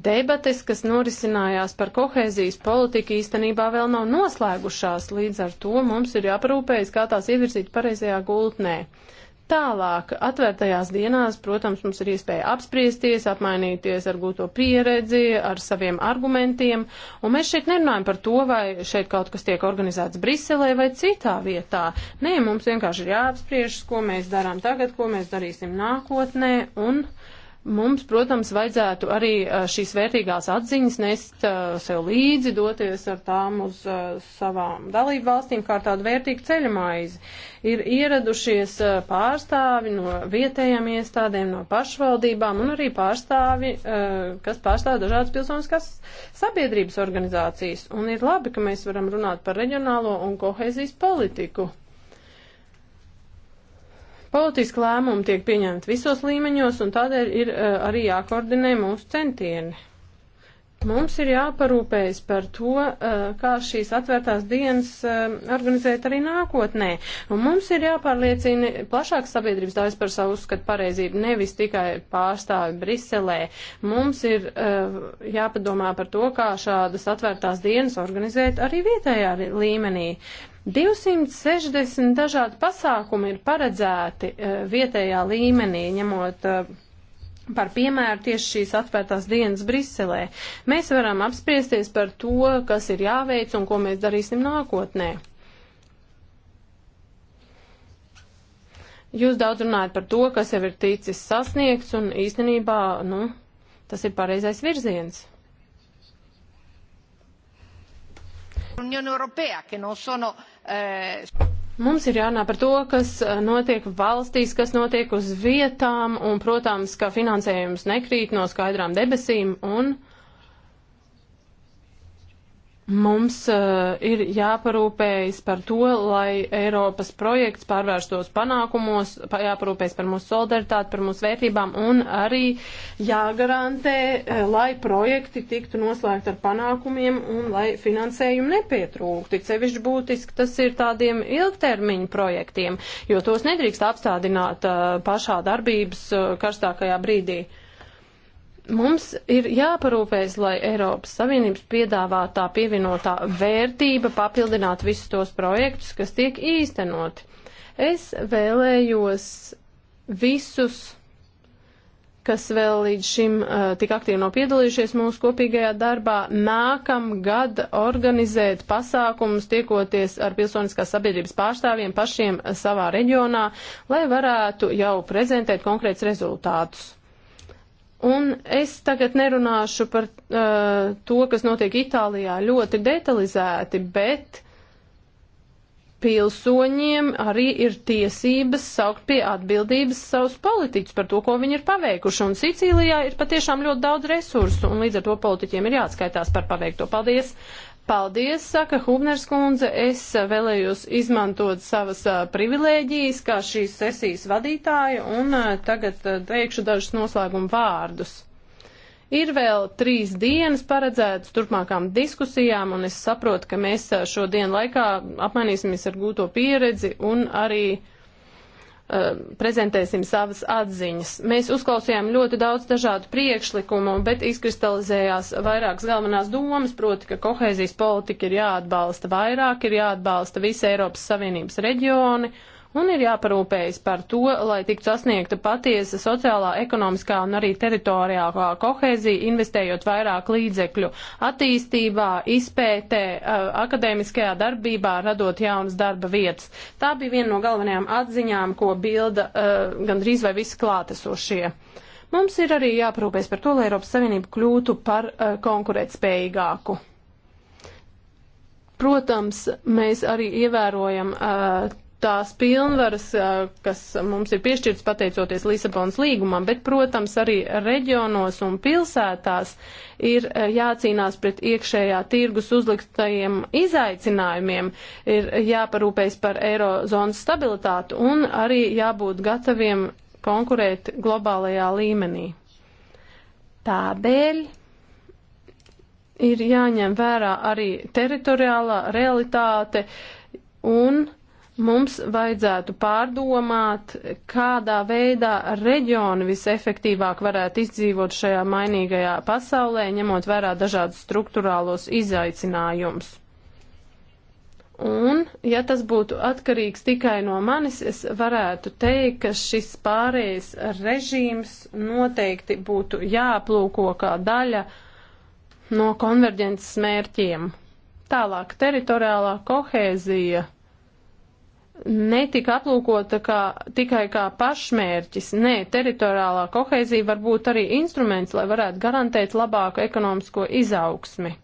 Debates, kas norisinājās par kohēzijas politiku, īstenībā vēl nav noslēgušās, līdz ar to mums ir jāparūpējas, kā tās ievirzīt pareizajā gultnē. Uh, Tālāk, atvērtajās dienās, protams, mums ir iespēja apspriesties, apmainīties ar gūto pieredzi, ar saviem argumentiem, un mēs šeit nerunājam par to, vai šeit kaut kas tiek organizēts Briselē vai citā vietā. Nē, mums vienkārši ir jāapspriežas, ko mēs darām tagad, ko mēs darīsim nākotnē, un. Uh, Mums, protams, vajadzētu arī šīs vērtīgās atziņas nest sev līdzi, doties ar tām uz savām dalību valstīm kā tādu vērtīgu ceļamaizi. Ir ieradušies pārstāvi no vietējām iestādēm, no pašvaldībām un arī pārstāvi, kas pārstāv dažādas pilsoniskās sabiedrības organizācijas. Un ir labi, ka mēs varam runāt par reģionālo un kohēzijas politiku. Politiski lēmumi tiek pieņemti visos līmeņos, un tādēļ ir eh, arī jākoordinē mūsu centieni. Mums ir jāparūpējas par to, eh, kā šīs atvērtās dienas eh, organizēt arī nākotnē. Un mums ir jāpārliecina plašāks sabiedrības daļas par savu uzskatu pareizību, nevis tikai pārstāvi Briselē. Mums ir eh, jāpadomā par to, kā šādas atvērtās dienas organizēt arī vietējā līmenī. 260 dažādi pasākumi ir paredzēti vietējā līmenī, ņemot Par piemēru tieši šīs atvērtās dienas Briselē. Mēs varam apspriesties par to, kas ir jāveic un ko mēs darīsim nākotnē. Jūs daudz runājat par to, kas jau ir ticis sasniegts, un īstenībā nu, tas ir pareizais virziens. Unione Europea, che non sono. Eh... Mums ir jārunā par to, kas eh, notiek valstīs, kas notiek uz vietām, un, protams, ka finansējums nekrīt no skaidrām debesīm, un uh, Mums uh, ir jāparūpējas par to, lai Eiropas projekts pārvērstos panākumos, jāparūpējas par mūsu solidaritāti, par mūsu vērtībām un arī jāgarantē, uh, lai projekti tiktu noslēgti ar panākumiem un lai finansējumu nepietrūktu. Tik sevišķi būtiski tas ir tādiem ilgtermiņu projektiem, jo tos nedrīkst apstādināt uh, pašā darbības uh, karstākajā brīdī. Uh, Mums ir jāparūpējas, lai Eiropas Savienības piedāvātā pievienotā vērtība papildinātu visus tos projektus, kas tiek īstenoti. Es vēlējos visus, kas vēl līdz šim uh, tik aktīvi nav piedalījušies mūsu kopīgajā darbā, nākamgad organizēt pasākumus, tiekoties ar pilsoniskās sabiedrības pārstāvjiem pašiem savā reģionā, lai varētu jau prezentēt konkrēts rezultātus. Un es tagad nerunāšu par uh, to, kas notiek Itālijā ļoti detalizēti, bet pilsoņiem arī ir tiesības saukt pie atbildības savus politiķus par to, ko viņi ir paveikuši. Un Sicīlijā ir patiešām ļoti daudz resursu, un līdz ar to politiķiem ir jāatskaitās par paveikto. Paldies! Paldies, saka Hubners kundze. Es vēlējos izmantot savas privilēģijas kā šīs sesijas vadītāja un tagad teikšu dažus noslēgumu vārdus. Ir vēl trīs dienas paredzētas turpmākām diskusijām, un es saprotu, ka mēs šo dienu laikā apmainīsimies ar gūto pieredzi un arī uh, Um, prezentēsim savas atziņas. Mēs uzklausījām ļoti daudz dažādu priekšlikumu, bet izkristalizējās vairākas galvenās domas, proti, ka kohēzijas politika ir jāatbalsta vairāk, ir jāatbalsta visi Eiropas Savienības reģioni. Uh, un ir jāparūpējas par to, lai tiktu sasniegta patiesa sociālā, ekonomiskā un arī teritoriālā kohēzija, investējot vairāk līdzekļu attīstībā, izpētē, akadēmiskajā darbībā, radot jaunas darba vietas. Tā bija viena no galvenajām atziņām, ko bilda gandrīz vai visi klātesošie. Mums ir arī jāparūpēs par to, lai Eiropas Savienība kļūtu par konkurētspējīgāku. Protams, mēs arī ievērojam uh, tās pilnvaras, kas mums ir piešķirtas pateicoties Lisabonas līgumam, bet, protams, arī reģionos un pilsētās ir jācīnās pret iekšējā tirgus uzliktajiem izaicinājumiem, ir jāparūpējas par eirozonas stabilitātu un arī jābūt gataviem konkurēt globālajā līmenī. Tādēļ ir jāņem vērā arī teritoriālā realitāte un Mums vajadzētu pārdomāt, kādā veidā reģioni visefektīvāk varētu izdzīvot šajā mainīgajā pasaulē, ņemot vērā dažādus struktūrālos izaicinājumus. Un, ja tas būtu atkarīgs tikai no manis, es varētu teikt, ka šis pārējais režīms noteikti būtu jāplūko kā daļa no konverģences mērķiem. Tālāk teritoriālā kohēzija netika aplūkota kā, tikai kā pašmērķis. Nē, teritoriālā kohēzija var būt arī instruments, lai varētu garantēt labāku ekonomisko izaugsmi.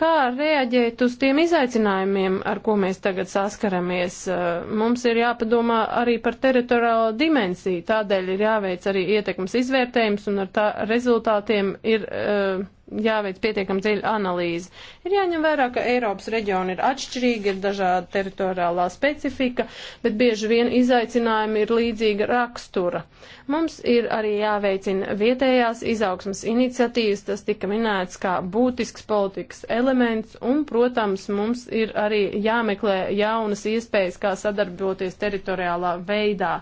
Kā reaģēt uz tiem izaicinājumiem, ar ko mēs tagad saskaramies? Eh, mums ir jāpadomā arī par teritoriālo dimensiju, tādēļ ir jāveic arī ietekmes izvērtējums un ar tā rezultātiem ir. Uh, jāveic pietiekami dziļa analīze. Ir jāņem vērā, ka Eiropas reģioni ir atšķirīgi, ir dažāda teritoriālā specifika, bet bieži vien izaicinājumi ir līdzīga rakstura. Mums ir arī jāveicina vietējās izaugsmas iniciatīvas, tas tika minēts kā būtisks politikas elements, un, protams, mums ir arī jāmeklē jaunas iespējas, kā sadarboties teritoriālā veidā.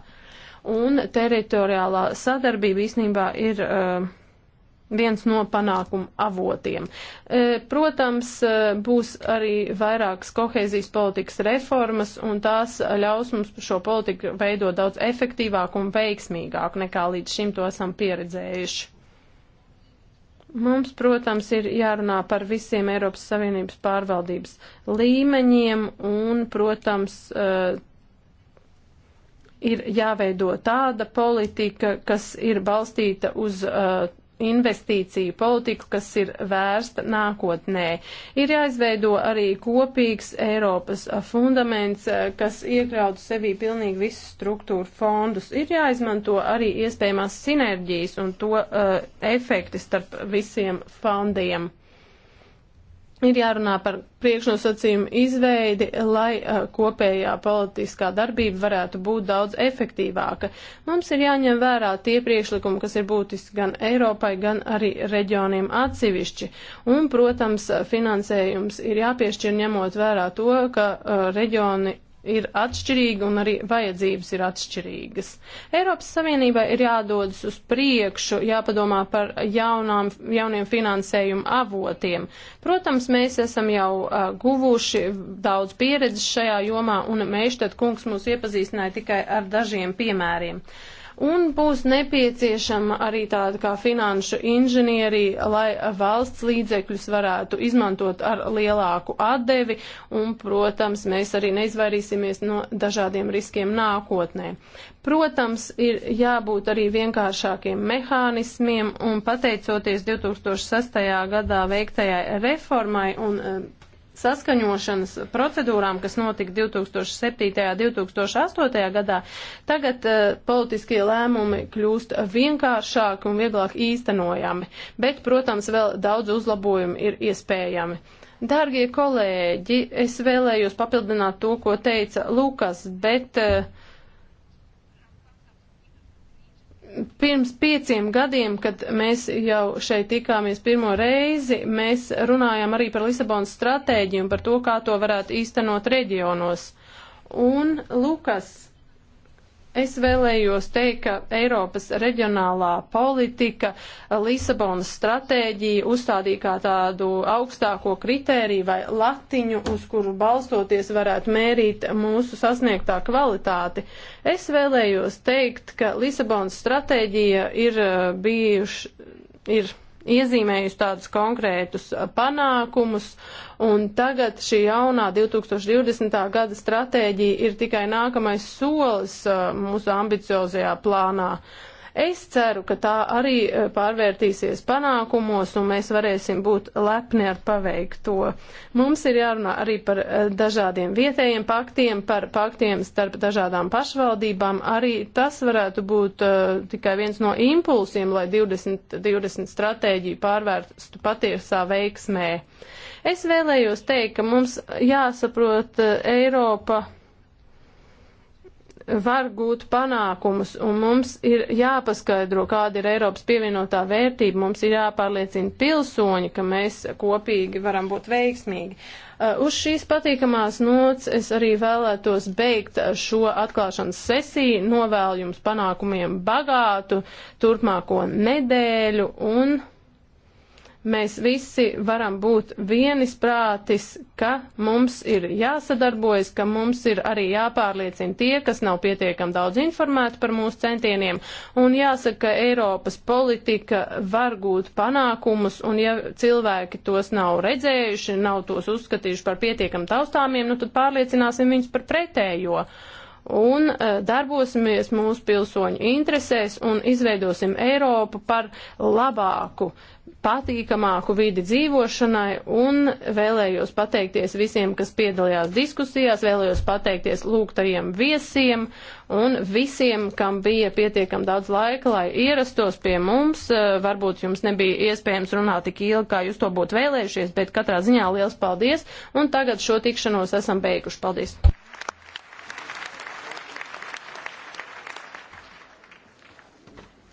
Un teritoriālā sadarbība īstenībā ir uh, viens no panākumu avotiem. E, protams, e, būs arī vairākas kohēzijas politikas reformas, un tās ļaus mums šo politiku veidot daudz efektīvāku un veiksmīgāku nekā līdz šim to esam pieredzējuši. Mums, protams, ir jārunā par visiem Eiropas Savienības pārvaldības līmeņiem un, protams, e, ir jāveido tāda politika, kas ir balstīta uz uh, investīciju politiku, kas ir vērsta nākotnē. Ir jāizveido arī kopīgs Eiropas fundaments, eh, kas iekļautu sevī pilnīgi visus struktūru fondus. Ir jāizmanto arī iespējamās sinerģijas un to uh, efekti starp visiem fondiem ir jārunā par priekšnosacījumu izveidi, lai uh, kopējā politiskā darbība varētu būt daudz efektīvāka. Mums ir jāņem vērā tie priekšlikumi, kas ir būtiski gan Eiropai, gan arī reģioniem atsevišķi. Un, protams, finansējums ir jāpiešķir ņemot vērā to, ka uh, reģioni ir atšķirīga un arī vajadzības ir atšķirīgas. Eiropas Savienībai ir jādodas uz priekšu, jāpadomā par jaunām, jauniem finansējuma avotiem. Protams, mēs esam jau uh, guvuši daudz pieredzes šajā jomā, un Meištad kungs mūs iepazīstināja tikai ar dažiem piemēriem. Uh, un būs nepieciešama arī tāda kā finanšu inženierija, lai valsts līdzekļus varētu izmantot ar lielāku atdevi, un, protams, mēs arī neizvairīsimies no dažādiem riskiem nākotnē. Protams, ir jābūt arī vienkāršākiem mehānismiem, un pateicoties 2006. gadā veiktajai reformai un eh, saskaņošanas procedūrām, kas notika 2007. un 2008. gadā, tagad uh, politiskie lēmumi kļūst vienkāršāki un vieglāk īstenojami, bet, protams, vēl daudz uzlabojumu ir iespējami. Dārgie kolēģi, es vēlējos papildināt to, ko teica Lukas, bet uh, pirms pieciem gadiem, kad mēs jau šeit tikāmies pirmo reizi, mēs runājām arī par Lisabonas stratēģiju un par to, kā to varētu īstenot reģionos. Un Lukas Es vēlējos teikt, ka Eiropas reģionālā politika Lisabonas stratēģija uzstādīja kā tādu augstāko kritēriju vai latiņu, uz kuru balstoties varētu mērīt mūsu sasniegtā kvalitāti. Es vēlējos teikt, ka Lisabonas stratēģija ir eh, bijuši. Ir iezīmējusi tādus konkrētus uh, panākumus, un tagad šī jaunā 2020. gada stratēģija ir tikai nākamais solis uh, mūsu ambiciozajā plānā. Uh, Es ceru, ka tā arī eh, pārvērtīsies panākumos un mēs varēsim būt lepni ar paveikto. Mums ir jārunā arī par eh, dažādiem vietējiem paktiem, par paktiem starp dažādām pašvaldībām. Arī tas varētu būt uh, tikai viens no impulsiem, lai 2020 20 stratēģiju pārvērstu patiesā veiksmē. Es vēlējos teikt, ka mums jāsaprot uh, Eiropa var gūt panākumus, un mums ir jāpaskaidro, kāda ir Eiropas pievienotā vērtība, mums ir jāpārliecina pilsoņi, ka mēs kopīgi varam būt veiksmīgi. Uh, uz šīs patīkamās nots es arī vēlētos beigt šo atklāšanas sesiju, novēlu jums panākumiem bagātu turpmāko nedēļu un mēs visi varam būt vienisprātis, ka mums ir jāsadarbojas, ka mums ir arī jāpārliecina tie, kas nav pietiekam daudz informēti par mūsu centieniem. Un jāsaka, ka Eiropas politika var gūt panākumus, un ja cilvēki tos nav redzējuši, nav tos uzskatījuši par pietiekam taustāmiem, nu tad pārliecināsim viņus par pretējo un e, darbosimies mūsu pilsoņu interesēs un izveidosim Eiropu par labāku, patīkamāku vidi dzīvošanai un vēlējos pateikties visiem, kas piedalījās diskusijās, vēlējos pateikties lūgtajiem viesiem un visiem, kam bija pietiekam daudz laika, lai ierastos pie mums. Eh, varbūt jums nebija iespējams runāt tik ilgi, kā jūs to būtu vēlējušies, bet katrā ziņā liels paldies un tagad šo tikšanos esam beiguši. Paldies!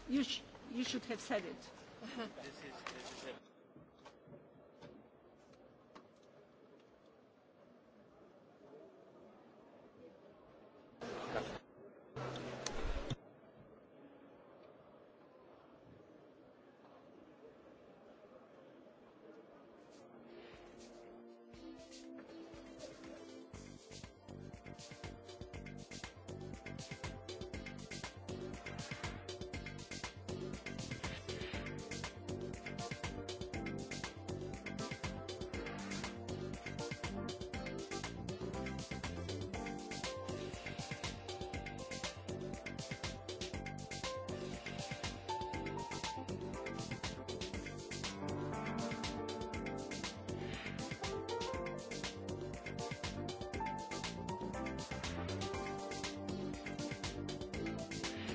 You, sh you should have said it.